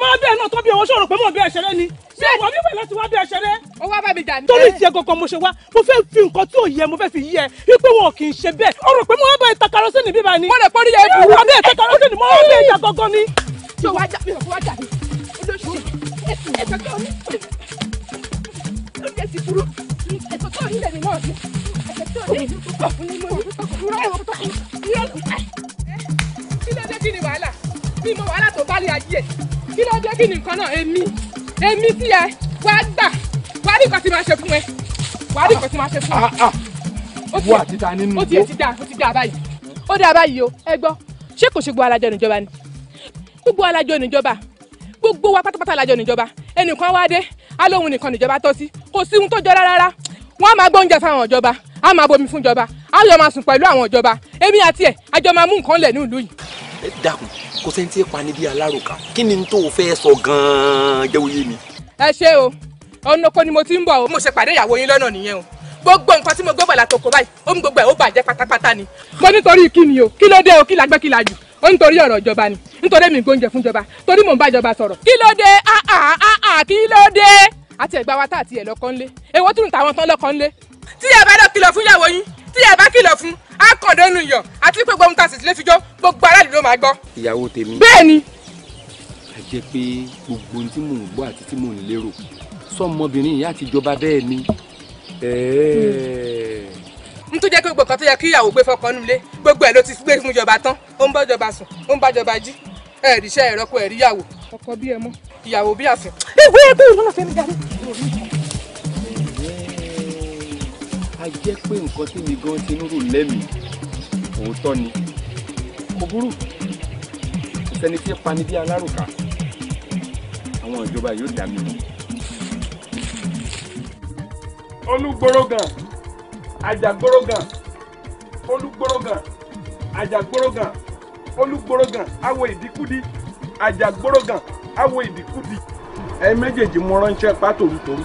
máa bẹ́ẹ̀ náà tó bí owó sọ̀rọ̀ pé mò ń bẹ́ẹ̀ ṣeré ni ṣé ìwọ mi fẹ́ láti wá bẹ́ẹ̀ ṣeré. ó wá bá mi jà ní. torí ìṣe kankan mo ṣe wá mo fẹ́ fi nǹkan tí ò yẹ mo fẹ́ fi yẹ wípé wọn kì í ṣe bẹ́ẹ̀ ó rò pé mo wá bá ìta karosíìnì bíbá ni. mo lè pọ́n níyà ìbú. mo wá bẹ́ẹ̀ ta karosíìnì mo wá bẹ́ẹ̀ ìta gangan ni. ṣé mo wàhálà tó bá lè ayé ẹ̀ kí ló dé kí nìkan náà èmi èmi tí ẹ wá gbà wá rí nǹkan tí máa ṣe fún ẹ wá rí nǹkan tí máa ṣe fún ẹ. Ah, ah. wọ́n àti ta nínú ó ti dà ó ti dà báyìí ó dà báyìí o ẹ gbọ́ ṣé kò ṣe gbọ́ alájọ níjọba ni gbogbo alájọ níjọba gbogbo wa pátápátá alájọ níjọba ẹnìkan wá dé alóhun nìkan níjọba tọ́ sí kò sí ohun tó jọra rárá wọ́n á máa gbóúnjẹ fáwọn ìjọba á máa bomi fún ìjọba á lọ máa sùn pẹ̀lú àwọn ìjọba èmi àti ẹ̀ àjọ máa mú nǹkan lẹ̀ ní ìlú yìí. ẹ dákun kò sẹ́ni tí ì pa níbi alárùkà kí ni tó fẹ́ sọ gan-an jẹ́wọ́ yé mi. ẹ ṣe o ọ̀nà oko ni mo ti ń bọ̀ o mo ṣe pàdé ìyàwó yín lọ́nà nìyẹn o gbogbo nǹkan tí mo gbọ́ bàlá tó kọ báyìí ó ń gbogbo ẹ̀ ó bàjẹ́ pátápátá ni. mo nítorí kí ni o kí ló dé o kí la gbẹ́ kí la jù ó nítorí ọ̀rọ̀ ìjọba ni nítorí mi gbóúnjẹ fún ìjọba torí mò ń bá ìjọba sọ̀rọ̀. kí ló dé àà ah, àà ah, ah, kí ló dé àti ẹ̀gbá wa tá àti ẹ̀ lọ́kọ́ ńlé èwo tún tàwọn tán lọ́kọ́ ńlé. tí ẹ bá lọ kìlọ̀ fún ìyàwó yín tí ẹ bá kìlọ̀ fún á kọ̀dọ́nù yàn àti pé gbogbo ta sì ti lè fi jọ gbogbo aráàlú ló máa gbọ́. ìyàwó tèmi. bẹ́ẹ̀ ni. a jẹ pé gbogbo ohun tí mò ń gbọ́ àti tí mò ń lérò sọmọbìnrin yìí àtijọba bẹ́ẹ̀ ni. n tó jẹ́ pé gbogbo kan tó yẹ kí ìyàwó gbé fọkàn nílé gbogbo ẹ̀ ló ti gbé fún ìjọba tán ó ń bá ìjọba sùn ó ń bá ìjọba jí ẹ̀ẹ́dìṣẹ́ ẹ̀rọ́kọ ẹ̀ríyàwó. ọkọ bí ẹ mọ. ìyàwó bí a jẹ́ pé nǹkan tí mi gan ti ń rò lẹ́mìí òótọ́ ni kò burú kò tí pani bí alárùkà àwọn ìjọba yóò dá mi mú. olúgbórógàn àjàgbórógàn olúgbórógàn àjàgbórógàn awo ìdíkúdí àjàgbórógàn awo ìdíkúdí. ẹ méjèèjì mo ránṣẹ́ pátòrútòrú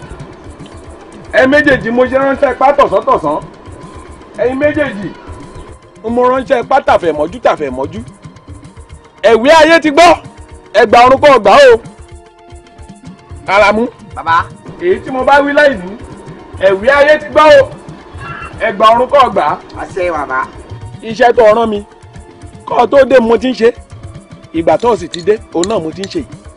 ẹ méjèèjì mo ṣe ránṣẹ́ ipá tọ̀sán-tọ̀sán ẹ̀yin méjèèjì mo ránṣẹ́ ipá tàfẹ̀mọ́jú tàfẹ̀mọ́jú ẹ̀wí ayé ti gbọ́ ẹgbà ọ̀run kọ́ ọgbà o Kàràmú. bàbá. èyí tí mo bá wí láì ní ẹ̀wí ayé ti gbọ́ o ẹgbà ọ̀run kọ́ ọgbà. àṣẹ bàbá. iṣẹ́ tó ọ̀ràn mi kọ́ ọ tó dé mo ti ń ṣe ìgbà tó o sì ti dé òun náà mo ti ń ṣe yìí.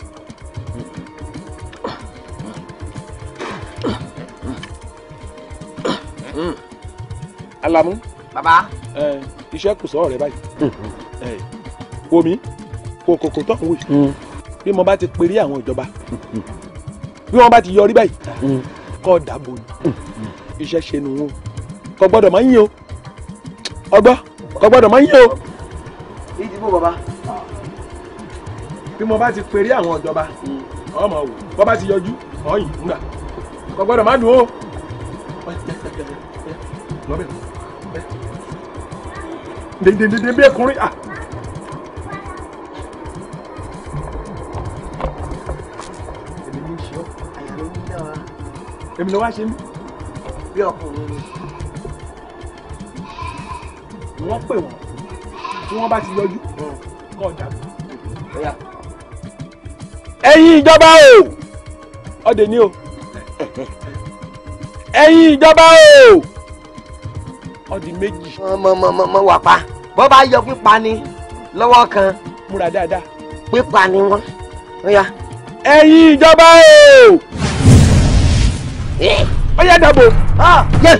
alamu. baba. ẹ iṣẹ́ kù sọ́ọ̀ rẹ báyìí. Mm-hmm. ẹ omi kòkòkò tó ń wò yìí mm. bí mo bá ti perí àwọn ìjọba bí wọ́n bá ti yọrí báyìí mm. kọ́ dàbò ni iṣẹ́ ṣe nu wọn kò gbọ́dọ̀ máa ń yín o ọgbọ́ kò gbọ́dọ̀ máa ń yín o. ìdìbò baba. bí mo bá ti perí àwọn ìjọba ọmọ wò bọ́ bá ti yọjú ọ̀yìn ńgbà kò gbọ́dọ̀ má dùn o. lọ́bẹ̀ dèdèdèdè bí ẹkùnrin à. Ah. èmi ni wá ṣe mí. bí ọkùnrin ni. wọ́n pè wọ́n tí wọ́n bá ti yọjú kọ́ ọjà mi. ẹ̀yin ìjọba o ọdẹ ni o ẹ̀yin ìjọba o ó di méjì. mọ̀mọ̀mọ̀ wà pa bọ́ bá yọ pípa ni lọ́wọ́ kan. múra dáadáa. pípa ni wọ́n ọ̀ya. ẹ̀yin ìjọba o. ọ̀ya dàbò. yẹ.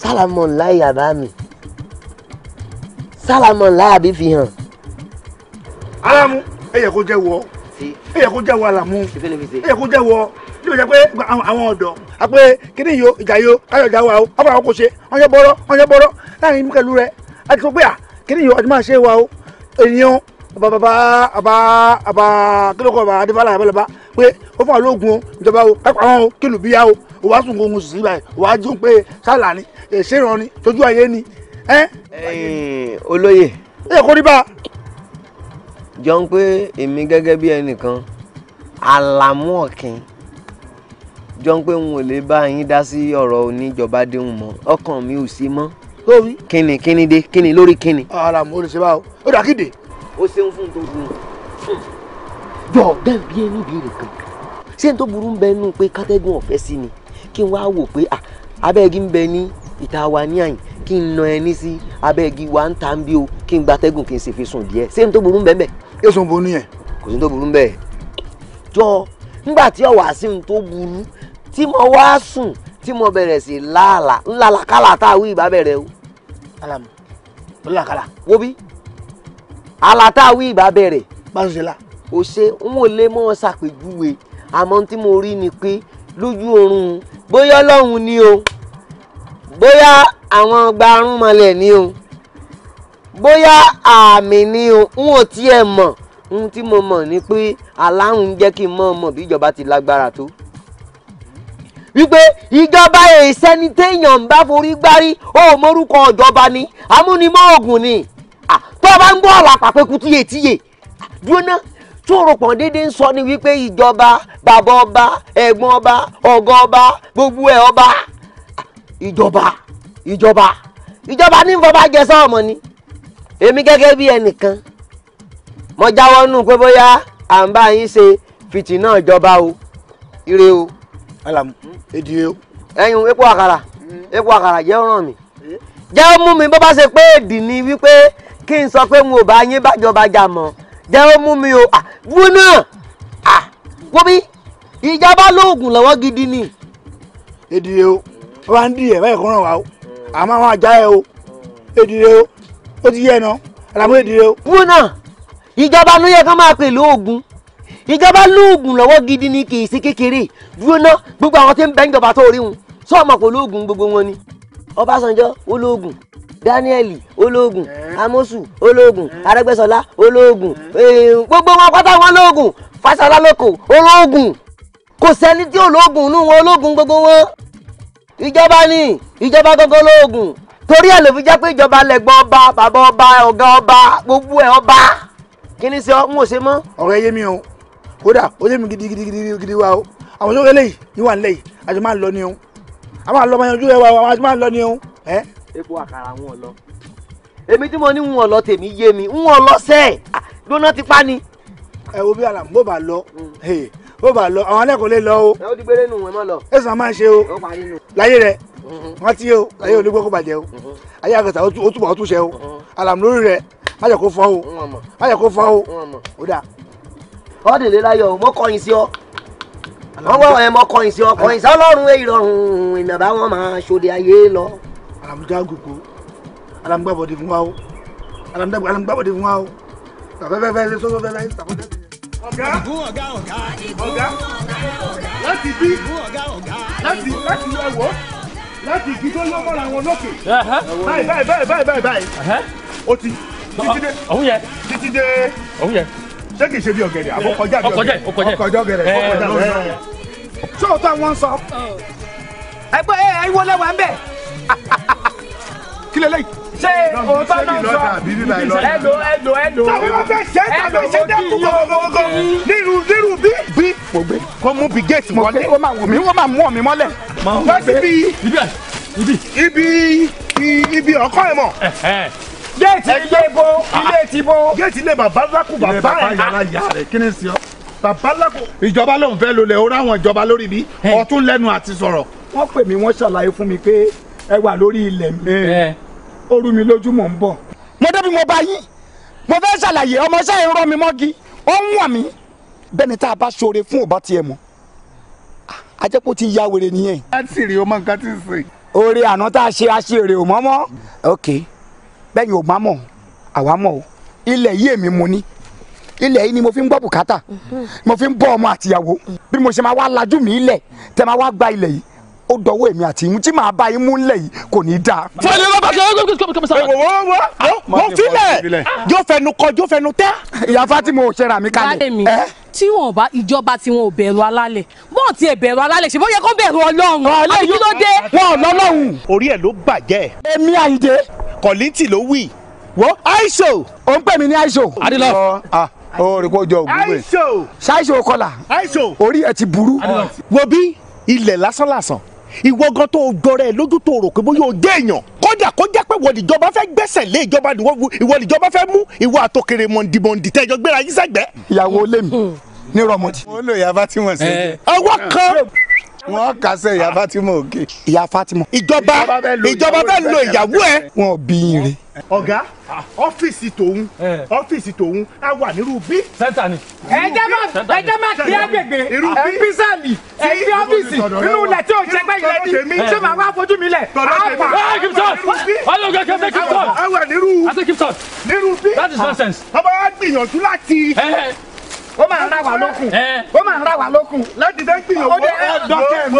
sálàmù láì yàrá mi sálàmù láì àbí fi hàn. alamu ẹ yẹ kó jẹ wọ ẹ yẹ kó jẹ́ wọ àlàmú ẹ yẹ kó jẹ́ wọ tí o jẹ pé àwọn ọ̀dọ́ a pé kíní yìí o ìjà yìí o káyọ̀ ìjà wa o ọ̀pọ̀ àwọn kò ṣe wọ́n yẹ bọ́rọ́ wọ́n yẹ bọ́rọ́ láàrin pẹ̀lú rẹ a ti sọ pé à kíní yìí o ọdún máa ṣe wa o ènìyàn àbàbàbà àbà àbà kílókọ̀ àbà adébálà àbẹ̀lẹ̀bá pé ó fún àlóògùn o ìjọba o kápá àwọn o kílù bíyà o o wá sùn gbóngun sí báyìí o wá jí pé sálà ni èsèrán ni tójú ayé ni. olóyè. ẹ kò rí bá a jọ ń pé èmi gẹ́gẹ́ bí ẹnìkan àlàmú ọ̀kìn jọ ń pé n ò lè bá yín dá sí ọ̀rọ̀ oníjọba déhùn mọ́ ọkàn mi ò sí mọ́ lórí. kíni kíni dé kíni lórí kíni. ara mo lè ṣe báwo ó dà kíde. ó ṣeun fún tó dùn. jọ bẹ́ẹ̀ bí ẹni ìbéèrè kan ṣé n tó burú ń bẹ nínú pé kátẹ́gùn ọ̀fẹ́ sí ni kí n wá wò pé abẹ́ẹ̀gì ń bẹ ní ìta wa ní àyìn kí n nà ẹni sí abẹ́ẹ̀gì wa ń ta ń bí o kí n gbatẹ́gùn kí n sì fi sùn díẹ̀ ṣé n tó burú ń bẹ bẹ́ẹ̀ èso ń bonú yẹn. kò sí tó burú bẹ́ẹ̀ jọ nígbà tí ọ̀wá sí ohun tó burú tí mo wá sùn tí mo bẹ̀rẹ̀ sí láàlà ńlàlà kálà tá a wí ìbá bẹ̀rẹ̀ o. alamu ńlá kálà. wo bí àlà tá a wí ìbá bẹ̀rẹ̀. báwo ṣe la. o ṣe n ò lè mọ ṣàpèjúwe àmọ́ tí mo rí ni pé lójú oorun bóyá ọlọ́run ni o bóyá àwọn gbarún mọlẹ̀ ni o bóyá àmì ni o n ò tiẹ̀ mọ̀ ohun tí mo mọ̀ ni pé aláhùn jẹ́ kí n mọ̀ mọ̀ bí ìjọba ti lágbára tó wípé ìjọba èèṣẹ́ ni téèyàn ń bá forí gbárí ó morúkọ ìjọba ni amúnimọ́ ògùn ni tó bá ń gbọ́ ọ̀la pàpẹ́kù tíyetíye jóná tó rọpọ̀n déédéé ń sọ ni wípé ìjọba bàbá ọba ẹ̀gbọ́n ọba ọ̀gá ọba gbogbo ẹ̀ ọba ìjọba ìjọba ìjọba ní ń jẹ sọ́ọ̀mọ́ ni èmi gẹ́gẹ́ bí ẹnìkan mo jáwọ́ nù pé bóyá à ń bá yín ṣe fìtínà ìjọba o ire o. alamu edi o. ẹyin epo àkàrà hmm. epo àkàrà jẹ́ ọ̀ràn mi jẹ́ ó mú mi bó bá ṣe pé èdì ni wípé kí n sọ pé n ò bá yín bàjọba jà mọ́ jẹ́ ó mú mi o wú náà wọ́n mi ìjọba lóògùn lọ́wọ́ gidi ni. edi o wọ́n á ń di ẹ̀ báyìí kó ràn wá o àmọ́ àwọn àjà ẹ̀ o edi o ó ti yẹ ẹ náà àlàmú èdè rẹ o. wo náà ìjọba ló yẹ ká máa pè lóògùn ìjọba lóògùn lọ́wọ́ gidi ni kì í sí kékeré dúró ná gbogbo àwọn tí ń bẹ níjọba tó rí wọn sọ ọmọ kò lóògùn gbogbo wọn ni Ọbásanjọ́ olóògùn Daniel olóògùn Amosu olóògùn Arẹ́gbẹ́ṣọlá olóògùn gbogbo wọn pátá wọn lóògùn Fáṣọlá lóko olóògùn kò sẹ́ni tí olóògùn nù wọn olóògùn gbogbo wọn ìjọba ni ìjọba gangan lóògùn torí ẹ̀ ló fi jẹ́ pé ìjọba lẹ́gbọ́n ọba bàbá ọba ọ̀gá ọba gbogbo ẹ̀ ọba kí ni sọ ń wò ṣe mọ́. ọ̀rọ̀ ẹ yé mi o kódà ó yé mi gidigidigidi wa o àwọn sókè lẹ́yìn ní wà nílẹ̀ yìí a ti máa ń lọ ni o a máa lọ máa yanjú ẹ wa o a ti máa ń lọ ni o. epo àkàrà wọn lọ èmi tí mo ní wọn lọ tèmi yé mi wọn lọ sẹ ah, gbóná ti pa ni. ẹ wo bí ara bó bá lọ hmm. bó bá lọ àwọn alẹ́ kò lè lọ o. ẹ ó di gbére nù wọn mọ́ lọ. ẹ sàn máa ṣe o láyé rẹ wọn ti o ayé onígbọ́n kó bàjẹ́ o ayé àgàtà ó túbọ̀ ó túnṣe o alàmú lórí rẹ má jẹ́ kó fọ́ o má jẹ́ kó fọ́ o ó dà. ọ̀dẹ̀lẹ̀ láyọ̀ mo kọyìn sí ọ wọ́n wọ́n ẹ̀ mọ kọyìn sí ọ kọyìn sí ọlọ́run ìrọ̀rùn ìnàbá wọn máa ṣòde ayé lọ. alàmú já gòkó alàmú gbàbọ̀dé fún wa o alàmú gbàbọ̀dé fún wa o tàbẹ́fẹ́fẹ́ sọ́sọ́fẹ́fẹ́ tàbọ́dẹ́fẹ́ ọ̀gá ọ̀gá ọ̀gá ọ̀gá láti bí láti láti ẹ̀wọ̀ láti igi tó yọ mọ́ra wọn lókè. báyìí báyìí báyìí báyìí báyìí báyìí. o ti títí dé. òun yẹ. títí dé. òun yẹ. ṣé kìí ṣe bí ọ̀gẹ̀dẹ̀ àbọ̀ kọjá bí ọ̀gẹ̀dẹ̀ ọkọjọ́ gẹ̀rẹ̀ ọkọjọ́ gẹ̀rẹ̀. ṣé o tó àwọn sọ. ẹ gbọ́ ẹ ìwọlé wa ń bẹ̀ kí lélẹ́yìí. ṣé òótọ́ náà sọ ẹlò ẹlò ẹlò. tàbí wọn fẹ́ ṣe é tàbí ṣe dẹ́kun gbogbogbò nírú nírú bí. bí mo gbé kó mú bí géètì wọlé ó máa wù mí ó máa mú ọ̀mí mọ́lẹ̀. wọ́n ti bí ibi ibi ọkọ ẹ̀ mọ̀ géètì ilé bo ah. ilé ti bo. géètì ilé bàbá lákù bàbá ẹ̀ yàrá yàrá rẹ̀ kí ni sọ. bàbá lákù. ìjọba ló ń fẹ́ lulẹ̀ o ráwọn ìjọba lórí mi ọ̀tún lẹ́nu àti sọ̀rọ̀. wọ́n pè mí wọ́n ṣàlàyé fún mi pé ẹ wà lórí ilẹ̀ mi ó rú mi lójú mò ń bọ̀. mo débi mo bá yín mo fẹ́ ṣàlàyé ọmọọṣẹ́ yìí rọ mi mọ́gi ó ń wọ̀n mí bẹ́ẹ̀ tá a bá ṣoore fún ọba tiẹ̀ mọ́ ajẹ́pọ̀ ah, ti ya wèrè nìyẹn. láti rí o mọ nǹkan tí ń sè. oore àná tá a ṣe a ṣe èrè ò mọ́ mọ́. ok bẹ́ẹ̀ ni ò má mọ̀ àwa mọ̀ o ilẹ̀ yìí èmi mo ní ilẹ̀ yìí ni mo fi ń gbọ́ bùkátà mo fi ń bọ́ ọmọ àtìyàwó bí mo ṣe máa wá lajú mi ilẹ̀ tẹ́ máa wá gba ilẹ̀ yìí ó dọwọ́ èmi àti imú tí màá bá imú ńlẹ̀ yìí kò ní í dáa. fọlẹ́ ló bá ṣe é wọ́n wọ́n wọ́n filẹ̀ yóò fẹnu kọ yóò fẹnu tẹ́. ìyá Fatima ò ṣẹra mi kalẹ̀ tí wọn bá ìjọba tí wọn ò bẹ̀rù alálẹ̀ wọn ti bẹ̀rù alálẹ̀ ṣe bó yẹ kó bẹ̀rù Ọlọ́run àbí kí ló dé. wọn ò lọ́lọ́run. orí ẹ̀ ló bàjẹ́. èmi àyíde. kọ̀lìntì ló wì wọ́n àìsò. ó ń pè mí ní àìsò. adilọ ah, ó rí kó jọ òwúrọ̀ àìsò. ṣáìsò kọlà àìsò. orí ẹ ti burú. wo bí ilẹ̀ lásánlàsàn ìwọ gan tó jọrọ ẹ lójú tó rò pé bóyá o jẹ èèyàn kódà kó jẹ́ pé ìwọ níjọba fẹ́ lé ìjọba ìwọ níjọba fẹ́ mú ìwọ àtòkèrè mọ̀ndìmọ̀ndì tẹ́jọ gbéra yín sẹ́gbẹ́. ìyàwó lèmi ní rọmọdì. mo lò yaba tí mo ṣe. ọwọ́ kan. wọ́n kà sẹ́ ìyá Fatima òkè. ìyá Fatima. ìjọba ìjọba fẹ́ lo ìyàwó ẹ. wọn bí i re. ọ̀gá ọ́fíìsì tòun eh. ọ́fíìsì tòun á wà nírú bí. sẹ́ńtà ni. ẹ̀jẹ̀ máa máa kí agbègbè ẹ̀bísàlì ẹ̀bí ọ́fíìsì nínú ilẹ̀ tí ò jẹ́ lẹ ni wá fojú mi lẹ. tọ̀dọ̀ tèmi ṣe kì í sọ ẹwẹ nírú that is nonsense. Ah. ọba wa gbìyànjú láti ó máa ń ra wà lókun ó máa ń ra wà lókun láti dé gbìyànjú dọkẹnu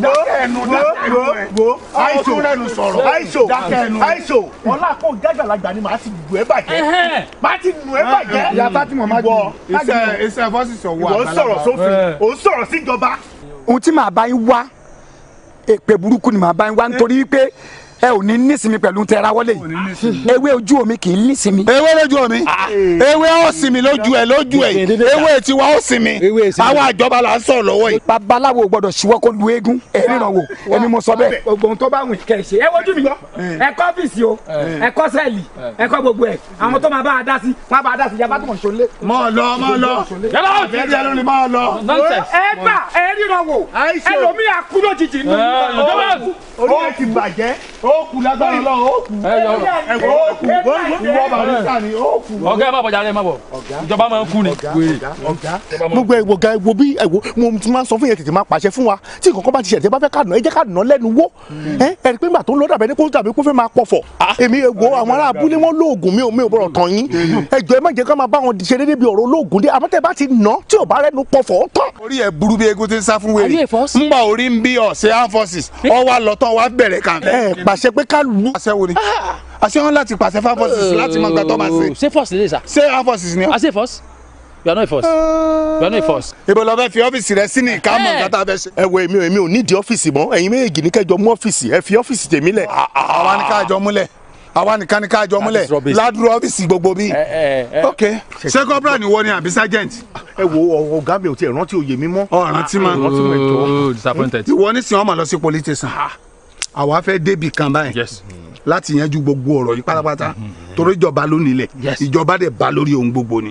dọkẹnu dọkẹnu àìsò àìsò àìsò ọlá kò jágbàlagbà ni màá ti lù ẹ bàjẹ́ eh, eh. màá ti lù ẹ bàjẹ́ yàtá tí mo máa gbọ́ iṣẹ́ iṣẹ́ fọ́sísọ̀ wà ìwọ sọ̀rọ̀ sófin eh. ò ń síjọba. ohun tí màá bá yín wá èpè burúkú ni màá bá yín wá nítorí pé ẹ ò ní nísìmí pẹ̀lú tẹ rawọ́lé yìí ewé ojú omi kì í nísìmí. ewé lójú omi ewé ó sinmi lójú ẹ lójú ẹ ewé tiwa ó sinmi àwọn àjọba là ń sọ̀rọ̀ lọ́wọ́ yìí. babaláwo gbọ́dọ̀ ṣíwọ́ kó lu eégún ẹni ràn wò ẹni mo sọ bẹ́ẹ̀. ògbóhùn tó bá wùn kẹ ṣe ẹ wojú mi lọ ẹ kọ ọ́fíìsì o ẹ kọ sẹ́ẹ̀lì ẹ kọ gbogbo ẹ àwọn tó máa bá a dá sí máa bá a dá sí yaba tó mọ̀ ṣọlé. mọ lọ mọ lọ ẹ gbà ẹ ríran wò ẹ lòmíyà kú lójijì nínú ìgbà yìí. orí ẹ ti bàjẹ́ ó lágbára lọ ó kù ẹ wọ ó kù ìwọ ni ó kù. ẹ má bọjá ẹ má bọ ìjọba máa ń kú ni wèrè. gbogbo ẹwọ ga ẹwọ bí ẹwọ mo ti máa sọ fún yẹn tètè máa pàṣẹ fún wa tí nǹkan bá ti ṣẹlẹ̀ tẹ́ bá fẹ́ kànà ẹ jẹ́ kànà lẹ́nu wó ẹ ẹ pé tó ń lọ dàbẹ́ ní kó dàbí kó fẹ́ máa pọ̀fọ̀ ah. èmi ẹwọ àwọn ará abúlé wọn lóògùn mi ò mi ò bọ̀rọ̀ tán yín ẹ ẹ má jẹ́ ká pàṣẹ pé ká lù. àṣẹ wo ni ah, àṣẹ wọn láti pàṣẹ fún afọsísì láti máa gba tọ́ba sí. ṣé force lè sà. ṣé afọsísì ni. àṣẹ ah, force you are not a force ah. you are not a force. ibo lọ fẹ́ fi ọ́fíìsì rẹ sí ní ìkámọ̀ eh. nǹkan tá a fẹ́ ṣe. ẹ wo èmi èmi ò nídìí ọ́fíìsì mọ́ ẹ̀yin méjèèjì ní kẹjọ mú ọ́fíìsì ẹ fi ọ́fíìsì tèmi lẹ̀. àwa ni káàjọ múlẹ̀ àwa nìkan ni káàjọ múlẹ̀ ládùúrú ọ́fíìsì gbogbo bí. Eh, eh, ok ṣé corporal ni wọ́n ni àbí sergeant. ẹ wo ọ̀gá mi ò tiẹ̀ rántí oyè mi mọ́. ọ̀rántí ma ìwọ nísìnyí ọmọ lọ sí police station àwa fẹ́ débi kan báyìí yes. láti yanjú gbogbo ọ̀rọ̀ yìí pátápátá mm-hmm. Mm-hmm. torí ìjọba ló nílẹ̀ ìjọba dẹ̀ bá lórí ohun gbogbo ni.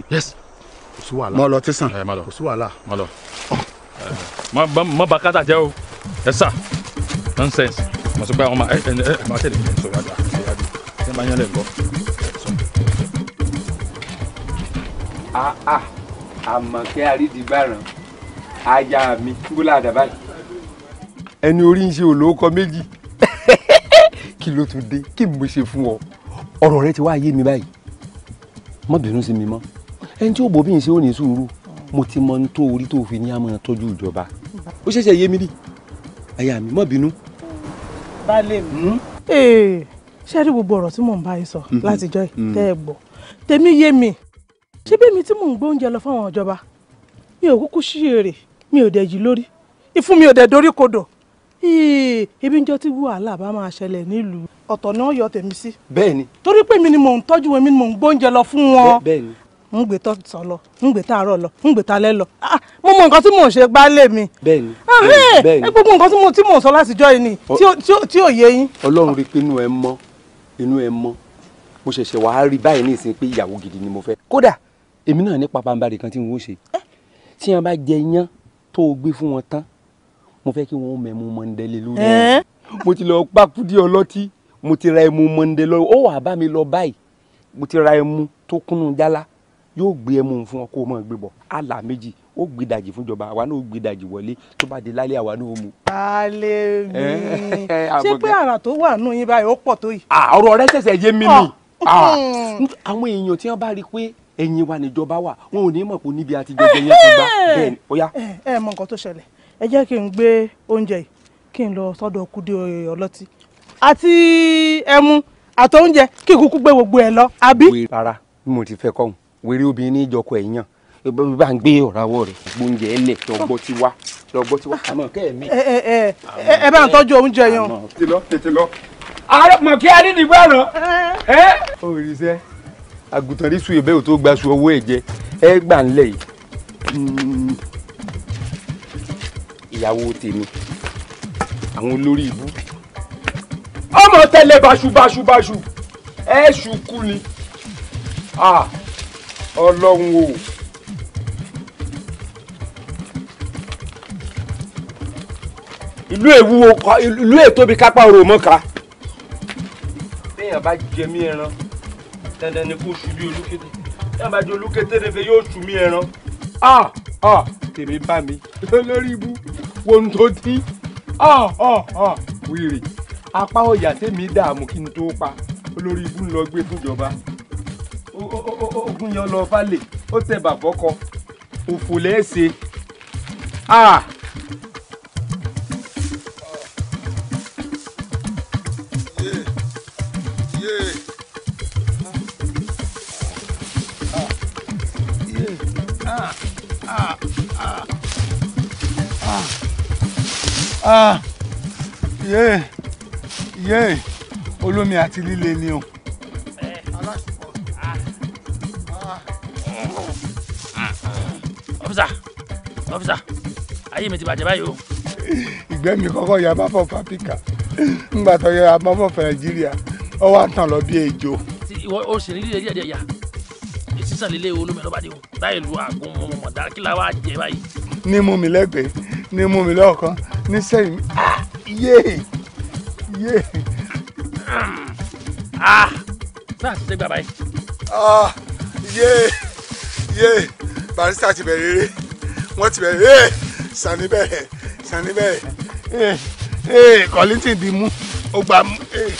mọ lọ tẹsán kò sí wàhálà. mọ bá eh, eh, kátà jẹ́ o ẹ sà nonsense mọ̀ sọ pé àwọn ọmọ ẹ ẹ ẹ máa tẹ̀lé mi sọ̀rọ̀ àgbà ẹ máa yan lẹ̀ gbọ́. Ah, ah. àmọ̀kẹ́ àrídìgbàràn ajá mi kúlà dàbàlì. ẹni orí ń ṣe olóòkọ méjì kí ló tún dé kí mo ṣe fún ọ ọ̀rọ̀ rẹ ti wá yé mi báyìí má bínú sí mi mọ́ ẹni tí ó bò bí n ṣe ó ní sùúrù mo ti mọ tó orí tó fi ní a máa tọ́jú ìjọba ó ṣẹ̀ṣẹ̀ yé mi ni àyà mi má bínú. baálé mi. Hmm? ee ṣé ẹ rí gbogbo ọ̀rọ̀ tí mò ń bá yín sọ hmm, hmm, látijọ́ yìí tẹ́ ẹ gbọ́ tèmi yé mi ṣé bí mi tí mò ń gbé oúnjẹ lọ fáwọn ìjọba mi ò kúkú ṣí èrè mi ò dẹ̀ yí lórí ìfún mi ò dẹ̀ dorí kodò ebi ń jọ tí wàhálà bá máa ṣẹlẹ̀ nílùú ọ̀tọ̀ náà yọ tèmi sí. bẹ́ẹ̀ni. torí pé mi ni mò ń tọ́jú wọn mi ni mò ń gbóúnjẹ lọ fún wọn. bẹ́ẹ̀ni. ń gbé tọ́sán lọ ń gbé tààrọ̀ lọ ń gbé talẹ́ lọ ah, mo mọ nǹkan tí mò ń ṣe gbálẹ̀ mi. bẹ́ẹ̀ni ah, bẹ́ẹ̀ni. gbogbo nǹkan tí mò ń sọ látijọ́ yìí ni tí ò yé yín. ọlọ́run rí i pé inú ẹ mọ́ inú ẹ mọ́ mo ṣẹ̀ṣẹ̀ wàá rí báyìí ní ìsìn pé ìyàwó gidi ni mo fẹ́. kódà èmi náà ní pàpàǹbarì kan tí n ó ṣe eh? tí wọn bá jẹ iyán tó o gbé fún wọn tán mo fẹ́ kí wọ́n mọ ẹmu mọ̀ndé lé lórí ẹ̀ mo ti lọ gbàkúdí ọlọ́tí mo ti ra ẹmu mọ̀ndé lọ ó wá bá mi lọ báyìí mo ti ra ẹmu tó kúnnú jálá yóò gbé ẹmu fún ọ kó gbé bọ̀ àlà méjì ó gbé dàjì fúnjọba àwa náà ó gbé dàjì wọlé tó bá di lálẹ́ àwa náà ó mu. alẹ́ mi ṣé pé àrà tó wà nù yín báyìí ó pọ̀ tó yìí. ọ̀rọ̀ rẹ ṣẹ̀ṣẹ̀ yé mi ni hmm. àwọn èèyàn tí wọ́n bá rí i pé ẹ̀yìn wa níjọba wà wọn ò ní mọ̀ pé níbi àtijọ́ jẹ́ ti gbá bẹ́ẹ̀ ni ó yá. ẹ ẹ mọ nǹkan tó ṣẹlẹ̀ ẹ jẹ́ kí n gbé oúnjẹ yìí kí n lọ sọ́dọ̀ kúdé ọlọ́tí àti ẹmu ati oúnjẹ kí n kúkú gbé gbogbo ẹ lọ àbí. rárá bí mo ti fẹ́ kọ́hún wèrè obìnrin ní ìjọkọ ẹ̀ yàn bá ń gbé ọ̀ràwọ̀ rẹ̀ gbóúnjẹ lọ́gbọ́ ti oúnjẹ yẹn. tètè lọ tètè lọ. ààrẹ mọ̀ kí àgùntàn rí ìyàwó tèmi àwọn olórí ìbú ọmọ tẹlẹ báṣubáṣubáṣu ẹ ṣùkú ni ọlọ́run o. ìlú èwúwo ìlú ètòbi kápá òrò mọ́ka. béèyàn bá jẹ mí ẹran dandan ni kó ṣubí olúkété bí bá jẹ olúkété nífẹ̀ẹ́ yóò ṣù mí ẹran ọ ah, tèmi bá mi lórí ibu wọn tó dín ọ ọ ọ wìrì apá ọ̀yà tèmi dààmú kí n tó pa olórí ibu ń lọ gbé fúnjọba ogun yan lọ falẹ̀ ó tẹ bàbọ́kọ òfò lẹ́ẹ̀ṣẹ̀ ah. ah yéè yéè olómi àti líle ni o. ọfíìsà ọfíìsà ayé mi ti bàjẹ́ báyìí o. ìgbẹ́ mi kọ́kọ́ ya bá fọ́ fápíkà ńgbà tó yẹ abọ́fọ́ nàìjíríà ó wá tàn lọ bí ejò. ìwọ o sì ní líle díẹ̀ díẹ̀ yà sísan líle olómi ọlọ́ba ni o táyì lu àgùn mọ̀mọ́ dára kí la wá jẹ báyìí. ní mú mi lẹ́gbẹ̀ẹ́ ní mú mi lọ́ọ̀kan nísẹ̀yìn ah, yé yé. Ah, náà ti ṣe gbà báyìí. Ah, yé yé barista ti bẹ̀rẹ̀ eré wọ́n ti bẹ̀rẹ̀ eré sani bẹ̀rẹ̀ sani bẹ̀rẹ̀ kọ́lítì eh, eh, dì mú ó gbà mú. Eh.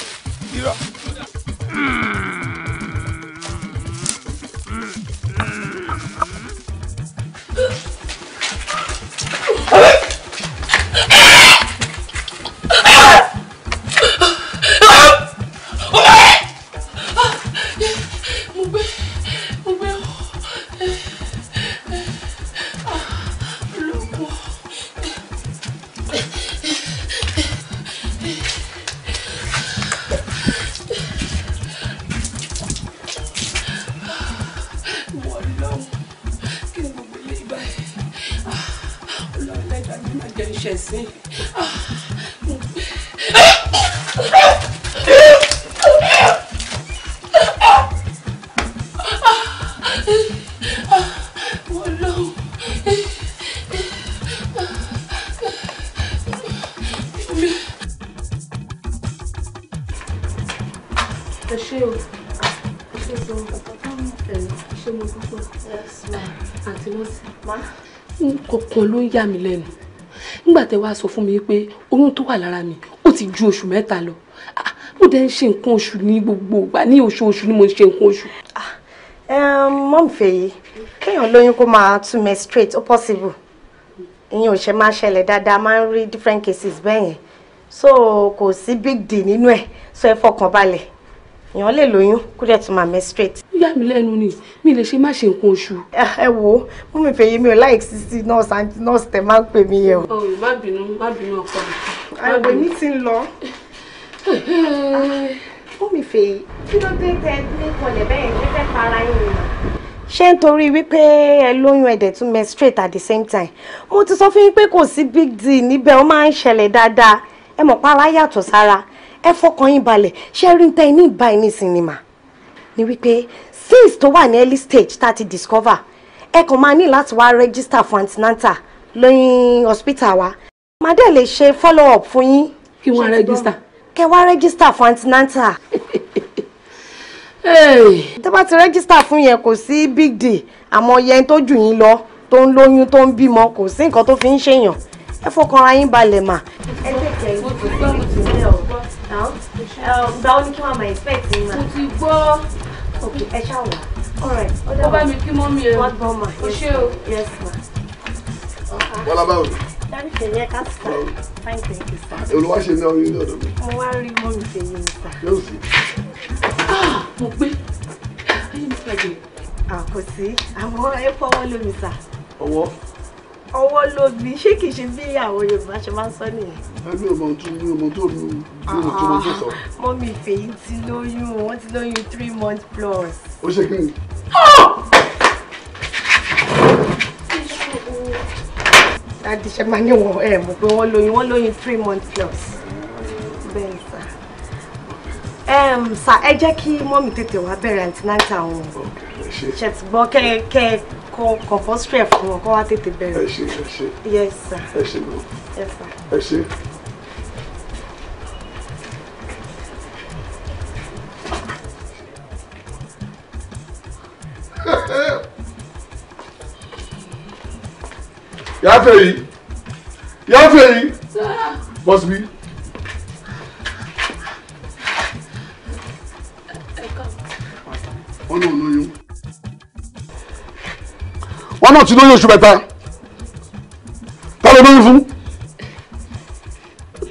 yà mí lẹ́nu nígbà tẹ wàá sọ fún mi pé oyún tó wà lára mi ó ti ju oṣù mẹ́ta lọ ah, mo dẹ̀ ń ṣe nǹkan oṣù ní gbogbo ìgbà ní oṣooṣù ni mo ń ṣe nǹkan oṣù. Ah, mọ́mì kéèyàn lóyún kó máa tún menstruate ó possible ìyẹn ò ṣe máa ṣẹlẹ̀ dáadáa máa ń rí different cases bẹ́ẹ̀ yẹn so kò sí big deal nínú ẹ̀ so ẹ fọkàn balẹ̀ èèyàn lè lóyún kó dẹ̀ tún máa menstruate. ó yà mí lẹ́nu ni mi lè ṣe má ṣe nǹkan oṣù. ẹ wo mú mi fèyí mi ò láìk sísí nọ́ọ̀sì àǹtí nọ́ọ̀sì tẹ máa ń pè mí yẹn o. o oh, má bínú má bínú ọkọ mi. àìwé mi ti ń lọ. mú mi fèyí kí ló dé tẹ ní kọlẹ̀ bẹ́ẹ̀ ní fẹ́ para yín ni. ṣé nítorí wípé ẹ lóyún ẹ̀dẹ̀ tún menstruate at the same time mo ti sọ fún yín pé kò sí big deal níbẹ̀ ó máa ń ṣẹlẹ̀ dáadáa ẹ mọ̀ pa ara yàtọ̀ sára ẹ fọkàn yín balẹ̀ ṣé rí ń tẹ́ ní ìbá ẹni sinima ni wípé cyst tó wà ní early stage tá a ti discover ẹ kàn máa ní láti wá register fún antinanta lóyún hospital wa màá dẹ̀ lè ṣe follow up fún yín. kí wọ́n register. kẹ wá register fún antinanta. tó bá ti register fún yẹn kò sí big day. àmọ́ yẹn tó jù yín lọ tó ń lóyún tó ń bímọ kò sí nǹkan tó fi ń ṣèyàn ẹ fọkànra yín balẹ̀ mà. ẹ tẹ̀kẹ̀ ìwé tó gbọ́ mi. Um, gba ó ní kí wọ́n máa expect yín mà. mo ti gbọ́. ok ẹ ṣáà wà. alright ó bá mi kí mọ́ mi o. wọ́n gbọ́ mà. o ṣé o. yes ma. bọ́lá báwo ni. dáàbì tèmi ẹ ká sà. fine thank you sir. olùwà ṣe ní you ní ọ̀dọ̀ mi. mo wá rí mọ́ mi tèmi ní sà. yóò sì. Ah, mo gbé ayé mi fẹ́ jẹ. àkọsí ah, àwọn ẹ fọwọ́ lómi sà. ọwọ́ ọwọ́ ló bí ṣé kìí ṣe bí àwọn Yorùbá ṣe máa ń sọ nìyẹn. ẹbí ọmọ tó ní ọmọ tó ní ọmọ tó máa ń sọ. mọ́mí ìfèyí ti lóyún wọ́n ti lóyún three months plus. ó ṣe kí ni. dadi ṣe máa ní wọn ẹ mọ̀ pé wọ́n lóyún wọ́n lóyún three months plus. bẹ́ẹ̀ sà ẹ jẹ́ kí mọ́mì tètè wá bẹ̀rẹ̀ àǹtínáńtà wọn ṣe ti gbọ́ kẹ́kẹ́ kọ compostry ẹ̀ fún wọn kó wá tètè bẹ̀rẹ̀. ẹ ṣe ẹ ṣe yes sà ẹ ṣe lọ ẹ ṣe. yìí yàá yìí bọ́sibí. wọn náà lóyún wọn náà ti lóyún oṣù mẹ́ta ta ló lóyún fún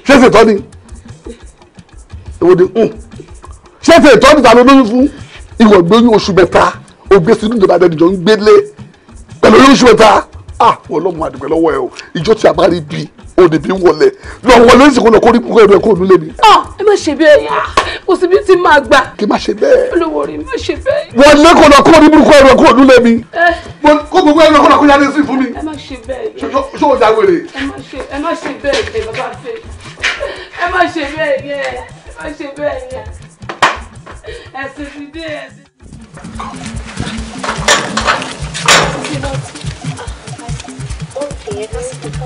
ṣé ṣètọ́ ni èwo ni ṣé ṣètọ́ ni ta ló lóyún fún ìwọ lóyún oṣù mẹ́ta ògbé sínú ìjọba àdẹnìjọ ń gbélé pẹ̀lú oṣù mẹ́ta ah ọlọ́run àdìpẹ́ lọ́wọ́ ẹ o ìjọ tí a bá bíi òdìbí ń wọlé lọ wọlé ní ìsìnkú lọ kó rí kúkú ẹrù ẹ kó ònú lé mi. ẹ má ṣe bẹ́ẹ̀ yá kò síbi tí máa gbà. kí má ṣe bẹ́ẹ̀. olówó rí má ṣe bẹ́ẹ̀. wọlé kó lọ kó rí kúkú ẹrù ẹ kó ònú lé mi. kó gbogbo ẹrù ẹ kó lọ kó yára sí fún mi. ẹ má ṣe bẹ́ẹ̀ yẹ. ṣó o ya wèrè. ẹ má ṣe bẹ́ẹ̀ yẹ bàbá fẹ́. ẹ má ṣe bẹ́ẹ̀ yẹ ẹ má ṣe bẹ́ẹ̀ yẹ. ẹ̀sìn ti dé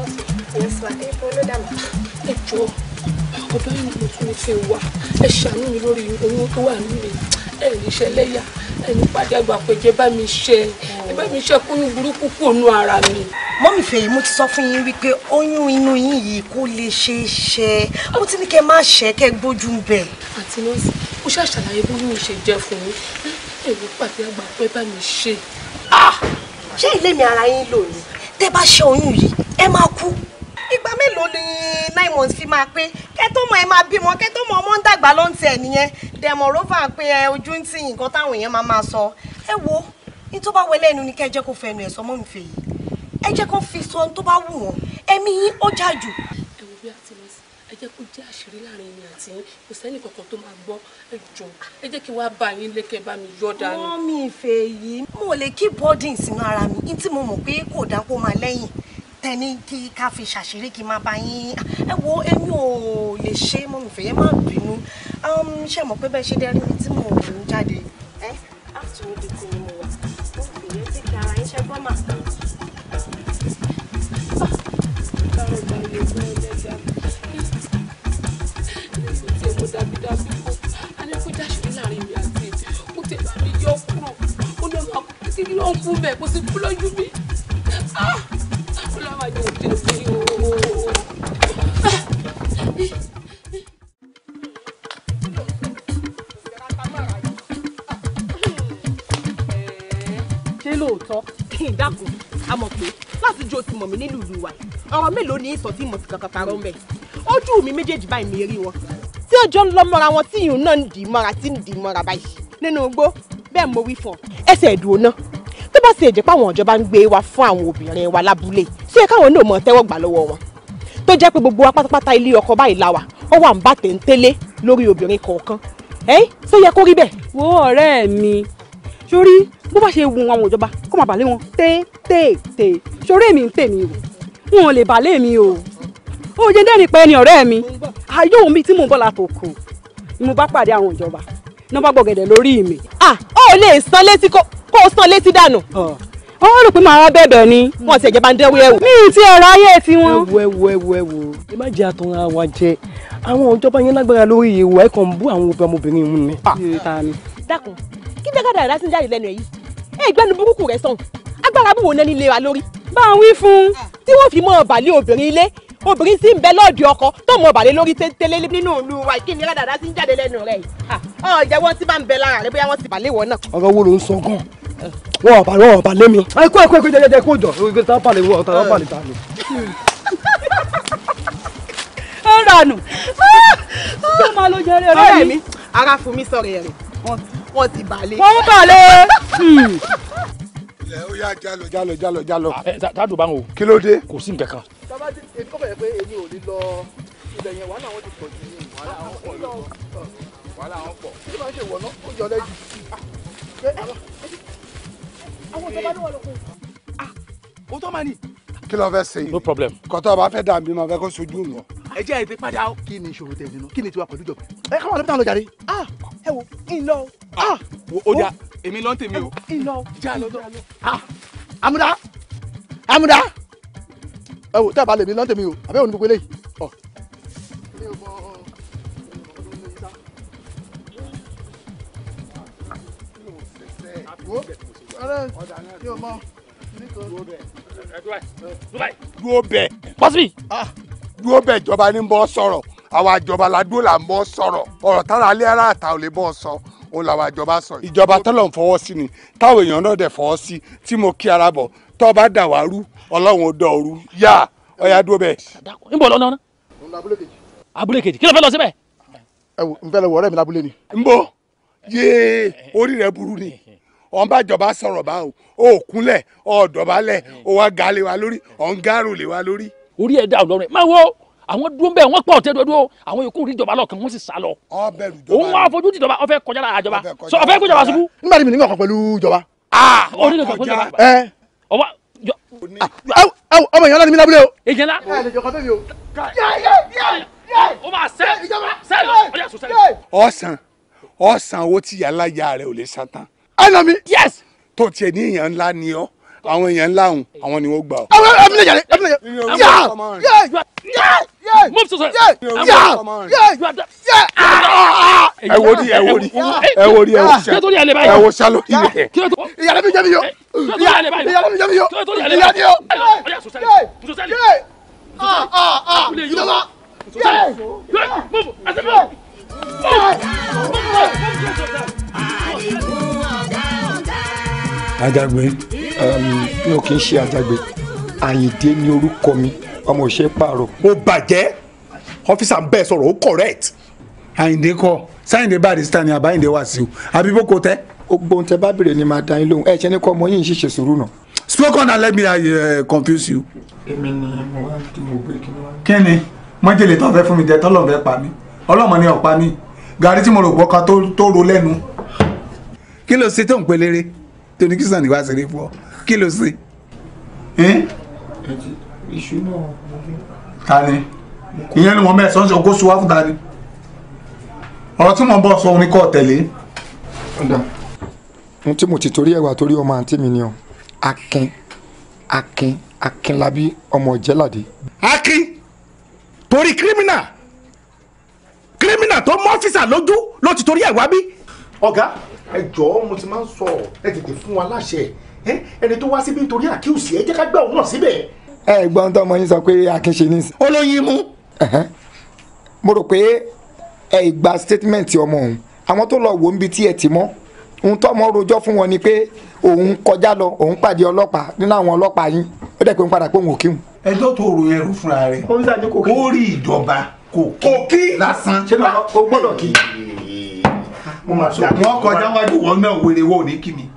ẹ̀sìn ẹ̀sà ibo ló tún ti wà ẹ ṣàánú mi lórí owó tó wà nílé ẹ lè ṣe lẹ́yà ẹni padà gbà pé bá mi ṣe ẹ bá mi ṣe kúnyún burúkú kò nú ara mi. mọ́mì fèyí mo ti sọ fún yín wípé oyún inú yín yìí kó lè ṣe é ṣe ó ti ní kẹ́ má ṣe kẹ́ gbójú ń bẹ̀. àti nọ́ọ̀sì ó ṣàṣàlàyé bóyún ṣe jẹ́ fún mi èrò pàdé àgbà bá mi ṣe. Ah! ṣé ilé mi ara yín lò ní tẹ́ bá ṣe oyún yìí ẹ máa kú ìgbà mélòó ni nine months fi máa pé kẹ́ ẹ máa bímọ kẹ́ ọmọ ń dàgbà ló ń tiẹ̀ nìyẹn dẹ̀mọ̀ ló pé ẹ ojú ń tì nǹkan táwọn èèyàn máa máa sọ ẹ wo ní tó bá wọlé ẹnu ni kẹ́ ẹ kó fẹnu ẹ̀ sọmọ́ mi fèyí ẹ jẹ́ kó fi sọ tó bá wù wọ́n ẹ̀mí yín ó jà jù. ẹ wo bí a ti lọ sí ẹ jẹ́ kó jẹ́ àṣírí láàrin mi àti yín kò sẹ́ni kankan tó máa gbọ́ ẹ jọ ẹ jẹ́ kí wàá bá yín lékè bá mi yọ dànù. wọ́n mi ìfẹ́ yìí mo lè kí bọ́dìn sínú ara mi ní tí mo mọ̀ pé kò dáa kó máa lẹ́yìn tẹni kí ká fi ṣàṣírí kí máa bá yín ẹ wo èmi ò lè ṣe mọ mi fèyẹ má bínú um, ṣe mọ̀ pé bẹ́ẹ̀ ṣe dẹ́rí mi tí mò ń jáde ẹ áàtù mi ti mo wà mo fi yé kí ara yín ṣe gbọ́n mà. Kí ṣé lóòótọ́ ìdákun àmọ̀ pé láti jó ti mọ̀ mí nílùú ìlú wa ọ̀rọ̀ mélòó ní ìsọ̀ tí mo ti kankan parọ́ mẹ́ ojú mi méjèèjì báyìí mi rí wọn tí ọjọ́ ń lọ mọ́ra wọn tí ìyún náà ń dì í mọ́ra tí ń dì í mọ́ra báyìí nínú igbó bẹ́ẹ̀ mo wí fún ọ ẹsẹ̀ ìdúró náà tó bá ṣe èdè páwọn ìjọba ń gbé wa fún àwọn obìnrin wa lábúlé tí ẹ káwọn náà mọ̀ tẹ́wọ́ gbà lọ́wọ́ wọn tó jẹ́ pé gbogbo wa pátápátá ilé ọkọ báyìí la wà ó wà ń bà téńtélé lórí obìnrin kọ̀ọ̀kan ẹ ṣó yẹ kó rí bẹ́ẹ̀. wo ọ̀rẹ́ mi sórí bó bá ṣe wù àwọn ìjọba kó máa bàlẹ́ wọn téètéèté sórí èmi ń tèmi o wọn ò lè bàlẹ́ mi o ó jẹ́ dẹ́rìn ni ọ̀rẹ́ mi ayé òun mi tí mò ń bọ̀ látòkù ni mo bá pàdé àwọn ìjọba ní wọ́n bá gbọ̀gẹ̀dẹ̀ lórí mi. ah ó lè san létí kó san létí dànù ó rò pé màá bẹ̀bẹ̀ ni hmm. wọ́n ti ẹ̀jẹ̀ bá ń dẹ́wọ́ ẹ̀wò. mi ì tí ọ̀rọ̀ ayé ti wọn. ẹwọ ẹwọ ẹwọ ẹwọ ẹ má jẹ àtọ̀ràn wa jẹ àwọn ìjọba yẹn lágbára lórí ìwà ẹ̀ kàn bú àwọn ọmọbìnrin mu ah. ni. dákun kí jágàdà rẹ ti ń jáde lẹ́nu ẹ yìí ẹ gbẹnu burúkú rẹ sàn agbára bùwò náà nílé wa lórí. bá a wí fún un ah. tí wọ́n fi mọ́ ọ̀bàlẹ̀ obìnrin ilé obìnrin sí ń bẹ lọ́ọ̀dì ọkọ tó mọ ọ̀bàlẹ̀ lórí tẹ́lẹ̀ nínú ìlú wa kí ni rádàrá sí ń jáde lẹ́nu rẹ̀ yìí. Ah. ọ̀jẹ̀ wọn ti máa ń bẹ lára rẹ bóyá wọ́n ti bàlẹ̀ wọ náà. ọ̀rọ̀ wo ló ń sọ gan-an wọn ọba wọn ọba lé mi. ẹ kó ẹ kó ẹ kó jẹ jẹ kó jọ ìgbé tá a palè wọ ọ̀tá a palè ta ni. ó ranù ah, ó máa ló jẹrẹ rẹ mi. ara fún mi sọ̀rọ̀ ẹ̀rìn wọ́n ti balẹ̀. wọ́n balẹ̀. Hmm. ilẹ̀ ó yá jalo jalo jalo jalo. Ah, tádùn bá ń wò. kí ló dé. kò sí nǹkan kan. sábà tí èmi kọ́kọ́ yẹ pé èmi ò lè lọ ilẹ̀ yẹn wàhálà wọn ti pọ̀ jù ní wàhálà wọn pọ̀ lọ́wọ́ wàhálà wọn pọ̀. kí ló máa ń ṣe wọ̀nà ó yọ lẹ́jù. Ah, Ah, o tó máa ní. kí ló fẹ́ ṣe yìí. no problem. kọ́tọ́ bá fẹ́ dàbí ma fẹ́ kó sojú wọn. ẹ jẹ́ ètè padà o. kí ni ìṣòro tẹ̀ nínú kí ni tiwa pẹ̀lú ìjọba. ẹ káwọn ọlọ́pàá lọ jàre. Ah, ẹ wo ń lọ. o ah, da èmi lọ tèmi o. ń lọ já lọ tó. Àmúdá Àmúdá ẹ wo tẹ́ ẹ bá lè mi lọ tèmi o àbẹ́ òní gbogbo eléyìí. Whoop dúró bẹ́ẹ̀ pọ́sibí ah. dúró bẹ́ẹ̀ ìjọba ní bọ́ sọ̀rọ̀ àwa ìjọba la dúró là ń bọ́ sọ̀rọ̀ ọ̀rọ̀ tára alẹ́ ara àtà ò lè bọ́ sọ ó làwa ìjọba sọ. ìjọba tọ́lọ̀ ń fọwọ́ sí ni táwọn èèyàn náà dẹ̀ fọwọ́ sí tí mo kí ara bọ̀ tọ́ bá dà wá rú ọlọ́run ó dọ̀ ọ́ rú yá ọ̀yà dúró bẹ́ẹ̀. ń bọ̀ lọ́nà abúlé kejì kí ló fẹ́ lọ síbẹ̀. ẹ wò ń fẹ́ lọ wọ ọ̀rẹ́ mi lábúlé ni. ń bọ̀ yéé orí rẹ̀ burú ni ọ̀n bàjọba sọ̀rọ̀ bá o ò kúnlẹ̀ ọ̀dọ̀balẹ̀ ò wá ga lé wa lórí ọ̀n gàrò lé wa lórí. orí ẹ̀ dá ọlọ́run máa wo àwọn dúró bẹ́ẹ̀ wọ́n pọ̀ tẹ́lẹ̀ dúró àwọn yòókù rí ìjọba lọ́kàn wọ́n sì sá lọ. òun wá fojú ti jọba ọfẹ kọjá lára jọba sọ ọfẹ kó jọba ṣubú. nígbà tí mi ní ọkàn pẹ̀lú jọba. Ah, ah, ah, ọmọ ìyànlá ni mi lábúlé o. ìjẹ́nlá. ó máa sẹ́ sẹ́ ọ̀sán ọ̀sán owó tí yàrá yà rẹ̀ ò lè san tán ẹnà yes. tó tiẹ̀ ní èèyàn ńlá ni ọ́ àwọn èèyàn ńlá ọ̀hún àwọn ni wọ́n gbà ọ́. àwọn ẹ̀mí lè jàre ẹ̀mí lè jàre. yà move to side. yà yà ẹ wo di ẹ wo di ẹ wo di ẹ wo salo ẹ wo salo ilẹ̀. ìyàrá mi jẹ́ mi yọ ìyàrá mi jẹ́ mi yọ ìyàrá mi yọ. ah ah ah ìjọba. move as a move. move move move move move àjàgbé um, mi ò kì í ṣe àjàgbé àyìndé ni orúkọ mi ọmọ òṣè pààrọ̀. ó bàjẹ́ ọ́fíìsà ń bẹ́ẹ̀ sọ̀rọ̀ ó correct. àyìndé kọ sáyìndé barista ni àbáyìndé Wasiu àbíbókò tẹ. gbogbo ohun tẹ bá béèrè ni màá dá yín lóhùn ẹ ṣe ní kọ ọmọ yín ṣiṣẹ́ sùúrù náà. spoken and let me uh, confuse you. èmi ni mo wá di mo gbé kí n wá. kí ni mọ́jèlé tó fẹ́ fún mi jẹ tọ́lọ́ fẹ́ pa mí ọlọ́mọ ni ọ̀pá mi gàrí tí mo rò pọ̀ kan tó ro lẹ́nu. kí ló ṣe tó ń pelére tóní kí sànni wá sí rí fún ọ kí ló ṣe. iṣu náà. ta ni ìyẹn ni mo mẹ sọ ṣe kó sùn wá fún ta ni ọ̀rọ̀ tí mo bọ̀ sọ orin kọ́ tẹ̀lé. mo tí mo ti torí ẹwà torí ọmọ àǹtí mi ni ọ akin akin akínlábí ọmọ ìjẹ́ládé. akin torí kírímìnà kírímìnà tó mọ́ ọ́fíìsà lójú ló ti torí ẹ̀wá bí ọ̀gá ẹ jọ̀ọ́ mo ti máa ń sọ ẹ tètè fún wa láṣẹ ẹni tó wá síbi nítorí àkíyèsí ẹ jẹ́ ká gbà òun náà síbẹ̀. ẹ gbọ́n tó ọmọ yín sọ pé akínṣe ní. olóyin mú. mo rò pé ẹ gba statement ọmọ òun àwọn tó lọ wò ń bi tí ẹ ti mọ́ ohun tó ọmọ rojọ́ fún wọn ni pé òun kọjá lọ òun pàdé ọlọ́pàá nínú àwọn ọlọ́pàá yín ó dẹ̀ pé ń padà pé òun ò kíhun. ẹjọ́ tó ro ẹrù fúnra rẹ̀ ó rí ìjọba kò kí lásán ṣé o gbọ́dọ̀ kí mo kọjá wájú wọn náà wèrè wọ́n ò ní kí mi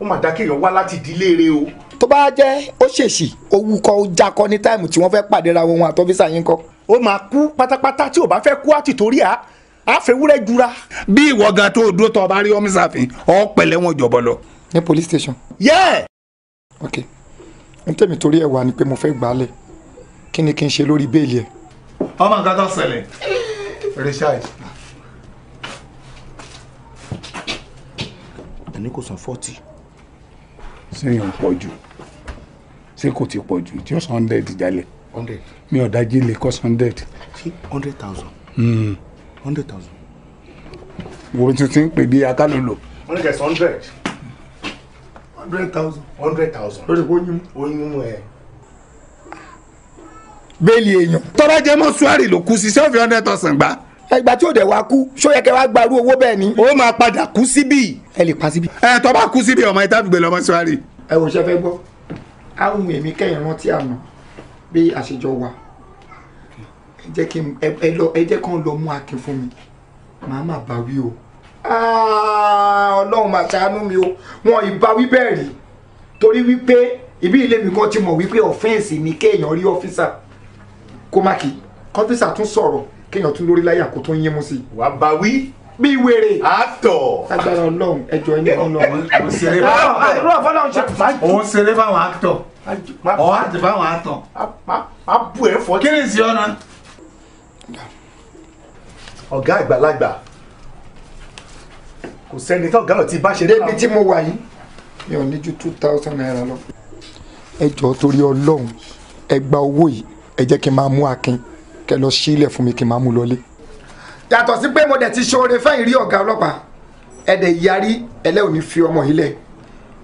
ó máa dá kéèyàn wá láti ìdílé rẹ o. tó bá jẹ́ ó ṣèṣì ó wúkọ́ ó jakọ́ ní táìmù tí wọ́n fẹ́ pàdé ra wọn àtọ́fíìsà yín kọ́. ó máa kú pátápátá tí ò bá fẹ́ kú àtìtórí à àfẹwúrẹ́ jura. bí ìwọ gan tó o dúró tó o bá rí ọmọ ìsàfin ọ pẹ̀lẹ́ wọn jọbọ lọ. ní police station. yẹ́ẹ̀. ok n tẹ́mi torí ẹ̀ wá ni pé mo fẹ́ gbà á lẹ̀ kí ni kí n ṣe lórí béèlì ẹ̀. ọmọ nǹkan tó ṣẹlẹ̀ Richard ní kò san forty. sẹ́yìn ò pọ̀ jù ṣé kò ti pọ̀ jù tí ó san hundred jalè. hundred. mi ò dájú ilé kọ́ san hundred. ṣé hundred thousand. Hmm. hundred thousand. wo tuntun pè bí akálòlò. wọ́n ní kẹsàn-án hundred. hundred thousand. hundred thousand. lórí oyún oyún ẹ̀ bẹ́ẹ̀lì èèyàn tọ́bajẹ́ mọ́ṣúárì ló kú sí sẹ́ọ̀fì hundred thousand gbà ìgbà tí òde wa kú ṣó yẹ kẹ wá gbarú owó bẹ́ẹ̀ ni. ó máa padà kú síbí. ẹ lè pa síbí. ẹ tọ́ bá kú síbí ọmọ ìta gbé lọ́mọ sọ́ọ́rì. ẹ wò ṣe fẹ́ gbọ́ àwọn èmi kẹ́yìn rántí àná bí àṣejọ wa ẹ jẹ́ kí ẹ lọ ẹ jẹ́ kán lọ mú akin fún mi màá má bá wí o ah, ọlọ́run máa ṣàánú mi o wọn ìbá wí bẹ́ẹ̀ rí torí wípé ìbí ilé mi kan ti mọ̀ wípé ọ̀fẹ́ǹsì ni kéèyàn rí ọ́fíìsà kó kọ́fíìsà tún sọ̀rọ̀ kéèyàn tún lórí láyà kó tó ń yín mú sí i. wà á bá wí. bí wèrè. àtọ̀. agbára Ọlọ́run ẹjọ yín Ọlọ́run. òun ṣeré báwọn àtọ̀. òun ṣeré báwọn àtọ̀. ọ̀ àti báwọn àtọ̀. a bù ẹ fọ. kí ni ìsìn ọ̀nà. ọ̀gá àgbàlagbà kò sẹ́ni tó ọ̀gá ọ̀tí bá ṣe dé. débi tí mo wà yìí mi ò ní ju two thousand naira lọ. ẹ jọ̀ọ́ torí Ọlọ́run ẹ gba owó yìí ẹ jẹ́ kí n máa mú akin kẹ́ lọ sílẹ̀ fún mi kí n máa mú lọlé. yàtọ̀ sí pé mo dẹ̀ ti ṣoore fẹ́yìn rí ọ̀gá ọlọ́pàá ẹ̀dẹ̀ yarí ẹlẹ́ òní fi ọmọ yìí lẹ̀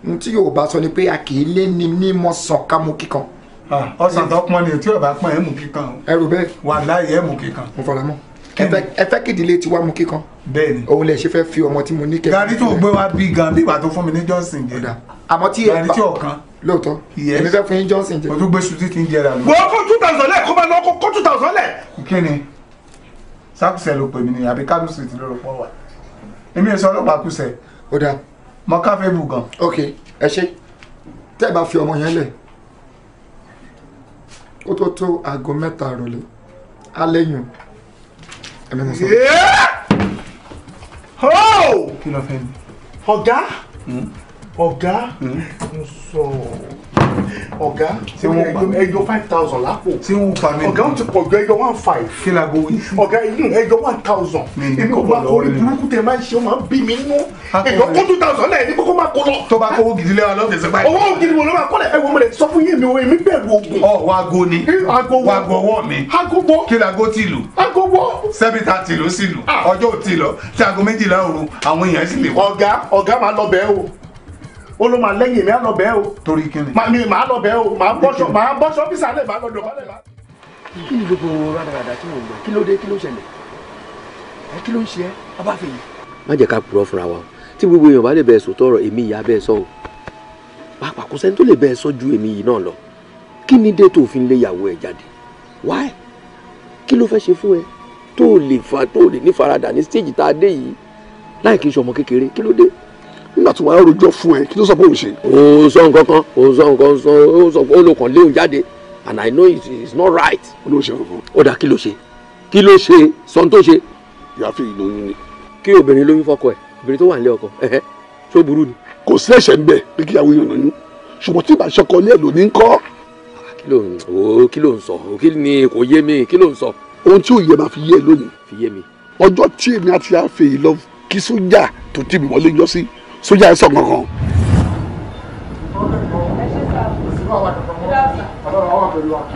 n tí yóò bá sọ ni pé a kì í lé ní ní mọ sàn ká mú kíkan. ọsàn tó pọn ni tí yóò bá pọn ẹ mú kíkan. ẹrù bẹ́ẹ̀ wàláhì ẹ mú kíkan. mo fọlá mọ́ ẹ fẹ́ kìdílé tí wàá mú kíkan. bẹ́ẹ̀ni òun lè ṣe fẹ́ fi ọmọ tí mo ní kẹfẹ. gàrí tó gbé wá bí gan bí ìgbà tó fún mi ní johnson jẹ. àmọ́ tí ẹ bá lóòótọ́ èmi fẹ́ fún yín Johnson jẹ. o tún gbé sùtì tí ń jẹrà lọ. wọ́n kó two thousand lẹ̀ kó máa lọ kó two thousand lẹ̀. kíni sákùsẹ̀ ló pè mí ni àbí Kano street ló rò pọ̀ wá èmi èso ọlọ́pàá kùsẹ̀. ó dáa. mo káfẹ́ bù gan. ok ẹ ṣe tẹ́ ẹ bá fi ọmọ yẹn lẹ̀ ó tó tó aago mẹ́ta rọ̀lẹ́ alẹ́ yùn ẹ̀mí mo sọ. ọ̀gá. Hmm? ọ̀gá ń hmm? sọ ọ̀gá ẹjọ́ five thousand lápò ọ̀gá ń ti pọ̀ jọ ẹjọ́ one five ọ̀gá ẹjọ́ one thousand èmi kò máa kórè burúkú tẹ máa ń ṣe ó máa ń bí mi nú ah, ẹjọ́ kó two thousand náà ẹni kókó máa kó lọ. tó bá kówó gidi lẹ́wọ̀n lọ́sẹ̀ sẹ́gbà yìí. owó gidi wo ló máa kọ́ lẹ̀ ẹ̀wọ̀n mọ̀lẹ̀ sọ fún yémi o èmi bẹ̀rù ogun. ọ wa go ni wa go wọ mi kí la go ti lù sẹ́mìtà tìlú sí lù ah. ọjọ́ ò ti lọ tí aago méjìlá òru àwọn èèyàn sì lè wọ. ọ̀gá ọ̀gá máa lọ bẹ́ẹ̀ o ó ló máa lẹ́yìn mi á lọ bẹ́ẹ̀ o. torí kíni. màá mi màá lọ bẹ́ẹ̀ o màá bọ́ṣọ màá bọ́ṣọ físà lè máa lọ dọ̀ bálẹ̀ máa. kí ni gbogbo rádaràdà tí mò ń gbà kí ló dé kí ló ṣẹlẹ̀ ẹ kí ló ń ṣe ẹ abáfẹ́yìn. má jẹ́ ká purọ́ fúnra wa o tí gbogbo èèyàn bá lè bẹ̀ẹ̀ sòtọ́ ọ̀rọ̀ èmi ìyá bẹ́ẹ̀ sọ o pàápàá kò sẹ́ni tó lè bẹ́ẹ̀ sọ ju èmi yìí náà lọ kí ni dé tó fi ń ẹ jáde wáì kí ló fẹ́ ṣe fún ẹ tó lè fa tó lè nífaradà ní stéèjì tá a dé yìí láì kí n ṣe ọmọ kékeré kí ló dé nígbà tó wàá rojọ́ fún ẹ kí ló sọ pé òun ṣe. òun sọ nǹkan kan òun sọ nǹkan sọ òun sọ ó lò léun jáde and i know it is not right. ó ló ṣe fún. ó dà kí ló ṣe kí ló ṣe sọ tó ṣe. ìyáfi ìlóyún ni. kí obìnrin lóyún fọkọ ẹ obìnrin tó wà nílé ọkọ ẹhẹ ṣó burú ni. kò sí ẹ̀ṣẹ̀ ń bẹ̀ pé kí àwọn èèyàn lóyún ṣùgbọ́n tí ìbáṣọ kan lé lò ní kọ́. Ah, kí ló ń o kí ló ń sọ kí mi kí ló ń sọ. ohun tí ò máa fi yé lónìí. mi. ọjọ́ tí èmi àti àfẹ́ ìlọ kí sójà tó tì mí yọ sí sójà ẹ sọ kankan.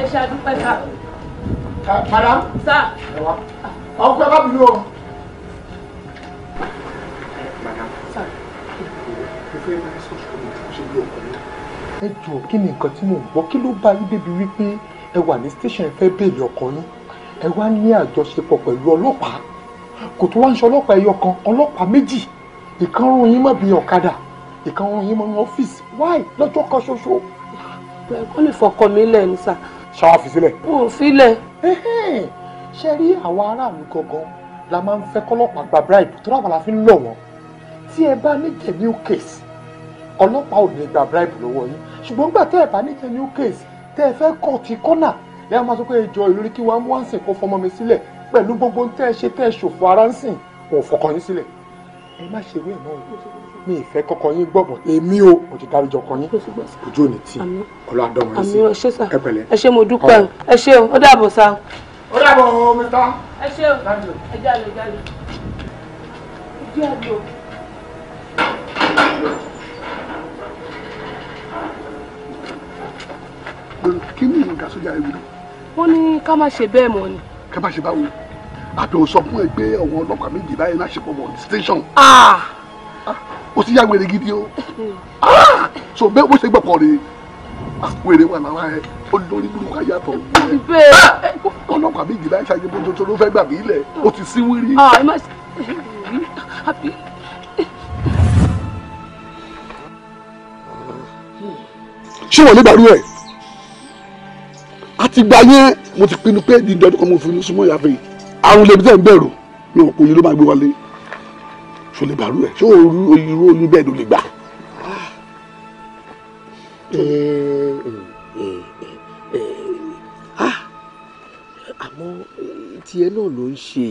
ẹ ṣe àdúpẹ́ ká. madam. sá. ọkọ ẹ bá bínú o. madam. sá. ìfẹ́ máa ń sọ̀rọ̀ ṣe bí ọkùnrin. ẹ jọ kí ni nǹkan tí mò ń gbọ́ kí ló bá yín débi wípé ẹ wà ní station ẹ fẹ́ béèrè ọkọ yín ẹ wá ní àjọṣepọ̀ pẹ̀lú ọlọ́pàá kò tó wá ń ṣe ọlọ́pàá ẹyọ kan ọlọ́pàá méjì ìkan rún yín mọ̀ bí ọ̀kadà ìkan rún yín mọ̀ ní ọ́fíìsì wáì lọ́jọ́ kan ṣoṣo. ó lè fọkọ mi lẹ̀ ní sà. ṣáà fi sílẹ̀. n ò fi lẹ̀. ṣe rí àwọn aráàlú gangan la máa ń fẹ́ kọ́lọ́pàá gba bribe tó dábàá la fi ń lọ̀ wọ́n tí ẹ bá ní jẹ new case ọlọ́pàá ò ní gba bribe lọ́wọ́ yín ṣùgbọ́n gbà tẹ́ ẹ bá ní jẹ new case tẹ́ ẹ fẹ́ kọ́ ti kọ́nà lẹ́yìn máa sọ pé ìjọ ìlú kí wọ́n á mú wá ń sìn kó fọmọ mi sílẹ̀ pẹ̀lú gbogbo tẹ́ ẹ ṣe tẹ́ ẹ ṣòfò ara ń sìn òun fọkàn yín sílẹ̀ ẹ má ṣe wẹ́ẹ̀ náà mi ìfẹ́ kọ́kọ́ yín gbọ̀bọ̀ èmi o mo ti dáríjọ kọ́ yín ojú òní tí ọlọ́ àdánwò yín sí ẹ pẹ̀lẹ́ ẹ ṣé mo dúpẹ́ o ẹ ṣé o ó dàbọ̀ sá o. ó dàbọ̀ o mi tán. ẹ ṣé o ẹ jáde jáde jáde o. kí ni ìgbà sójà ewu. wọ́n ní ká má ṣe bẹ́ẹ̀ mọ́ ni. ká má ṣe báwo àbẹ̀ ò sọ fún ẹ pé àwọn ọlọ́pàá méjì báyìí náà ṣe pọ̀ bọ̀ station ó ti yá wèrè gidi o ah! so bẹ́ẹ̀ bó ṣe gbọ́kọ̀ rè ah, wèrè wà lára ẹ olórí burúkú ayàtọ̀ ah! ọlọ́pàá méjì báyìí ṣàyẹ̀ bójú tó ló fẹ́ gbà mí lẹ̀ ó ti sí wírí. ṣé wọn ní gbàdúrà ẹ àti gbà yẹn mo ti pinnu pé dídọ́dún kan mo fi inú súnmọ́ ìyá fẹ́ àrùn lèbi tẹ̀ ń bẹ̀rù mi ò kò yìí ló máa gbé wọlé ṣo lè gbàrú ẹ̀ ṣé òru irú oyún bẹ́ẹ̀ ló lè gbà. Eh, eh, eh, ah! àmọ́ tiẹ̀ náà ló ń ṣe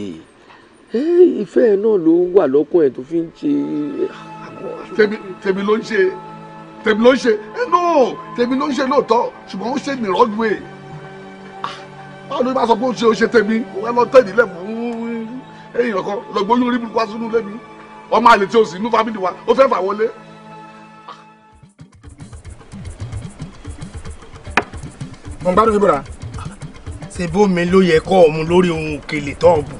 ìfẹ́ náà ló ń wà lọ́kàn ẹ̀ tó fi ń ṣe. tèmi ló ń ṣe tèmi ló ń ṣe ẹ náà tèmi ló ń ṣe lóòótọ́ ṣùgbọ́n ó ṣe nìrọ́gbìn báwo ni bá sọ pé ó ṣe ó ṣe tèmi wọn lọ tẹ̀lé lẹ̀ fún èèyàn kan lọ́gbọ́n yóò rí burúkú wá sínú lẹ́mi ọmọ àlè tí o sì inú fámìlì wa ó fẹ́ fà wọlé. mo ń gbádùn ìbúra. ṣe bó mi ló yẹ kọ́ ọ̀mù lórí ohun òkèlè tó ọ̀bù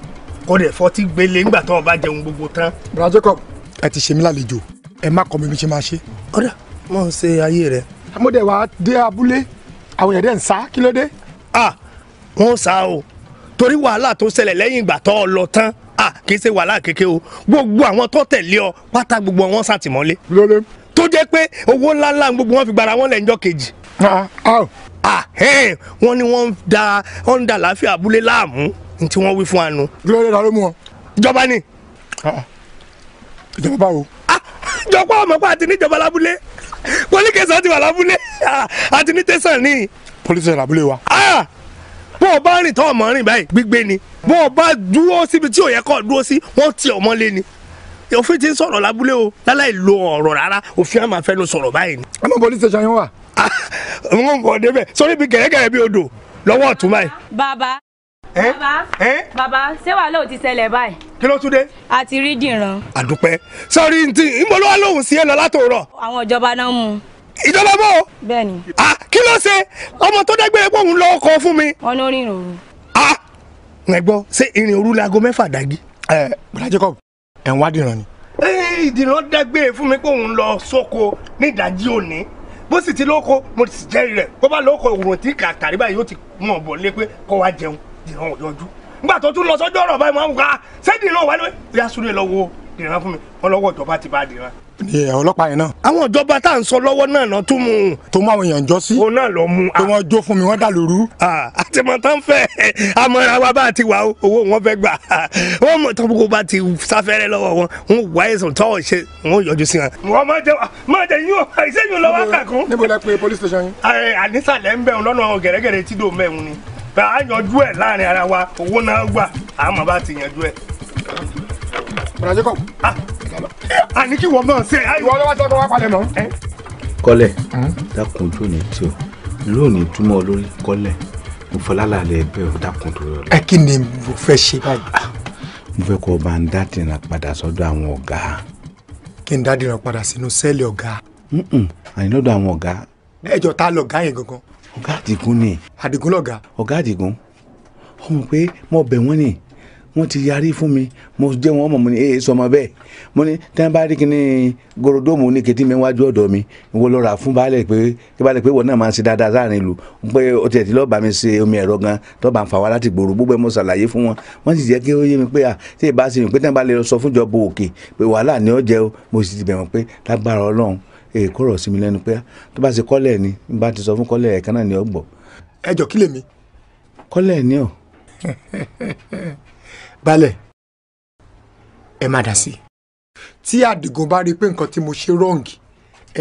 kó dẹ̀ fọtí gbélé ńgbà tó ọba jẹun gbogbo tán. bra Jacob ẹ ti ṣe mí lálejò ẹ má kọ́ mi bí ṣe máa ṣe. ọ̀dà mo ń ṣe ayé rẹ. amóde dé abúlé àwọn èèyàn ń sá kí ló dé. ah wọn ò sá o torí wàhálà tó ṣẹlẹ̀ lẹ́yìn ìgbà tó lọ tán à kì í ṣe wàhálà kékeré o gbogbo àwọn tó tẹ̀lé ọ pátá gbogbo wọn ṣàtìmọ́lé tó jẹ́ pé owó ńláńlá gbogbo wọn fi gbara wọn lẹ́njọ́ kejì. wọ́n ní wọ́n ń da wọ́n ń da láàfin abúlé láàmú tí wọ́n wí fún wa nu. lórí ẹ̀rọ ló mú ọ. ìjọba ni. ìjọba báwo. ìjọba ọmọ pa àti níjọba lábúlé pọlíkẹsàn ti wà lábúlé àti ní tẹsán ni. pọlíkẹsàn lábúlé wa bó o bá rìn tó ọmọ rìn báyìí gbígbé ni bó o bá dúró síbi tí ò yẹ kó dúró sí wọ́n ti ọmọ lé ni òfin ti ń sọ̀rọ̀ lábúlé o láláì lo ọ̀rọ̀ rárá òfin àmà fẹnu sọ̀rọ̀ báyìí ni. ọmọ police station yẹn wà. wọn ah, bọ̀ débẹ̀ sórí ibi gẹ̀rẹ́gẹ̀rẹ́ bí odò lọ́wọ́ ọ̀tún báyìí. bàbá bàbá bàbá ṣé wàá lóò ti ṣẹlẹ̀ báyìí. kí ló tún dé. a ti rí dìran. àdúpẹ́ sọ́rí ntí ìmọ̀lúwa lòun sí ẹ lọ látòrọ̀. àwọn ìjọba náà mú un ìjọba bò. bẹ́ẹ̀ni. ah kí ló ṣe ọmọ tó dẹgbẹrẹ pé òun lọ ọkọ fún mi. wọn ní orin òru. ah ẹ gbọ́ ṣé irin òru laago mẹ́fà dàgí. ẹ bọ́lá Jacob ẹ̀ ń wá dìran ni. ìdìran dẹgbẹrẹ fún mi pé òun lọ sóko ní ìdájí òní bó sì ti lóko mo sì jẹ́rìí rẹ̀ bó bá lóko òrùn tí kà tàrí báyìí yóò ti mọ̀ bọ̀ lé pé kó wá jẹun dìran òyọjú nígbà tó tún lọ sọ́jọ́ ọ̀rọ̀ báyìí máa ń wá sẹ́dìrán wà lóye. yasure lọ wo dìran fún mi wọn lọ́wọ́ ìjọba ti bá dìran ni àwọn ọlọ́pàá yẹn náà. àwọn ìjọba tá à ń sọ lọ́wọ́ náà lọ tún mú un. tó mú àwọn èèyàn jọ sí. òun náà lọ mú un. tó wọn jó fún mi wọn dà lóru. àtìmọ̀ tán fẹ́ amọ̀ra wa bá ti wà owó wọn fẹ́ gbà wọ́n mọ̀ tó kó bá ti sáfẹ́rẹ́ lọ́wọ́ wọn ń wá ẹ̀sùn tó ṣe wọn yọjú sí wọn. wọ́n máa jẹ máa jẹ yín o ìṣẹ́yìn lọ́wọ́ kàkún. níbo la pe police station yín. ànísàlẹ̀ ń bẹ̀rù lọ́nà gẹ̀rẹ́gẹ̀rẹ́ tí dò mẹ́rin ni bá a yanjú ẹ̀ láàrin ara wa àní kí wọ́n náà ṣe ìwọ lọ́wọ́ tó wá palẹ̀ mọ́. kọ́lẹ̀ dákun ojú ni tí o lónìí túmọ̀ lórí kọ́lẹ̀ mo fọlá lálẹ́ bẹ́ẹ̀ o dákun tó yọ ẹ kí ni mo fẹ́ ṣe báyìí. Ah, mo fẹ́ kó bá ń dá dìran padà sọ́dọ̀ àwọn ọ̀gá. kí n dá dìran padà sínú sẹ́ẹ̀lì ọ̀gá. àní lọ́dọ̀ àwọn ọ̀gá. ẹjọ ta lọ̀gá yẹn gangan. ọ̀gá àdìgún ni. àdìgún lọ̀gá. ọ̀gá àdìgún ọmọ pé mo bẹ̀ wọ́n ni wọ́n ti yarí fún mi mo jẹ́ wọn mọ̀ mo ní ee sọmọ bẹ́ẹ̀ mo ní tẹ́ ń bá rí kíní gorodomu ní kẹtí mi wájú ọ̀dọ̀ mi wo lọ rà fún baálẹ̀ pé kí baálẹ̀ pé wọ́n náà máa ń ṣe dáadáa sáàrin ìlú pé o tiẹ̀ ti lọ́ọ́ bá mi ṣe omi ẹ̀rọ gan tó bá ń fà wá láti gbòòrò gbogbo ẹ̀ mo ṣàlàyé fún wọn wọ́n sì jẹ́ kí ó yé mi pé à tí ì bá ṣe mi pé tẹ́ bá lè sọ fún ìjọba òkè pé wàhálà ni ó jẹ́ o mo sì ti bẹ̀ wọ́n pé lágbára ọlọ́run èè kọ̀rọ̀ sí mi lẹ́nu pé tó bá ṣe kọ́lẹ̀ ni n bá ti sọ fún kọ́lẹ̀ ẹ̀ka náà ni ó gbọ́. ẹ jọ kí lèmi. kọ́lẹ̀ ni ọ. balẹ̀ ẹ má dá sí i tí àdìgún bá rí i pé nǹkan tí mo ṣe rọ́ǹgì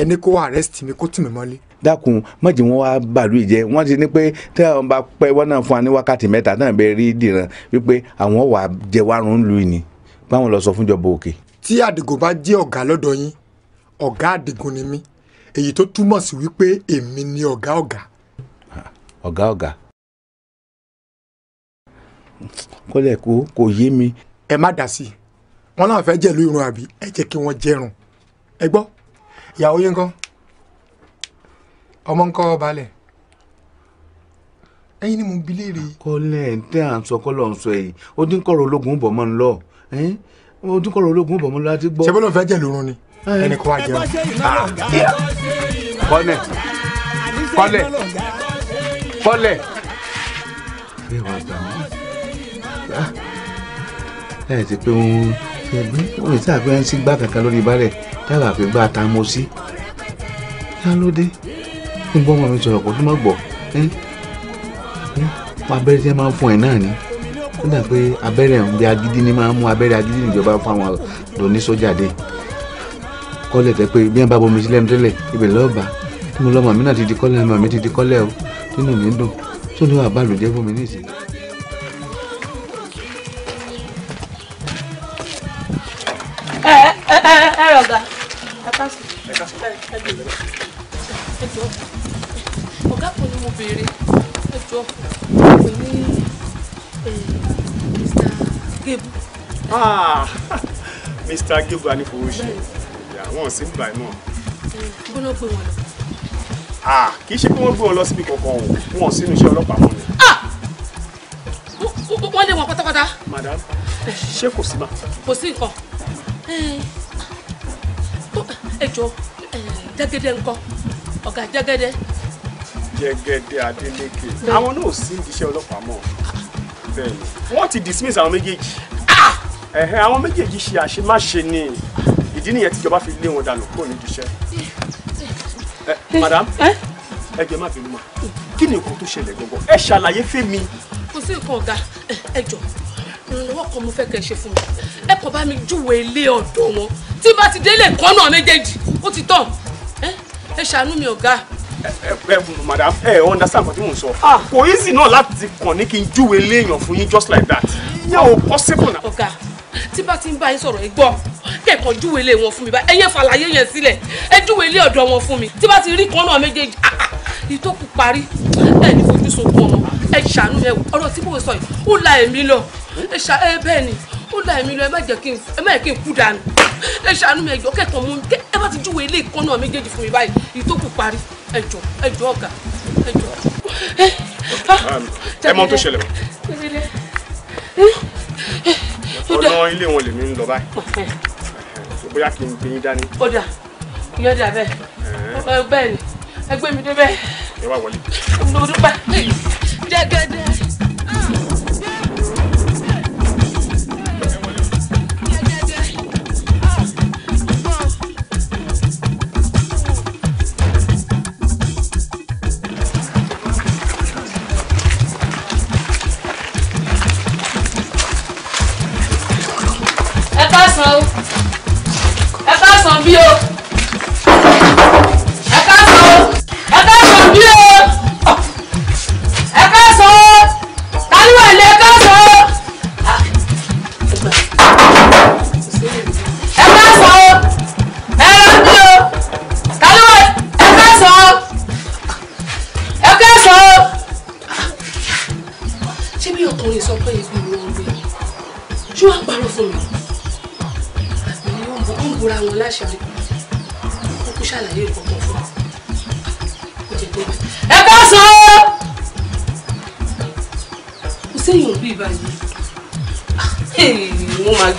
ẹni kó arrest mi kó tì mí mọ́lé. dákun mọ̀jì wọn wá bàlúù jẹ wọn ti ní pé tí àwọn bá pẹ́ wọn náà fún wa ní wákàtí mẹ́ta náà bẹ́ẹ̀ rí dìran wípé àwọn wà jẹ wárùn lù ní báwọn lọ sọ fúnjọba òkè. tí àdìgún bá jẹ́ ọ̀gá lọ́dọ̀ yín ọ̀gá àdìgún ni mí èyí tó túmọ̀ sí wípé èmi ni ọ̀gá ọ̀gá. ọ̀gá ọ̀gá kọ́lẹ̀ kó kò yé mi ẹ má dá sí i wọn náà fẹ́ jẹ̀lú irun àbí ẹ jẹ́ kí wọ́n jẹrun ẹ gbọ́ ìyàwó yín kan ọmọ ńkọ́ balẹ̀ ẹ̀yin ni mo bi léèrè. kọ́lẹ̀ ń tẹ́ à ń sọ kọ́lọ̀ ń sọ yìí ó dín kọ́rọ̀ ológun bọ̀ mọ́ ń lọ ó dín kọ́rọ̀ ológun bọ̀ mọ́ ń lọ láti gbọ́. ṣé bọ́lá fẹ́ jẹ̀lú irun ni ẹnì kan wá jẹun. kọ́lẹ̀ kọ́lẹ̀ kọ́lẹ̀ láì ah. sí pé òun ṣẹgbẹ́ òun ìṣe àfihàn sí gbà kankan lórí balẹ̀ tábà fi gbà tá a mọ sí yá ló dé kí n bọ́ ọmọ mi sọ̀rọ̀ kó tó má gbọ́ abẹ́rẹ́ tí wọ́n máa ń fún ẹ̀ náà ni ó dà pé abẹ́rẹ́ ọ̀hún bí agídí ni máa ń mú abẹ́rẹ́ agídí níjọba fún àwọn lòní sójà dé kọ́lẹ̀ tẹ́ pé bí wọ́n bá bomi sílẹ̀ tẹ́lẹ̀ ibẹ̀ lọ́ọ̀bà tí mo lọ́mọ mi náà ti di kọ́lẹ̀ ọmọ mi ti di kọ́lẹ̀ o nínú mi ń dùn tó ní wàá bá lòdì fún mi ní ìsìn. ọ̀gá kan ni mo béèrè ẹjọ́ pè ní Mr. Gebu. Ah, Mr. Gebu anífowóṣe àwọn ò sí ń gbà ẹ̀ mọ́. gbọ́dọ̀ pé wọn lọ ah, kì í ṣe pé wọ́n gbé wọn lọ síbi kankan o wọn ò sínú iṣẹ́ ọlọ́pàá ah! wọn ni. wọ́n lé wọn pátápátá. madam ṣé kò sí ma. kò sí nǹkan ẹ jọ jẹ́gẹ́dẹ́ ńkọ́ ọ̀gá jẹ́gẹ́dẹ́. jẹ́gẹ́dẹ́ adeleke àwọn náà ò sí iṣẹ́ ọlọ́pàá mọ́ bẹ́ẹ̀ ni wọ́n ti dismiss àwọn méjèèjì ah! ẹ̀hẹ́n àwọn méjèèjì ṣe àṣemáṣe ni ìdí nìyẹn tíjọba fi lé wọn dànù kúrò nídìí iṣẹ́ ẹ madam ẹ jẹ má bínú ma kí ni nǹkan tó ṣẹlẹ̀ gbọ̀ngàn ẹ ṣàlàyé fẹ́mi. kò sí nǹkan ọ̀gá ẹ jọ ìrànlọ́wọ́ kan mo fẹ́ kẹ́ ṣe fún mi ẹ kàn bá mi júwe ilé ọ̀dọ̀ wọn tí bá ti délé kan náà méjèèjì ó ti tàn ẹ ṣàánú mi ọ̀gá. ẹ ẹ madam ẹ ọ understand nǹkan tí mò ń sọ ah. kò easy náà láti kàn ní kí n júwe léèyàn fún yín just like that yẹ o possible na. ọ̀gá tí bá ti ń bá yín sọ̀rọ̀ ẹ gbọ́ kẹ̀kọ́ júwe lé wọn fún mi báyìí ẹyẹ fàlàyé yẹn sílẹ̀ ẹ júwe lé ọ̀dọ̀ wọn fún mi tí bá ti rí kan náà méjèèjì ìtòkù ah, ah, parí ẹ ní fojú sunkún ọmọ ẹ ṣàánú ẹ ọ̀rọ̀ tí mò ń sọ yìí ó la ẹ̀mí lọ ẹ ṣá ẹ bẹ́ẹ̀ ni ó la èmi lọ ẹ má jẹ́ kí n ẹ má jẹ́ kí n kú dànù ẹ ṣàánú mi ẹjọ́ kẹkọọ mú mi ẹ bá ti júwe ilé ìkọ́nà méjèèjì fún mi báyìí ìtókù parí ẹjọ́ ẹjọ́ ọ̀gá ẹjọ́. ẹ mọ ohun tó ṣẹlẹ̀ mọ́ ọ̀nà ilé wọn lèmi ń lọ báyìí bóyá kí n gbé yín dání. ó dà ìyẹn dà bẹ́ẹ̀ bẹ́ẹ̀ ni ẹgbẹ́ mi dé bẹ́ẹ̀. ẹ wá wọlé. mo dúpẹ́ jẹ́gẹ́dẹ́.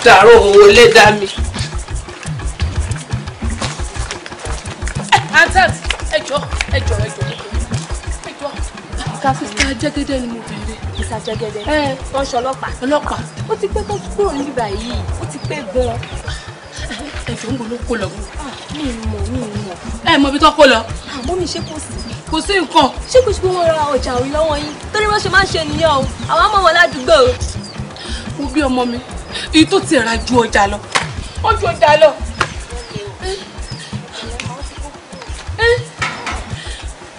dàrú owó lé dá mi. antant ẹjọ ẹjọ ẹjọ ẹjọ. kàfíńsà jẹ́gẹ́dẹ́ ni mo bẹ̀rẹ̀. kàfíńsà jẹ́gẹ́dẹ́. ẹ wọ́n ṣe ọlọ́pàá. ọlọ́pàá. ó ti pẹ́ tó kúrò níbà yìí ó ti pẹ́ gan-an. ẹjọ ń bọ̀ ló kó lọ. Ah, mi mọ̀ mi mọ̀. ẹ mọ̀ ibi tó kó lọ. àmọ́ mi ṣe kò sí kò sí nǹkan. ṣé kò sí pé wọ́n ra ọjà òrí lọ́wọ́ yín torí wọ́n ṣe máa ń ṣe nìyẹn o àwọn ọmọ wọn ládùúgbò. mo bí ọmọ mi èyí tó ti ra ju ọjà lọ ó ju ọjà lọ.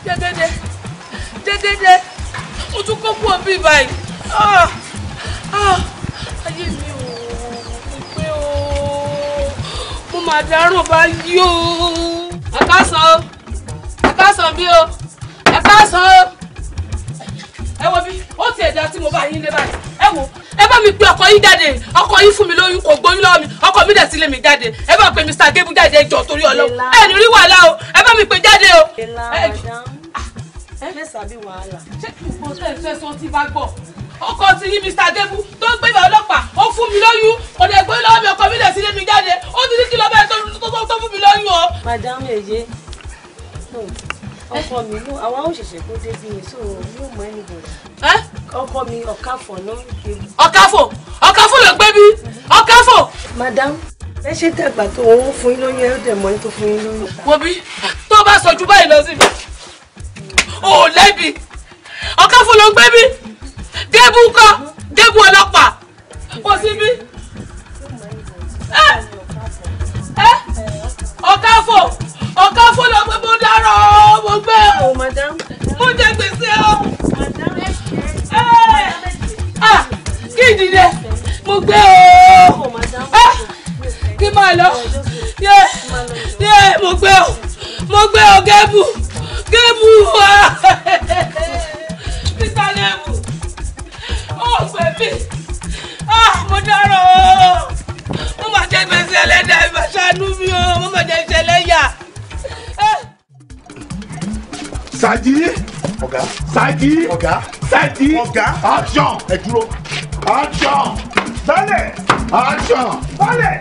dédédé dédédé ó tún kó kú òbí báyìí ah, ah, ayé mi ò pé o mo mà dáràn báyìí o. ẹ káàsán o ẹ káàsán bí o ẹ káàsán o ẹ wo bí ó ti ẹ̀dá tí mo bá yín lé báyìí ẹ wo ẹ bá mi pe ọkọ yín jáde ọkọ yín fún mi lóyún kò gbóyún lọ́wọ́ mi ọkọ mi dẹ̀ ti lé mi jáde ẹ bá pe Mr. Gébú jáde ẹ jọ torí Ọlọ́run ẹ ní rí wàhálà o ẹ bá mi pè jáde o. Ah, ọkọ ti yín Mr. Gébú tó ń gbé ìbá ọlọ́pàá ó fún mi lóyún kò dẹ̀ gbóyún lọ́wọ́ mi ọkọ mi dẹ̀ ti lé mi jáde ó ti ní kí lọ́ọ́ bẹ́ẹ̀ tó fún mi lóyún o. madam eye ọkọ mi ló àwa ò ṣẹ̀ṣẹ̀ kó débi yẹn so yóò mọ ẹnìbọ̀dà. ọkọ mi ọ̀káfọ̀ ló ń pe. ọ̀káfọ̀ madam ẹ ṣe dàgbà tó òun fún yín lóyún ẹ dẹ̀ mọ́ yín tó fún yín lóyún. wo bí tó bá sọ ju báyìí lọ sí mi ò lẹ́bi ọ̀ká fún ló ń gbé mi débù kọ́ débù action ẹ dúró action balẹ̀ action balẹ̀.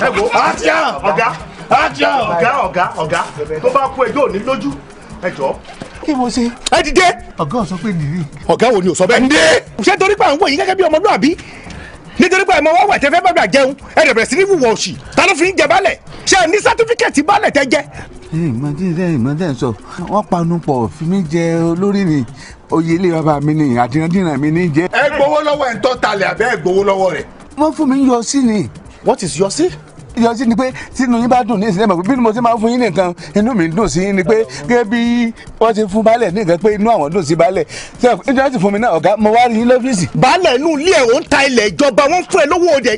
ẹ wo action ọ̀gá action ọ̀gá ọ̀gá ọ̀gá tó bá kú ẹjọ́ òní lójú ẹ jọ̀ọ́ kí mo ṣe. ẹ dìde. ọ̀gá ò sọ pé nìyí. ọ̀gá wo ni ò sọ bẹ́ẹ̀. ǹdẹ́ ṣé torí pé à ń wò yín gẹ́gẹ́ bí ọmọlúàbí nítorí pé àmọ́ wọ́wọ́ ẹ̀tẹ́fẹ́ bàbà jẹun ẹ̀rẹ̀bẹ̀rẹ̀ sí ní wùwọ̀ òṣì ta ló fi ń jẹ balẹ̀ ṣé ní sátífíkẹ̀tì balẹ̀ tẹ jẹ ìmọ̀ tí ìṣe ìmọ̀ tẹ̀ ń sọ wọ́n panu pọ̀ fi mí jẹ olórí ni oyè ilé bàbá mi ni àdìrandìran mi ni jẹ. ẹ gbowó lọ́wọ́ ẹ̀ ń tọ́ talẹ̀ àbẹ́ ẹ gbowó lọ́wọ́ rẹ̀. wọ́n fún mi yọ sí ni. what is your say? yọ sí ni pé tínú yín bá dùn ní ìsinmi bí mo ti máa fún yín nìkan inú mi dùn sí ni pé gẹ́gẹ́ bí wọ́n ti fún baálẹ̀ nìkan pé inú àwọn dùn sí baálẹ̀ ṣe ìjọba ti fún mi náà ọ̀gá mo wá rí yín lọ́fíìsì. baálẹ̀ inú ilé ẹ̀ ń ta ilẹ̀ ìjọba wọ́n fún ẹ lówó òde.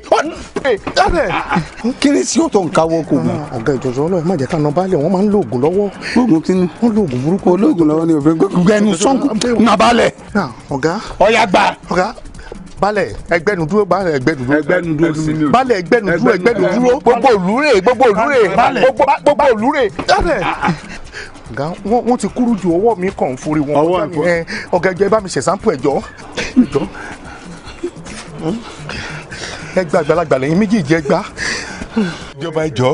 kí sí òtò nǹka wọ kò mọ. Ah. ọ̀gá ìjọsọ ọlọ́run má jẹ́ ká nà baálẹ̀ wọ́n máa ń balẹ̀ ẹgbẹ́nu dúró balẹ̀ ẹgbẹ́nu dúró ẹgbẹ́nu dúró sí balẹ̀ ẹgbẹ́nu dúró ẹgbẹ́nu dúró gbogbo òlúrè gbogbo òlúrè gbogbo òlúrè ah, ah. ọ̀gá wọ́n ti kúrú ju ọwọ́ mi kàn forí wọn ọ̀gá ẹjọ́ ẹ bá mi ṣe sample ẹ̀jọ́ ẹ̀jọ́ ẹgbàgbàlagbà lẹ́yìn méjì jẹ́ gbá ìjọba ẹjọ́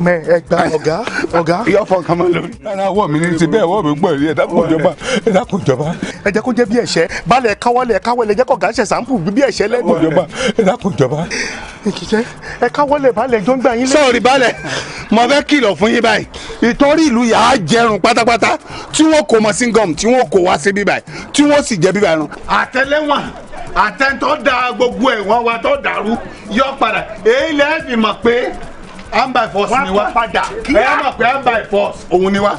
mẹ ẹgbà ọgá ọgá. yọ fọ kàn máa lórí. ara wọ mi ní ti bẹ́ẹ̀ wọ mi gbọ́ èrè ẹ̀dá kò jọba ẹ̀dá kò jọba. ẹ jẹ́ kó jẹ́ bí ẹ̀ṣẹ́ balẹ̀ káwọ́lẹ̀ káwọ́lẹ̀ jẹ́ kó gà ń ṣe sàǹpù bí ẹ̀ṣẹ́ lẹ́nu. ẹ̀dá kò jọba ẹ̀dá kò jọba. èkìtẹ́ ẹ káwọ́lẹ̀ balẹ̀ jọ ń gbà yín lẹ́nu. sọ̀rì balẹ̀ mo fẹ́ kìlọ̀ fún yín báyìí ìtọ́rí ìlú yà á jẹrun pátápátá tí wọ́n kò mọ̀ síngọ̀m tí wọ́n kò wá sí bíbáyìí tí wọ́n sì jẹ bíbáyìí rán. àtẹlẹwọn àtẹntọ́ da gbogbo ẹ̀wọ̀n wa tó dàrú yọ padà èyí lẹ́ẹ̀fì mọ̀ pé à ń by force ni wa ẹ mọ̀ pé à ń by force òun ni wa.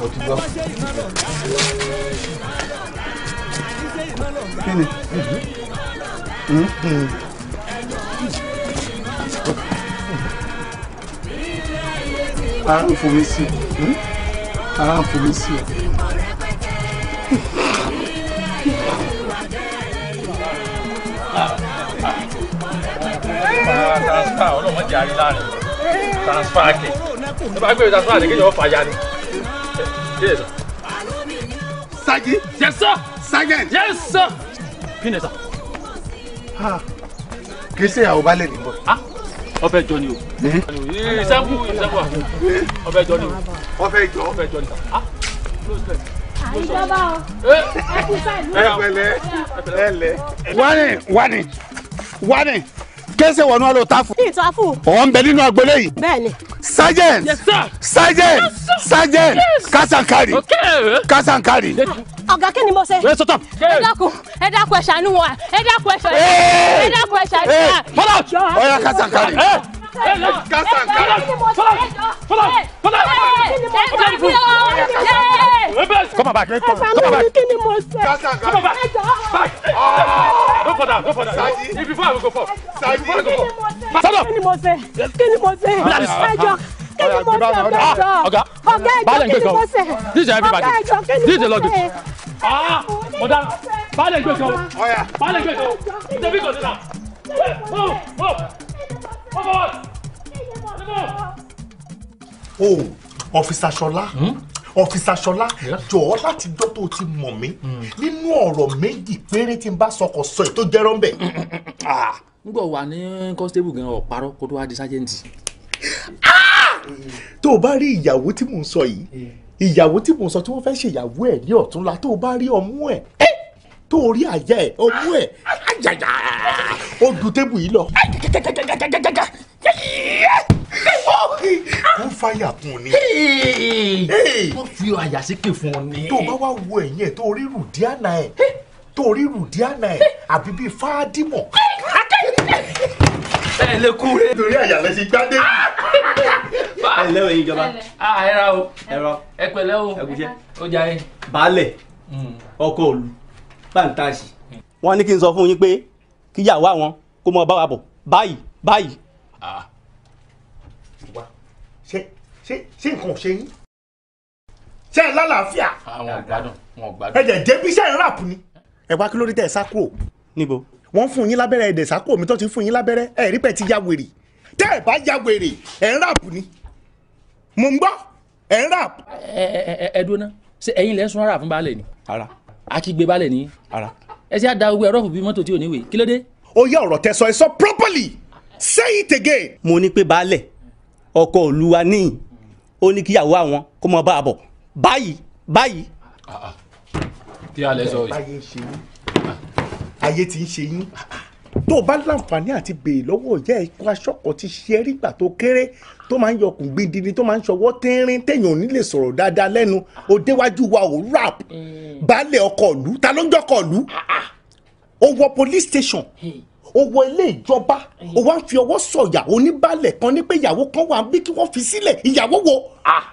Hmm? Hmm. ara ń fomi sí hmm? ara ń fomi sí ọ. Ah, ah, ah, ọlọ́mọdé arí láàrin transfer kẹ ẹ bá gbé transfer kẹ kéèyàn fà ya ni. Saji. Yes sir. Sergeant. Yes sir. Pinne sir. Kì í ṣe ìyàwó balẹ̀ nìbọn. Ah, ọbẹ̀ jọ ni o. Ìṣẹ́kù ìṣẹ́kù à. Ọbẹ̀ jọ ni o. Ọbẹ̀ jọ. Ọbẹ̀ jọ ni sà. Ah, Àìjọba o. Eh? Ẹ pẹ̀lẹ́. Ẹ pẹ̀lẹ́. Wani wani wani kése wọnú ọ ló ta fún. kí n ta fún. ọ̀ ń bẹ nínú agbolé yìí. bẹ́ẹ̀ni. sergeant sergeant sergeant kasankari kasankari. ọ̀gá kí ni mo ṣe. ẹ dákun ẹ dákun ẹ ṣàánú wa ẹ dákun ẹ ṣàánú wa ẹ dákun ẹ ṣàánú wa. ọ̀ya kasankari. Come back. Come back. Come back. Come Back. Come back. back. Go for that. Go for that. If you fall, we go for. If you fall, we go for. Stand up. Kí ni mo ṣe? Kí ni mo ṣe? Ẹjọ́. Kí ni mo ṣe? Ọ̀gá. Ọ̀gá. Ọ̀gá ẹjọ́ kí ni mo ṣe? This is everybody. Ọ̀gá ẹjọ́ kí ni mo ṣe? This is the logic. Ah, madam. Baálé gbèsè o. Baálé gbèsè o. Ìjẹ́bí kò sí náà. Oh, oh oh officer Ṣọlá ọfíìsà Ṣọlá jọ̀ọ́ láti jọ́ tó ti mọ̀ mí hmm. nínú ọ̀rọ̀ méjì péré tí n bá sọkọ sọ èyí tó jẹ́rọ́ ń bẹ̀. Ah. ngbọ̀ wà ní constable gan ọ̀parọ́ kó tó wá di sergeant. Ah! tó o bá rí ìyàwó tí mò ń sọ yìí hmm. ìyàwó tí mò ń sọ tí wọ́n fẹ́ ṣèyàwó ẹ̀ ní ọ̀túnla tó o bá rí ọmú ẹ̀ tó orí àyà ẹ̀ ọmú ẹ̀ àjàjà ó ju tébù yìí lọ. kó fàyà kún ni. wọ́n fi àyà síkè fún ọ ni. tó o bá wá wo ẹ̀yìn ẹ̀ tó orí rù díànà ẹ̀ tó orí rù díànà ẹ̀ àbí bíi fáádìmọ̀ ẹ lè kú rẹ. torí àyà lẹ ti gbá dé. ẹ lẹ́wọ̀ ìjọba. ẹ ra o ẹ pẹ̀lẹ́ o ẹ kúṣẹ́. ó jà yín. baálẹ̀ ọkọ òlu fàǹtàṣì. wọ́n ní kí n sọ fún yín pé kíyàwó àwọn kó mọ bá wa bọ̀ báyìí báyìí. wá ṣé ṣé ṣé nǹkan ò ṣe yín ṣé ẹ lálàáfíà. àwọn ọgbàdàn wọn ọgbàdàn. ẹ jẹ jẹbi iṣẹ rap ni. ẹ wá kí ló dé tẹ ẹ sá kúrò. níbo. wọ́n fún yín lábẹ́rẹ́ ẹdẹ sá kúrò mi tó ti fún yín lábẹ́rẹ́ ẹ rí pẹ ti ya wèrè tẹ ẹ bá ya wèrè ẹ ń rap ni. mo ń gbọ́ ẹ ń rap. ẹ ẹ ẹ ẹ dúró ná ṣé ẹ̀yin lẹ ń sun ara fún baálé ni. ara akígbe balẹ̀ ní ara ẹ sì á da gbogbo ẹ̀rọ fún bí mọ́tò tí ò níwèé kí ló dé. ó yá ọ̀rọ̀ tẹ sọ ẹ sọ properly say it again. mo ní pé baálẹ̀ ọkọ olúwa níyìn ó ní kíyàwó àwọn kó mọ bá a bọ̀ báyìí báyìí. kí a lè sọ yìí. ayé ti ń ṣe yín tó o bá láǹfààní àti béèrè lọ́wọ́ ìyá ikú aṣọ́kọ̀ ti ṣe é rígbà tó kéré tó máa ń yọkùn gbindini tó máa ń ṣọwọ́ tínrín téèyàn ò ní lè sọ̀rọ̀ dáadáa lẹ́nu ó déwájú wa ò rap mm. baálé ọkọ̀ ìlú ta ló ń jọkọ̀ ìlú ó ah, ah. wọ police station ó wọ ilé ìjọba ó wá ń fi ọwọ́ sọ̀yà oníbàálẹ̀ kan ní pé ìyàwó kan wà bí kí wọ́n fi sílẹ̀ ìyàwó wo ah.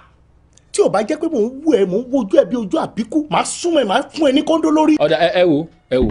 tí ò bá jẹ́ pé mò ń wú ẹ mò ń wojú ẹ bí ojú àbíkú màá súnmọ́ ẹ màá fún ẹ ní kóńdó lórí. ọ̀dà ẹ wo ẹ wo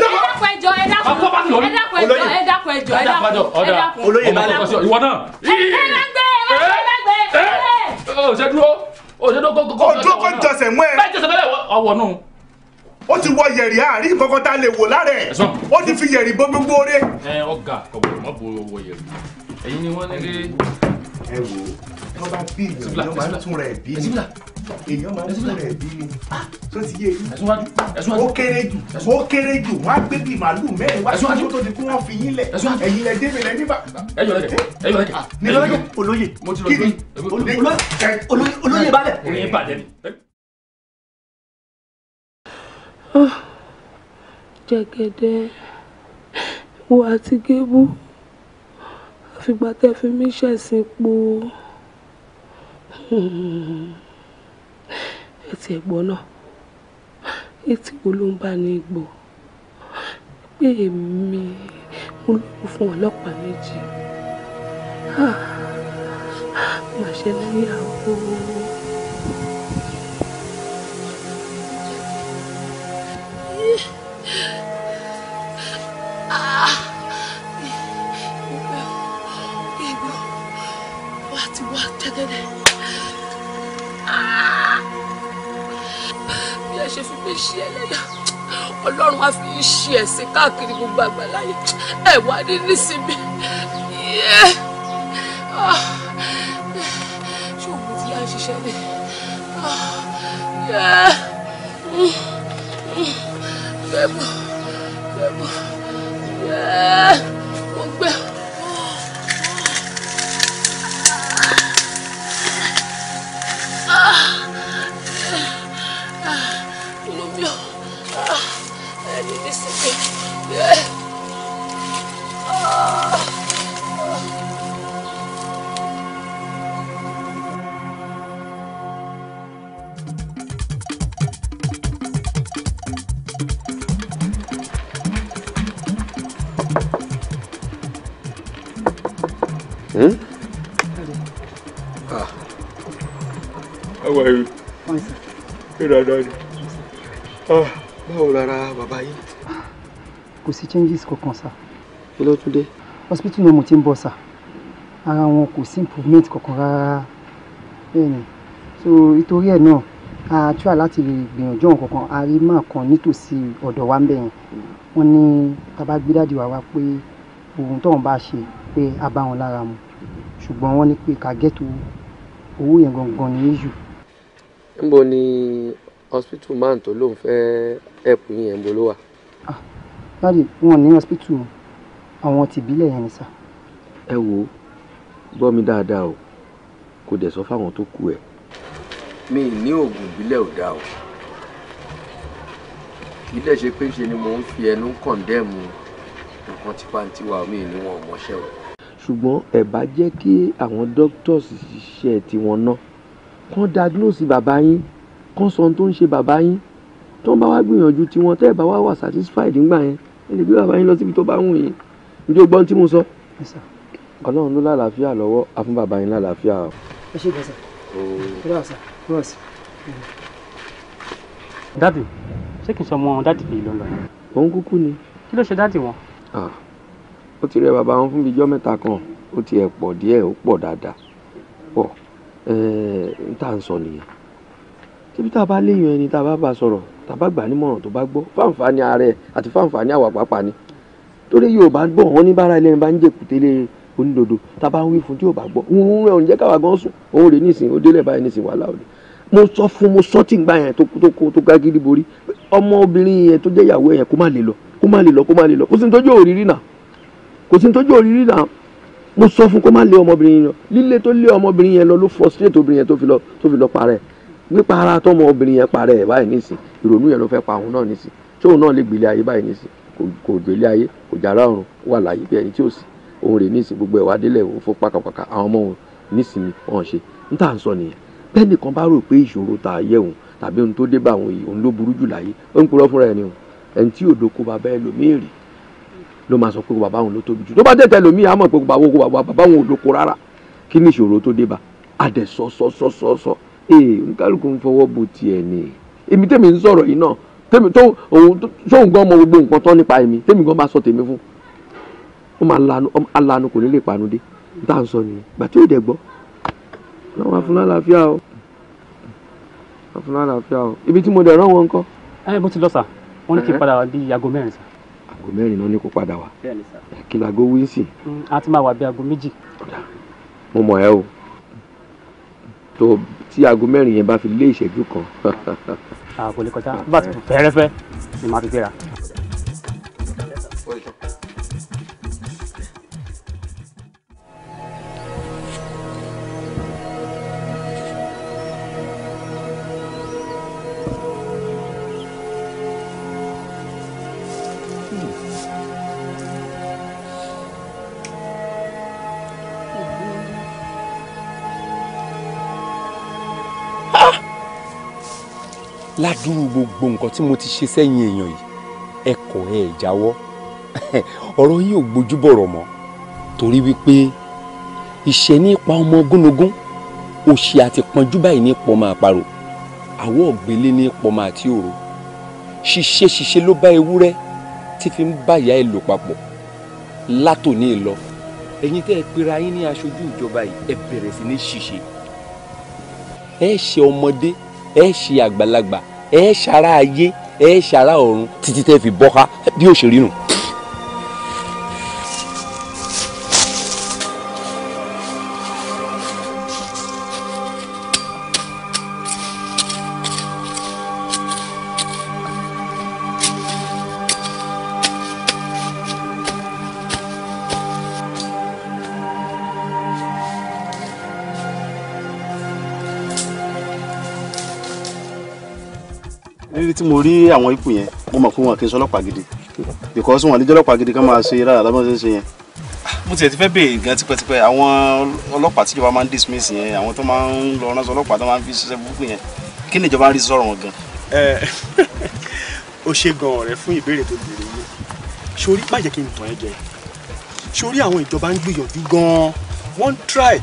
ọkọ bá lórí olóyè ẹ dákun ẹjọ ẹ dákun ẹ dákun olóyè máa lọ ìwọ náà. ẹ má gbé ẹ má gbé ẹ má gbé. ọ̀sẹ̀ dúró ọ̀sẹ̀ dúró kókó. ojú kò jọsẹ̀ mú ẹ. bẹ́ẹ̀ jọsẹ̀ bẹ́ẹ̀ ọwọ́ nù. ó ti wọ yẹ̀rì àárín kankan tá a lè wò lára ẹ̀ ó ti fi yẹ̀rì bó gbogbo rẹ. ẹ ọgá kọ̀wé má bo owó yẹ̀rì ẹ̀yin ni wọ́n ní. ẹ wo tọ́ba bíi ìjọba èèyàn máa ń sọ rẹ̀ bí ni tó ti yé yín ó kéré jù ó kéré jù wọ́n gbé bíi màálùú mẹ́rin wá síwájú tó ti kú wọ́n fi yín lẹ̀ ẹ̀yin lẹ̀ débẹ̀ lẹ̀ níbà. ẹ jọ lẹkẹ ẹ jọ lẹkẹ. nílò olóye kí ni olóye balẹ̀. olóye balẹ̀ ni. Ah, jẹgẹdẹ wo àti gébú àfìgbà tẹ fi mí ṣẹ̀sìn po. Hmm. ẹ ti ẹ̀gbọ́n náà etí wo ló ń bá ní gbò pé èmi mo lóyún fún ọlọ́pàá méjì màṣẹ lẹ́yìn àgbo. Ah! lẹ ṣe fi mí ṣe ẹlẹ́dà ọlọ́run á fi ń ṣe ẹ̀sìn káàkiri gbogbo àgbáláyé ẹ̀ wá ní nísìmí ṣòwò tí a ṣiṣẹ́ ni bẹ́ẹ̀mọ̀ ah. hmm. hmm. bẹ́ẹ̀mọ̀ mo gbẹ́. Ah! ah. ah ready. This is it. Hmm? Ah. How are sir. Good, I died báwo lára bàbá yìí. kò sí changes kankan sá. kí ló tún dé. hospital náà mo ti ń bọ̀ sá ara wọn kò sí improvement kankan rárá bẹ́ẹ̀ni so nítorí ẹ̀ náà a try láti gbìyànjú ọ̀hún kankan a rí máa kan nítòsí ọ̀dọ̀ wa ń bẹ̀ yẹn wọ́n ní tàbá gbé dáàdì wá wá pé ohun tóun bá ṣe pé a bá wọn lára mu ṣùgbọ́n wọ́n ní pé ká gẹ́tò owó yẹn gangan ní yíyù. níbo ni hospital man tó lóun fẹ́ẹ́ help yín yẹn ń bo ló wà. láti wọn ní hospital àwọn tìbílẹ̀ yẹn ni sà. ẹ wo gbọ́ mi dáadáa o kò dẹ̀ sọ fáwọn tó kù ẹ̀. mi ní oògùn ìbílẹ̀ ò dáa o kì í dẹ̀ ṣe pé ṣe ni mo ń fi ẹnu kọ̀ǹdẹ́ẹ̀mù nǹkan tipántiwa mi ni wọn ò mọṣẹ́ o. ṣùgbọ́n ẹ bá jẹ́ kí àwọn doctors ṣiṣẹ́ tiwọn náà kán diagnose bàbá yín kán sọ ohun tó ń ṣe bàbá yín tó ń bá wá gbìyànjú tí wọ́n tẹ́ ẹ̀ bá wá wà satisfied ńgbà yẹn ẹ lè gbé bàbá yín lọ síbi tó bá wù yín ǹjẹ́ o gbọ́n tí mo sọ. ọlọ́run ló lálàáfíà lọ́wọ́ a fún bàbá yín lálàáfíà o. ẹ ṣe gbèsè kíláàsì kíláàsì. dádì ṣé kì í sọmọ dádì kì í lọ lọ. òun kúkú ni. kí ló ṣe dádì wọn. Ah, ó ti rẹ bàbá wọn fún bíi ijọ́ mẹ́ta kan ó ti ẹ̀ pọ̀ díẹ̀ ó pọ̀ dáadáa pọ̀ n tá à ń tá a bá léèyàn ẹni tá a bá bá a sọ̀rọ̀ tàbá gbà nímọ̀ràn tó bá gbọ́ fáǹfààní ara ẹ̀ àti fáǹfààní àwa pàápàá ni torí Yorùbá gbọ́ wọn ní bára ẹlẹ́rìn bá ń jèkútélé onídodo tàbá ń wí fún tí Yorùbá gbọ́ òun rẹ̀ òun jẹ́ káwa gan sùn òun rè nísìn ó délẹ̀ báyìí nísìn wàhálà òde mo sọ fún mo sọ tí ngbà yẹn tó ká gidi borí ọmọ obìnrin yẹn tó jẹ́ ìyàwó yẹn kó má lè lọ kó má lè lọ kó má lè lọ òrìrì náà kò sí ní tójú òrìrì náà mo sọ fún kó má lé ọmọbìnrin yẹn lọ lílé tó lé ọmọbìnrin yẹn lọ ló frustrate obìnrin yẹn tó fi lọ parẹ́ nípa ara tọmọ obìnrin yẹn parẹ́ ẹ̀ báyìí nísìn ìrònú yẹn ló fẹ́ pa òun náà nísìn tí òun náà lè gbélé ayé báyìí nísìn kò gbélé ayé kò jára ọ̀run wà láyé bí ẹni tí ò sí òun rè nísìn gbogbo ẹ̀ wá délẹ̀ òun fún pàkàpàkà àwọn ọmọ òun nísìn ni wọ́n ṣe ń tà ń sọ nìyẹn bẹ́ẹ̀ nìkan bá rò pé ìṣòro tá a yẹ òun tàbí ohun tó dé bá òun yìí òun ló burú jù láyé ó ń purọ́ fúnra ẹ̀ ni òun ẹni tí òdo kó bàbá ẹ lòmíì ló máa sọ pé bàbá òun ló tóbi jù tó bá tẹ̀tẹ̀ lòmíì á mọ̀ pé bàbá òun ò lóko rárá kí ni ìṣòro tó dé bá a dẹ̀ sọ sọ sọ sọ sọ ee eh, nkálukú ń fọwọ́ bo tiẹ̀ ni èmi tèmi ń sọ̀rọ̀ yìí náà tèmi tó òun sóun gan mọ gbogbo nǹkan tán nípa èmi tèmi gan bá sọ tèmi fún ó máa lanu alanu kò ní lè panu dé n tá à ń sọ nìyẹn gbà tí ò dẹ̀ gbọ́ láwọn afúnná o afúnná o ibi tí mo dẹ̀ rán wọn kọ́. ẹ eh, bó ti lọ sà wọn ní kí n eh, padà wá bíi aago mẹ́rin sà. aago mẹ́rin náà ní kó padà wá kí laago wí sí. Mm, a ti máa wà bíi aago méjì. mo mọ̀ ẹ́ o tó tí aago mẹ́rin yẹn bá fi lé ìṣẹ́jú kan. àpò lè kọjá bá ti fẹ́rẹ́fẹ́ ni màá fi gbéra. ládùúrú gbogbo nǹkan tí mo ti ṣe sẹ́yìn èèyàn yìí ẹ kọ̀ ẹ jáwọ́ ọ̀rọ̀ yìí ò gbójú bọ̀rọ̀ mọ́ torí wípé ìṣẹ́ nípa ọmọ gúnugún òṣì àti pọ́njú báyìí ní pọ́ máa parò àwọ̀ ògbélé ní pọ́ máa tí òru ṣiṣẹ́ ṣiṣẹ́ ló bá ewúrẹ́ tí fi ń báyà ẹ̀ lò papọ̀ látòní lọ ẹ̀yin tẹ́ ẹ pera yín ní aṣojú ìjọba yìí ẹ bẹ̀rẹ̀ sí ní ṣiṣẹ́ ẹ ṣe ọmọdé ẹ ṣe àgbàlagbà ẹ ṣàrà ayé ẹ ṣàrà ọ̀run títí tẹ́ fi bọ́ ká bí ó nù. torí àwọn ipò yẹn mo mọ̀ pé wọn kì í sọlọ́pàá gidi because wọn àlejò ọlọ́pàá gidi kan máa ṣe rárá lábọ́n ṣe ń ṣe yẹn. mo tiẹ̀ ti fẹ́ béèrè gan tipẹ́tipẹ́ àwọn ọlọ́pàá tíjọba máa ń dismiss yẹn àwọn tó máa ń lọ ránṣọ ọlọ́pàá tó máa ń fi ṣiṣẹ́ burúkú yẹn kí ni ìjọba ń rí sọ̀rọ̀ wọn gan. o ṣe gan ọ̀rẹ́ fún ìbéèrè tó béèrè yìí sórí má jẹ́ kí n tàn ẹ́ jẹ sórí àwọn ìjọba ń gbìyànjú gan wọ́n ń try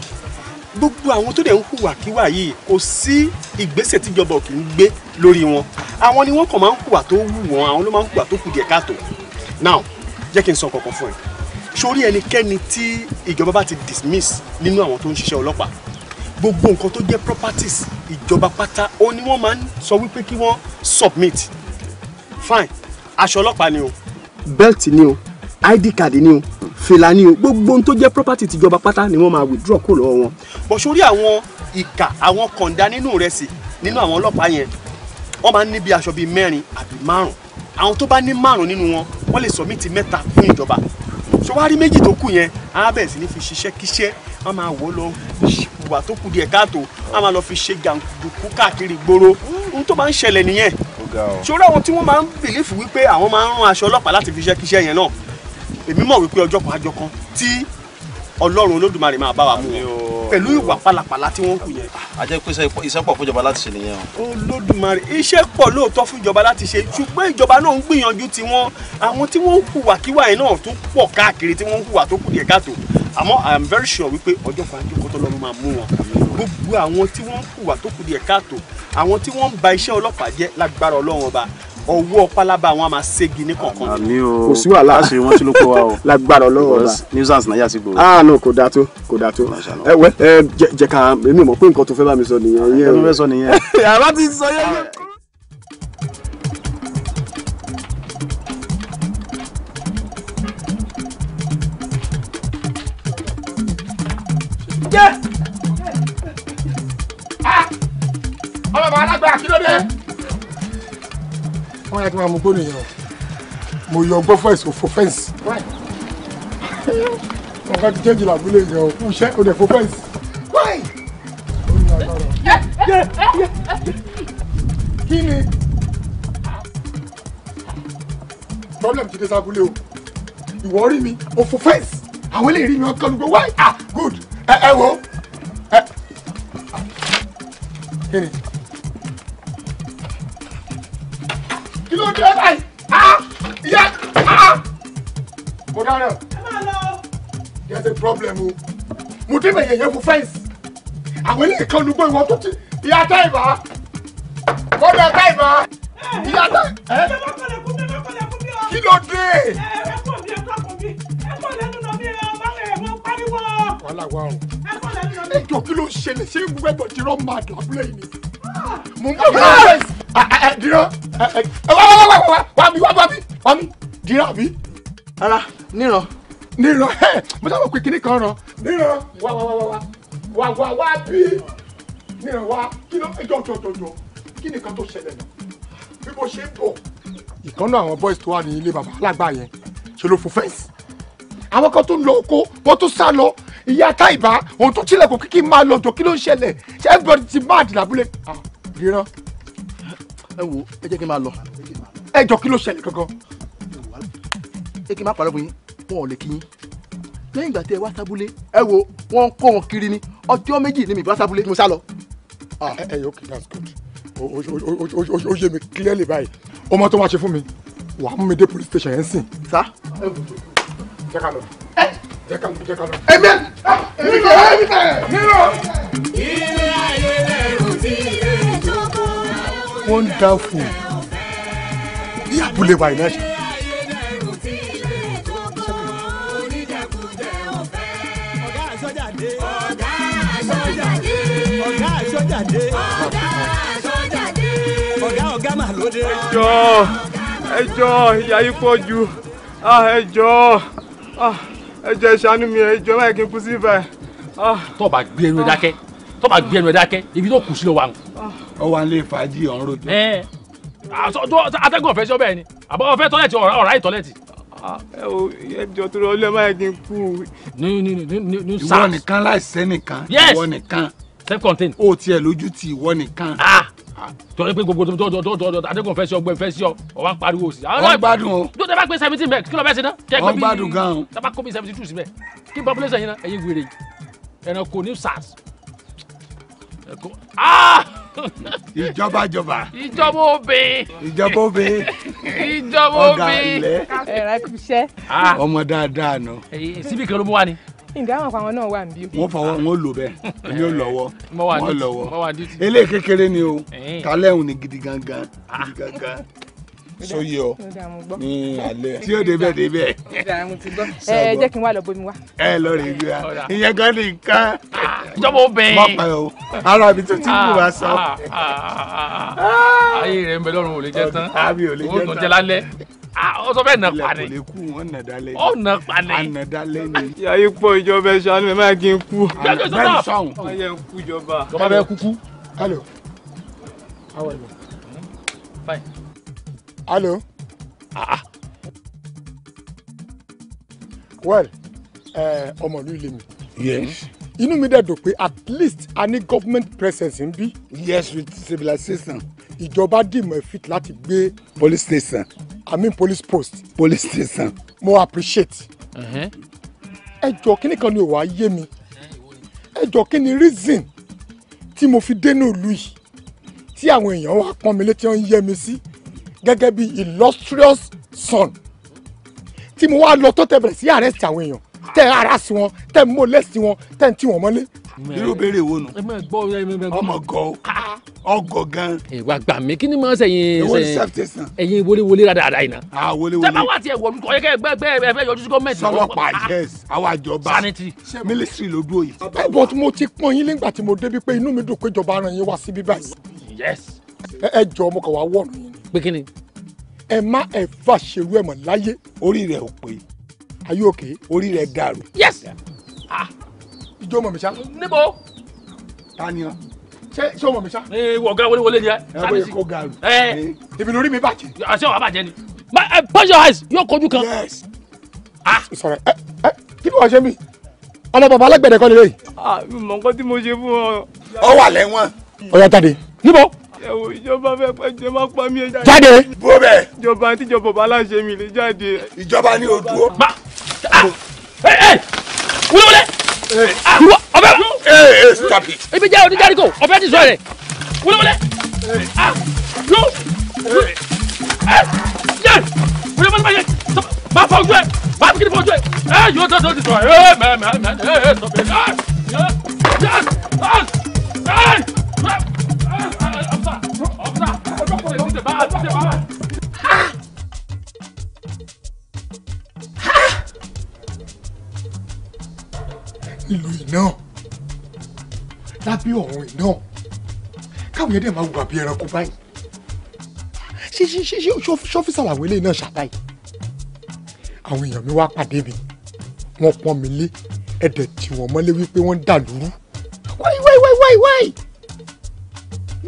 gbogbo àwọn tó dẹ̀ ń hùwà kíwà yìí kò sí ìgbésẹ̀ tíjọba ò kì í gbé lórí wọn àwọn ni wọ́n kàn máa ń hùwà tó wù wọ́n àwọn ló máa ń hùwà tó kù díẹ̀ káàtó now jẹ́ kí n sọ kọ̀ọ̀kan fún ẹ sórí ẹnikẹ́ni tí ìjọba bá ti dismiss nínú àwọn tó ń ṣiṣẹ́ ọlọ́pàá gbogbo nǹkan tó jẹ́ properties ìjọba pátá ó ní wọ́n máa ń sọ wípé kí wọ́n submit fine aṣọ ọlọ́pàá ni o belt ni o id card ni o fìlàní o gbogbo ohun tó jẹ́ property tìjọba pátá ni wọ́n máa withdraw kó lọ́wọ́ wọn. bọ̀ sórí àwọn ìkà àwọn kọ̀ǹda nínú rẹ̀ sí nínú àwọn ọlọ́pàá yẹn wọ́n máa ń ní bí aṣọ bíi mẹ́rin àbí márùn àwọn tó bá ní márùn nínú wọn wọ́n lè submit mẹ́ta fún ìjọba ṣọwárí méjì tó kù yẹn á bẹ̀rẹ̀ sí ní fi ṣiṣẹ́ kíṣẹ́ wọ́n máa wọ́ lọ ìwà tó kù díẹ̀ káàtó wọ́n máa lọ fi ṣe jàǹdùkú káàkiri gbòòrò ohun tó máa ń ṣẹlẹ̀ nìyẹn ṣọwárí àwọn tí wọ́n máa ń bìlífù wípé àwọn máa ń rán aṣọ ọlọ́pàá láti fi ṣiṣẹ́ kíṣẹ́ yẹn náà èmi mọ̀ wípé ọjọ́ kan àjọ kan tí ọlọ́run olódùmarè máa bá wa mú wọn pẹ̀lú ìwà pálapàla tí wọ́n kù yẹn. a ah, jẹ́ pé iṣẹ́ pọ̀ fúnjọba láti ṣe nìyẹn o. olódùmarè iṣẹ́ pọ̀ lóòótọ́ fúnjọba láti ṣe ṣùgbọ́n ìjọba náà ń gbìyànjú tiwọn àwọn tí wọ́n ń hùwà kíwà yẹn náà tún pọ̀ káàkiri tí wọ́n ń hùwà tó kù díẹ̀ káàtó àmọ́ i am very sure wípé ọjọ́ kan àjọ kan tọ́lọ́run máa mú wọn gbogbo àwọn tí wọ́n ń hùwà tó kù díẹ̀ káàtó àwọn tí wọ́n ń ba iṣẹ́ ọlọ́pàá jẹ́ lágbára ọlọ́run ọba ọwọ́ pálábá wọn a máa ségi ní kọ̀ọ̀kan. àmì o kò sí wàhálà láti wọn tí ló kó wa o. lágbára ọlọ́wọ́ ọba nuisance náírà sí gbòòrò. ah no kò dáa tó kò dáa tó ẹ wẹ ẹ jẹ ká èmi mọ̀ pé nǹkan tó fẹ́ bá mi sọ nìyẹn. ẹ mi fẹ́ sọ nìyẹn. yàrá ti sọ yẹn. Ah! ọmọ bàbá alágbára kí ló dé wọ́n yà kí wọ́n mú gbóni yẹn o mo yọ ọgbọ́n fẹ́ǹsì òfò fẹ́ǹsì wọ́n ká ti jẹ́jì làbúlé yẹn o kú iṣẹ́ fò fẹ́ǹsì. kí ni problem ti dé sábúlé o ìwọ rí mi òfò fẹ́ǹsì àwọn eléyìí rí mi ọkọ lùgbọ́ wáyé ah good ẹ ẹ wo ẹ kí ni. ló dé báyìí ah! ìyá ah! mo dára there's a problem o mo dé bẹ̀yẹ̀ yẹn fún fẹ́ǹsì àwọn ilé kan ló gbé wọn tó ti ìyá tá ìbá kọ́dọ̀ tá ìbá ìyá tá ẹ kí ló dé. ẹ ẹ kọ̀ mi ẹ kọ̀ mi ẹ kọ̀ lẹ́nu lọ bí ẹ wàhálà wa o. ẹ jọ kí ló ń ṣẹlẹ̀ ṣé gbogbo ẹ̀gbọ́n dirọ́ máa dùn abúlé yìí ni. mo ń bọ̀ bí wọ́n ẹ dirọ́ wa wa wa wa wá wá wa mi wá wá mi wá mi dirọ́ àbí. ara níran. níran ẹ mo sábà pé kinní kan ràn níran wá wá wá wá wá wá bí níran wá kí ló ẹ jọ jọ jọ jọ kí tó ṣẹlẹ̀ náà bí mo ṣe ń bọ̀. ìkànnì àwọn boys tó wà ní ilé bàbá alágbá yẹn ṣe ló fò fẹ́ǹsì àwọn kan tó ń lọ oko wọn tó sá lọ ìyá táìbá òun tó tilẹ̀kùn kíkí máa lọ tó kí ló ń ṣẹlẹ̀ ṣé everybody ti máa dì lábúlé. ríran ẹ wo ẹ jẹ́ kí n máa lọ. ẹ jọ kí ló ṣẹlẹ̀ gangan. ẹ kí n má parọ́ fún yín wọn ò lè kí yín lẹ́yìn ìgbà tí ẹ wá sábúlé ẹ wo wọ́n ń kó wọn kiri ni ọjọ́ méjì ni mi bá sábúlé mo sá lọ. ẹ ẹ okay that's good o ṣe mi clearly báyìí ọmọ tó wá ṣe fún mi wàá mú mi dé police station yẹn sìn. sá ẹ jẹ́ ká lọ jẹ́ ká wonderful bí abúlé wa iná ṣe. ọ̀gá àṣọjà ìyá yìí pọ̀ jù ah, ẹjọ́. Ah ẹjọ ìṣàánú mi ẹjọ máa kí n kú sí ibà. Ah. tó bá gbé ẹnu ẹ dákẹ́ tó bá gbé ẹnu ẹ dákẹ́ ibi tó kù sí lọ wà ń. ọ wà nílé fàájì ọ̀hún rojú. ẹ atẹ́gùn ọ̀fẹ́ sí ọbẹ̀ ni àbọ̀ ọ̀fẹ́ tọ́lẹ̀tì ọ̀rá ìtọ́lẹ̀tì. Ah, ẹ o ẹjọ tó rọ ọlẹ́ máa kí n kú. ìwọ nìkan láì sẹ́nìkan ìwọ nìkan. self contained. o tiẹ̀ lójú ti ìwọ nìkan. ah tọ́jú pé gbogbo tọ́jú adékun fẹ́ sí ọ gbẹ fẹ́ sí ọ ọ wá pariwo sí. wọ́n gbádùn o. tó tẹ́lá pé seventeen bẹ́ẹ̀ kí ló bẹ́ẹ̀ ṣe ná. wọ́n gbádùn gan-an. tábà kó bí seventy two síbẹ̀ kí population yín ná ẹ̀yin wèrè ẹ̀rànkò ní SARS. Ah! ìjọba jọba. ìjọba obe. ìjọba obe. ìjọba obe. ọ̀gá ilẹ̀. ẹ̀rọ ẹ̀kúṣẹ́. ọmọ dáadáa nù. síbí kan ló mú wa ni ǹjẹ́ àwọn àpamọ́ náà wà níbí. wọ́n fọwọ́ wọn lò bẹ́ẹ̀ èmi ò lọ́wọ́ wọ́n lọ́wọ́ eléyìí kékeré ni o talẹ́hùn ni gidi gangan gidi gangan sóyè ọ ní alẹ́ tí ó débẹ̀ débẹ̀. ẹ jẹ́ kí n wá lọ bomi wá. ẹ lọ rè gbé wa ìyẹn gan ni nǹkan. Ah, jọ́bọ̀ bẹ́ẹ̀. má pa o ara mi tó ti kú wa sọ. Ah, ah, ayé rẹ̀ ń bẹ lọ́rùn ò lè jẹ́ tán ó tún jẹ́ lálẹ́. Ah, ó sọ bẹ́ẹ̀ nà pa ni ó nà pa yàyí pọ̀ ìjọba ẹ̀ṣọ́ àánú mi kí n kú. bẹ́ẹ̀ sọ̀hún. wọ́n yẹ kú jọba. jọba bẹ́ẹ̀ kúkú. alo awo ẹ̀ bọ̀. alo. Ah, ah. well eh, ọmọlú ilé mi. yes inú mi dẹ̀ dùn pé at least a ní government presence ń bí. yes with civilization ìjọba dìmọ̀ fit láti gbé. police station. i mean police post. police station. mo appreciate. ẹ jọ kí nìkan ni òwà yé mi ẹ jọ kí ni reason tí mo fi dénú ìlú yìí tí àwọn èèyàn wa pọ́n mi létí wọn yẹ mi sí gẹ́gẹ́ bí illustrious son tí mo wá lọ tó tẹ bẹ̀rẹ̀ sí arrest àwọn èèyàn tẹ ara sí wọn tẹ mọ lẹ́sí wọn tẹ ń wọn mọ́lé irú béèrè wo nù. ọmọ gọ ọgọ gan. ìwà gbà mí kí ni mọ sẹyìn sẹyìn ẹyin wọléwọlé rádàrá yìí náà. a wọléwọlé. sábà wà tiẹ̀ wọ̀ nǹkan yẹ́kẹ́ gbẹ́gbẹ́ ẹ fẹ́ yọjú sí gọ́ọ̀mẹ̀ntì. sọlọpàá yes àwọn àjọba mílítírì ló dúró yìí. ẹ bọ̀ tí mo ti pọ́n yín nígbà tí mo débi pé inú mi dùn pé ìjọba ara yín wá síbí báyìí. yes. ẹ jọ ọmọ kan wá wọ̀ọ̀nù yín. pé kí ni. ẹ má ẹ fà ṣerú ẹ̀ mọ̀ láyé. orí rẹ̀ ò pé. ayé òkè. orí rẹ̀ dàrú. yes. ah ìjọ mọ̀ mi sá. níbo. ta ni ọ ṣé ṣé o mọ̀ mi sá. ee ọ̀gá wọlé wọlé ni ẹ. ẹ bẹ kó garu. ẹ ibi lórí mi bàjẹ́. àṣẹ ah, wàá bàjẹ́ ni. ma ẹ pọ́ṣọ eyes yóò kojú kan. yes. ah. sọ̀rọ̀ ẹ ẹ kí ni wọ́n ṣe mí ọmọ bàbá alágbẹ̀dẹ kọ́ lélẹ́yìí. ah mọ̀ nǹkan tí mo ṣe fún ọ. ọ wà lẹ́wọ̀n. ọ̀yà tàdé níbo ẹwọ ìjọba fẹ́ pẹ jẹ má pa mí. jáde. bó bẹ. ìjọba tí ìjọba bá láṣẹ mi lè jáde. ìjọba ni o dúró. ma Ah. ẹ ẹ wúlewúle ọbẹ. ibi jẹ́ oníjàre kò ọbẹ̀ ti sọ rẹ̀ wọléwọlé. lo yẹ wọléwọlé bá yẹ bá fọ ojú ẹ bá fi kiri fọ ojú ẹ ẹ yóò tó tó ti sọ ẹ mẹ mẹ mẹ ẹ sọ pé ẹ ẹ ẹ ẹ ọ̀pọ̀ta ọ̀pọ̀ta ọ̀pọ̀ta ọ̀pọ̀ta. ìlú iná lábẹ́ ọ̀run iná káwọn yẹn dẹ̀ máa wà bí ẹranko báyìí ṣé ṣé ṣé ṣé ṣọ́fíìsì àwọn eléyìí náà ṣàbáyìí àwọn èèyàn mi wá pàdé mi wọ́n pọ́n mi lé ẹ̀dẹ̀ tí wọ́n mọ́lé wípé wọ́n ń dà lóru wáyé wáyé wáyé wáyé wáyé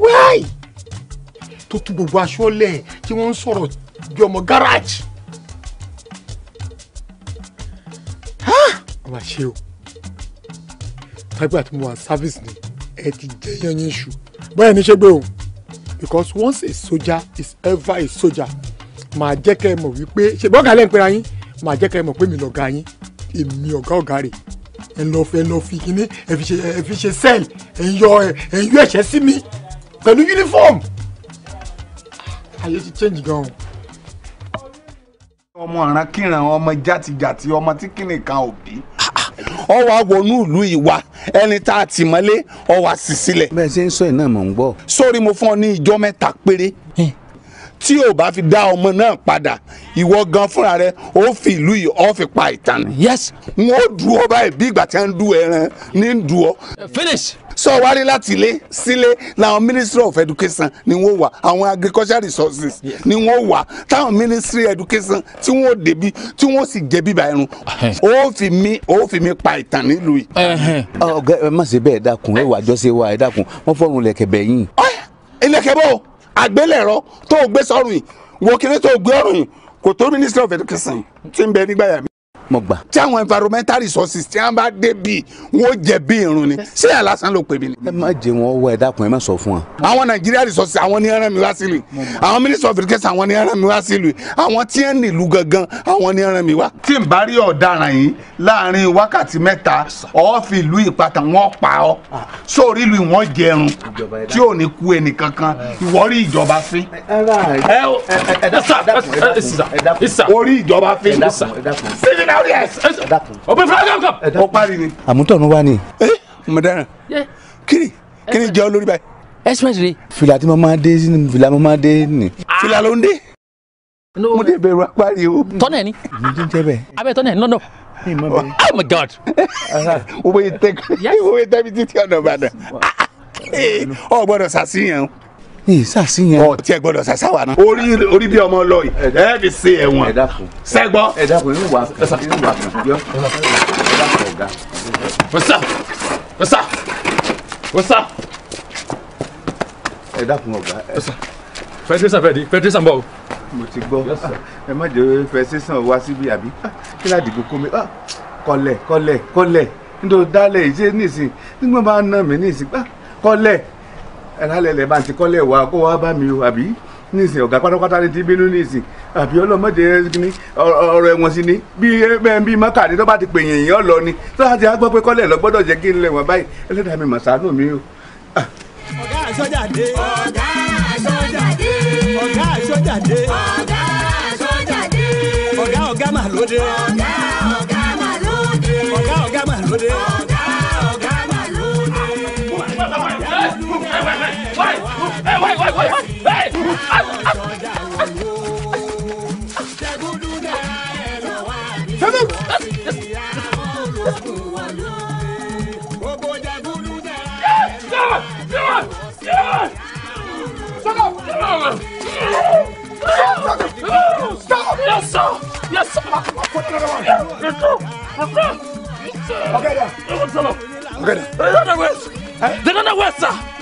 wáyé tó tú gbogbo aṣọ lẹ̀ tí wọ́n ń sọ̀rọ̀ bí ọmọ gáràjì. Aba ṣe o látàgbà tí mo wà service ni ẹ ti jẹ yanyin iṣu báyìí ní ṣégbé o because once a soldier is ever a soldier màá jẹ́ kẹ́ ẹ mọ̀ wípé ṣe bọ́ọ̀gà lẹ́yìn pera yín màá jẹ́ kẹ́ ẹ mọ̀ pé mi lọ̀gá yín èmi ọ̀gá ọ̀gá rẹ̀ ẹ lọ fi ẹ lọ fi kíní ẹ fi ṣe ẹ fi ṣe sẹ́ẹ̀lì ẹ ń yọ ẹ ń yọ ẹ̀ṣẹ́ sí mi pẹ̀lú uniform ayé ti change gan o. ọmọ àràkìnràn ọmọ jàtìjàtì ọmọ tí kìnìkan òbí ọ wá wọnú ìlú ìwà ẹni tá a ti mọ́lé ọ wá sí sílẹ̀. bẹ́ẹ̀ ṣe ń sọ ẹ̀ náà mò ń gbọ́. sórí mo fún ọ ní ìjọ́ mẹ́ta péré tí o bá fi dá ọmọ náà padà ìwọ gan fúnra rẹ ó fi ìlú yìí ó fi pa ìtàn. yes. wọn ó du ọ báyìí bí ìgbà tí wọn ń du ẹran ní ń du ọ. finish sọ wárí láti ilé sílé làwọn ministry of education ni wọ́n wà àwọn agricultural resources ni wọ́n wà táwọn ministry education tí wọ́n débi tí wọ́n sì jẹ́ bíbá ẹrun ó fi mí ó fi mí pa ìtàn nílùú yìí. Ah, ọgá ẹ má ṣe bẹ́ẹ̀ dákun ẹ wàá jọ́sẹ̀ wa ẹ dákun wọ́n fọ́ọ̀rùn lẹ̀kẹ̀bẹ̀ yín. ilẹ̀kẹ̀bọ̀ àgbélẹ̀rọ tó gbé sọ́rùn yìí wọ́n tó gbé ọ̀rùn yìí kò tó ministry of education tí ń bẹ nígbà yà mí mo gbà. tí àwọn environmental resources tí wọ́n bá dé bí wọ́n jẹ bí irun ni ṣé ẹ̀ lásán ló pè mí ni. ẹ má jẹ wọn wá ẹ dákun ẹ má sọ fún wọn. àwọn Nigeria resources àwọn ni ẹran mi wá sílùú àwọn minister of education àwọn ni ẹran mi wá sílùú àwọn tí ẹ nílùú gangan àwọn ni ẹran mi wá. tí n bá rí ọ̀daràn yìí láàrin wákàtí mẹ́ta ọ̀ọ́fì ìlú ìpàtà wọn pa ọ́ sórí ìlú ìwọ̀n jẹun tí ò ní kú ẹnìkankan ìwọ́rí ìjọba fín. ẹ ẹ ẹ dákun ẹ dákun ẹ dákun orí ìjọba fín. ẹ dákun ẹ dákun lórí ẹ. òbí fúlàkàn kan. ó parí ni. àmútọ̀nù wa ni. ẹ mọ̀dáràn kiri kiri jẹ́ olórí báyìí. express re. fìlà tí mo máa dé fìlà mo máa dé ni. fìlà ló ń dé. mo dé bẹ̀rù apárí o. tọ́nà ẹ̀ ni. mi ti ń jẹ́ bẹ́ẹ̀. abẹ́ tọ́nà ẹ̀ ní lọ́dọ̀. oh my god. owó yìí tẹ́ owó yìí tẹ́ mi ti ti ọ̀nà ìbàdàn. ọ gbọ́dọ̀ ṣàṣìyàn ní ìsàsí yẹn. ọ tí ẹ gbọ́dọ̀ ṣàṣà wà náà. orí orí bí ọmọ lọ yìí ẹ fi ṣe ẹ̀wọ̀n sẹgbọ. ẹ dákun inú wa inú wa kan yọ ẹ dákun ọgá. wọ́sà wọ́sà wọ́sà. ẹ dákun ọgá. fẹsẹsàn fẹdi fẹsẹsàn bọ. mo ti gbọ́ ẹ má jẹ́ fẹsẹsàn wá síbi àbí kí ládìgbò kó mi kọlẹ̀ kọlẹ̀ kọlẹ̀ nítorí dálẹ̀ ìṣe nísìn nígbà máa ń ná mi nísìn kọlẹ̀ ẹ̀rálẹ̀lẹ̀ bá ti kọ́lẹ̀ wá kó wá bá mi o àbí nísìnyí ọ̀gá pátápátá ni ti bínú nísìnyí àbí ọlọ́mọdé ní ọ̀rọ̀ ẹ̀wọ̀n sí ni bí bẹ́ẹ̀ bí mọ́kàdé tó bá ti pè yìnyín ọ̀lọ́ ni tó bá ti gbọ́ pé kọ́lẹ̀ lọ gbọ́dọ̀ jẹ́ kí n lẹ̀wọ̀n báyìí ẹlẹ́dàá mi mà ṣàánú mi o. Ah. ọ̀gá àṣọjà dé ọ̀gá àṣọjà dé ọ̀gá àṣọjà dé ọ̀gá àṣọjà dé ọ̀gá ọ̀gá mà lóde ọ̀gá ọ̀gá mà lóde ọ̀gá ọ̀gá mà lóde.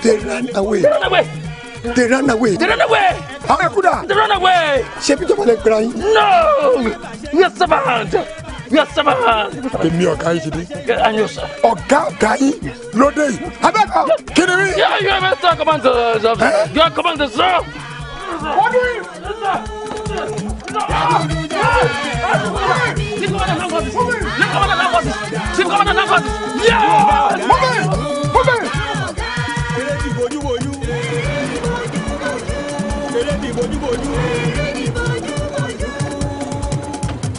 They ran away. They ran away. They ran away. They ran away. Hamakuda. They ran away. Shebi tó balẹ̀ gbera yín. No, we are servant. We are servant. Èmi ọ̀gá yìí ti di. Ayo sir. Ọ̀gá ọ̀gá yìí lóde yìí. Abẹ́kọ̀ kiri mi. Yóò yọ ẹ̀mẹ́ sọ kọ́mọ̀ntì sọ. Yóò kọ́mọ̀ntì sọ. Wọ́n ní. it! Move it! Move it! Move it! Move it! eré ni bojúbojú. eré ni bojúbojú.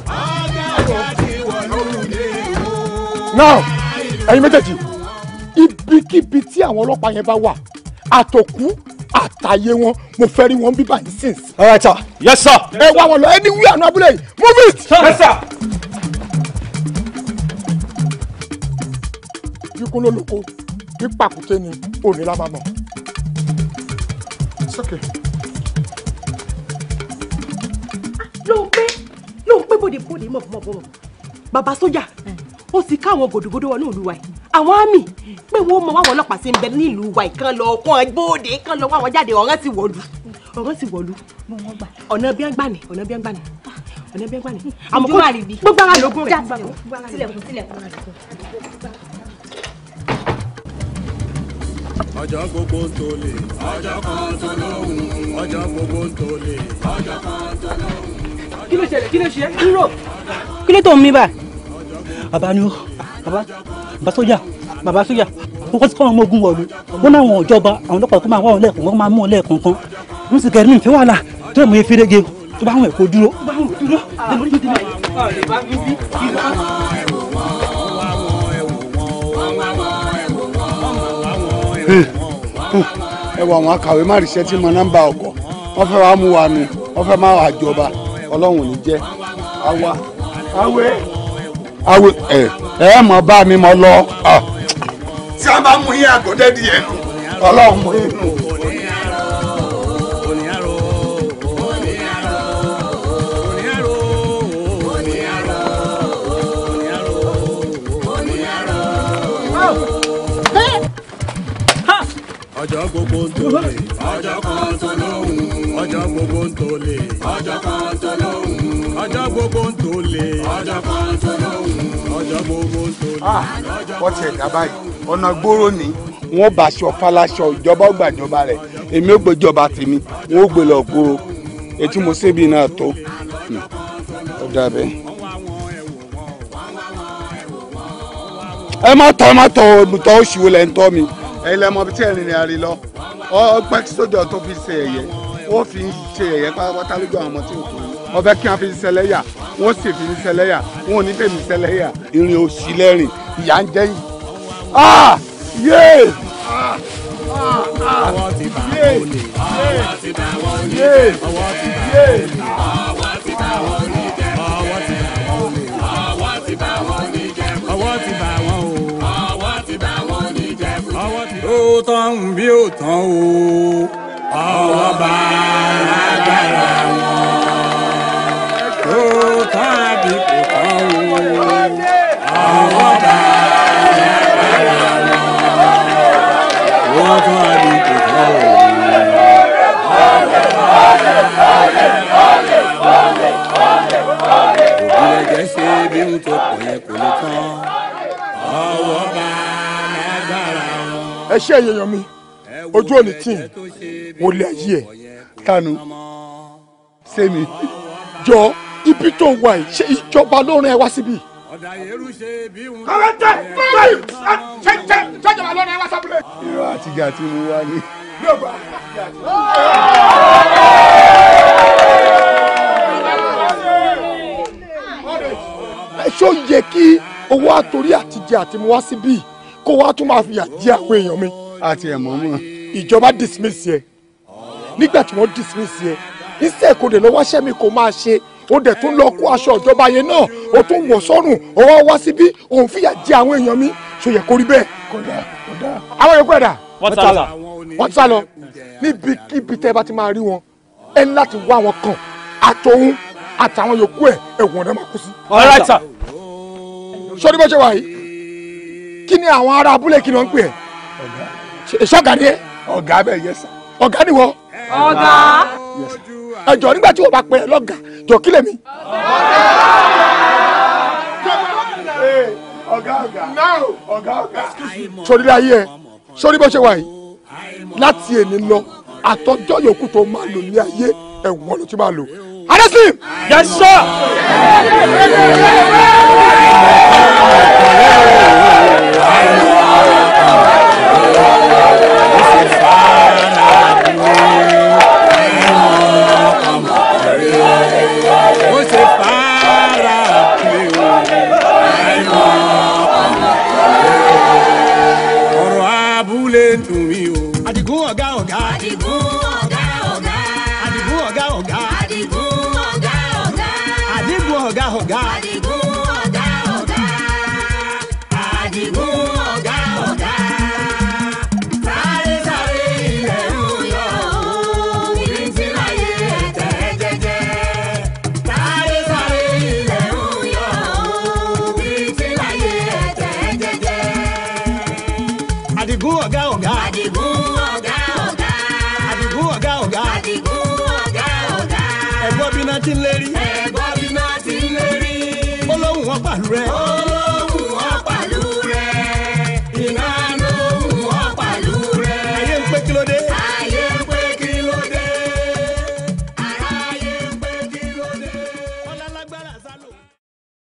ọ̀gá àti wọ̀lúùdé o. náà ẹ̀yin méjèèjì ibikíbi tí àwọn ọlọ́pàá yẹn bá wà àtòkú àtàyè wọn mo fẹ́ rí wọn bí báyìí sins. all right sir. yes sir. ẹ wá wọn lọ ẹni wí àná abúlé yìí move it. yes sir. kíkún ló lóko pípàkùté ni òní lábàmọ́. it's okay. bòdìbòdì mọ̀bọ̀mọ̀bọ̀ bàbá sójà eh. ó sì káwọn gòdògòdò wọnú ìlú wa yìí àwọn àmì pé wọn mọ wáwọn ọlọ́pàá sí ń bẹ nílùú wa yìí kan lọ kàn bóde kan lọ wáwọn jáde ọ̀rán ti wọ̀lú ọ̀rán ti wọ̀lú ọ̀nà bí wọ́n gbà ní ọ̀nà bí wọ́n gbà ní ah. ọ̀nà bí wọ́n gbà ní àmọ́ kó gbogbo ara lógún rẹ̀. tilẹ̀kùn tilẹ̀kùn ọjọ́ gbogbo tó lè. ọjọ́ kan tó lóhùn. ọjọ́ gbogbo tó lè. ọjọ́ kan tó lóhùn kí ló ṣẹlẹ̀ kí ló ṣe kúrò. kí ló tó ń mi bá. bàbá ni ó bàbá bàbá sójà bàbá sójà wọ́n ti kọ́ àwọn ọmọ ogun wọ̀lú wọ́n náà wọ̀n ìjọba àwọn ọlọ́pàá kó máa wá wọn lẹ́ẹ̀kan wọ́n máa mú wọn lẹ́ẹ̀kan kan ń sì kẹrin ìfẹ́ wàhálà tó mú eferege tó bá wọn ẹ̀kọ́ dúró. ẹ wọ àwọn akàwé má ríṣẹ́ tí mo nọ́mbà ọkọ̀ wọ́n fẹ́ wàá mú wa ni wọ́n fẹ́ má wàá jọba ọlọ́run ò ní jẹ́ àwa awe. àwẹ ẹ ẹ mọ bá mi mọ lọ. tí a bá mú yín àgọ́dẹ́ di ẹnu ọlọ́run mú yín nù. ọjọ́ gbogbo tó lè ọjọ́ kan tó lóhùn ọjọ́ gbogbo ń tolè. ọjọ́ kan tó lóhùn. ọjọ́ gbogbo ń tolè. ọjọ́ kan tó lóhùn. ọjọ́ gbogbo ń tolè. Ah, wọ́n ti ẹ̀dá báyìí ọ̀nà gbòòrò ni wọ́n bá aṣọ falaṣọ ìjọba ọgbàjọba rẹ̀ èmi ò gbéjọba tèmi wọ́n ò gbé lọ gbòòrò etí mo ṣébi náà tó ó dàbẹ́. ẹ má tọ́ ẹ má tọ́ olùtọ́ òṣìwò lẹ́ mi ẹ lẹ́ bí tí ẹ rìnrìn àrè lọ ọ pẹ́ sójà tó fi ṣe ẹ̀yẹ wọ́n fi ṣe ẹ̀yẹ pátápátá lójú àwọn ọmọ tí ò kúrò wọ́n fẹ́ kí wọ́n fi ṣẹlẹ́yà wọ́n sì fi ṣẹlẹ́yà wọ́n ò ní tèmi ṣẹlẹ́yà irin òsì lẹ́rìn ìyá ń jẹ́ yìí. ah yéé ah ah ah yéé yéé yéé ọwọ́ ti bá wọn ní jẹ́ ọwọ́ ti bá wọn ní jẹ́ ọwọ́ ti bá wọn ní jẹ́ ọwọ́ ti bá wọn o ọwọ́ ti bá wọn ní jẹ́ ọwọ́ ti bá wọn ní jẹ́. ó tán bí ó tán o ọwọ́ bá alágbára wọn. tó tán àbí kò tán o ọwọ́ bá alágbára wọn. wọ́n tán àbí kò tán o. òbí ẹ̀jẹ̀ ṣe bí ń tó kò yẹ kò lè tán ọwọ́ bá alágbára ẹ ṣe èèyàn mi ojú ò ní tì í mo lé ayé ẹ tánu sẹ́mi jọ ibi tó ń wà yìí ṣé ìjọba ló rán ẹ wá síbí. kọ́lẹ́tẹ̀ báyìí ṣe ṣe ṣèjọba ló rán ẹ wá sábúlẹ̀. irọ́ àtìgà tí mo wá ní. ṣó yẹ kí owó àtòrí àtijẹ àti mo wá síbí kó wá tún máa fìyà jẹ àwọn èèyàn mi àti ẹ̀mọ́ mọ̀. ìjọba dismiss yẹ nígbà tí wọ́n dismiss yẹ iṣẹ́ èkó dẹ̀ lọ́wọ́ ṣẹ́ mi kò máa ṣe ó dẹ̀ tún lọ kó aṣọ ìjọba yẹn náà ó tún wọ̀ sọ́rùn ó wá wá síbí òun fìyà jẹ àwọn èèyàn mi ṣò yẹ kó rí bẹ́ẹ̀. kódà kódà. àwọn yòókù ẹ̀dà wọ́n ti sá lọ wọ́n ti sá lọ níbikíbi tẹ́ bá ti máa rí wọn ẹ ní láti wá wọn kàn àtọ̀hún àtàwọn yòókù ẹ̀ ẹ̀wọ̀n rẹ̀ máa kú sí. ọ̀rẹ́ sọ ni kí ni àwọn ará abúlé kí ni wọ́n ń pè ẹ́ sọ́gàdé ọ̀gá bẹ́ẹ̀ yẹ sà ọ̀gá ni wọ́n. ọ̀gá. ẹjọ nígbà tí wọ́n bá pẹ́ ẹ lọ́gà jọ kí lèmi. ọ̀gá ọ̀gá ọ̀gá ọ̀gá. sori la yẹ sori bó ṣe wà yìí láti èmi lọ àtọjọ́ yòókù tó máa lò ní ayé ẹ̀wọ̀n ló ti máa lò. Adesim. Yes sir. Yeah. Amen.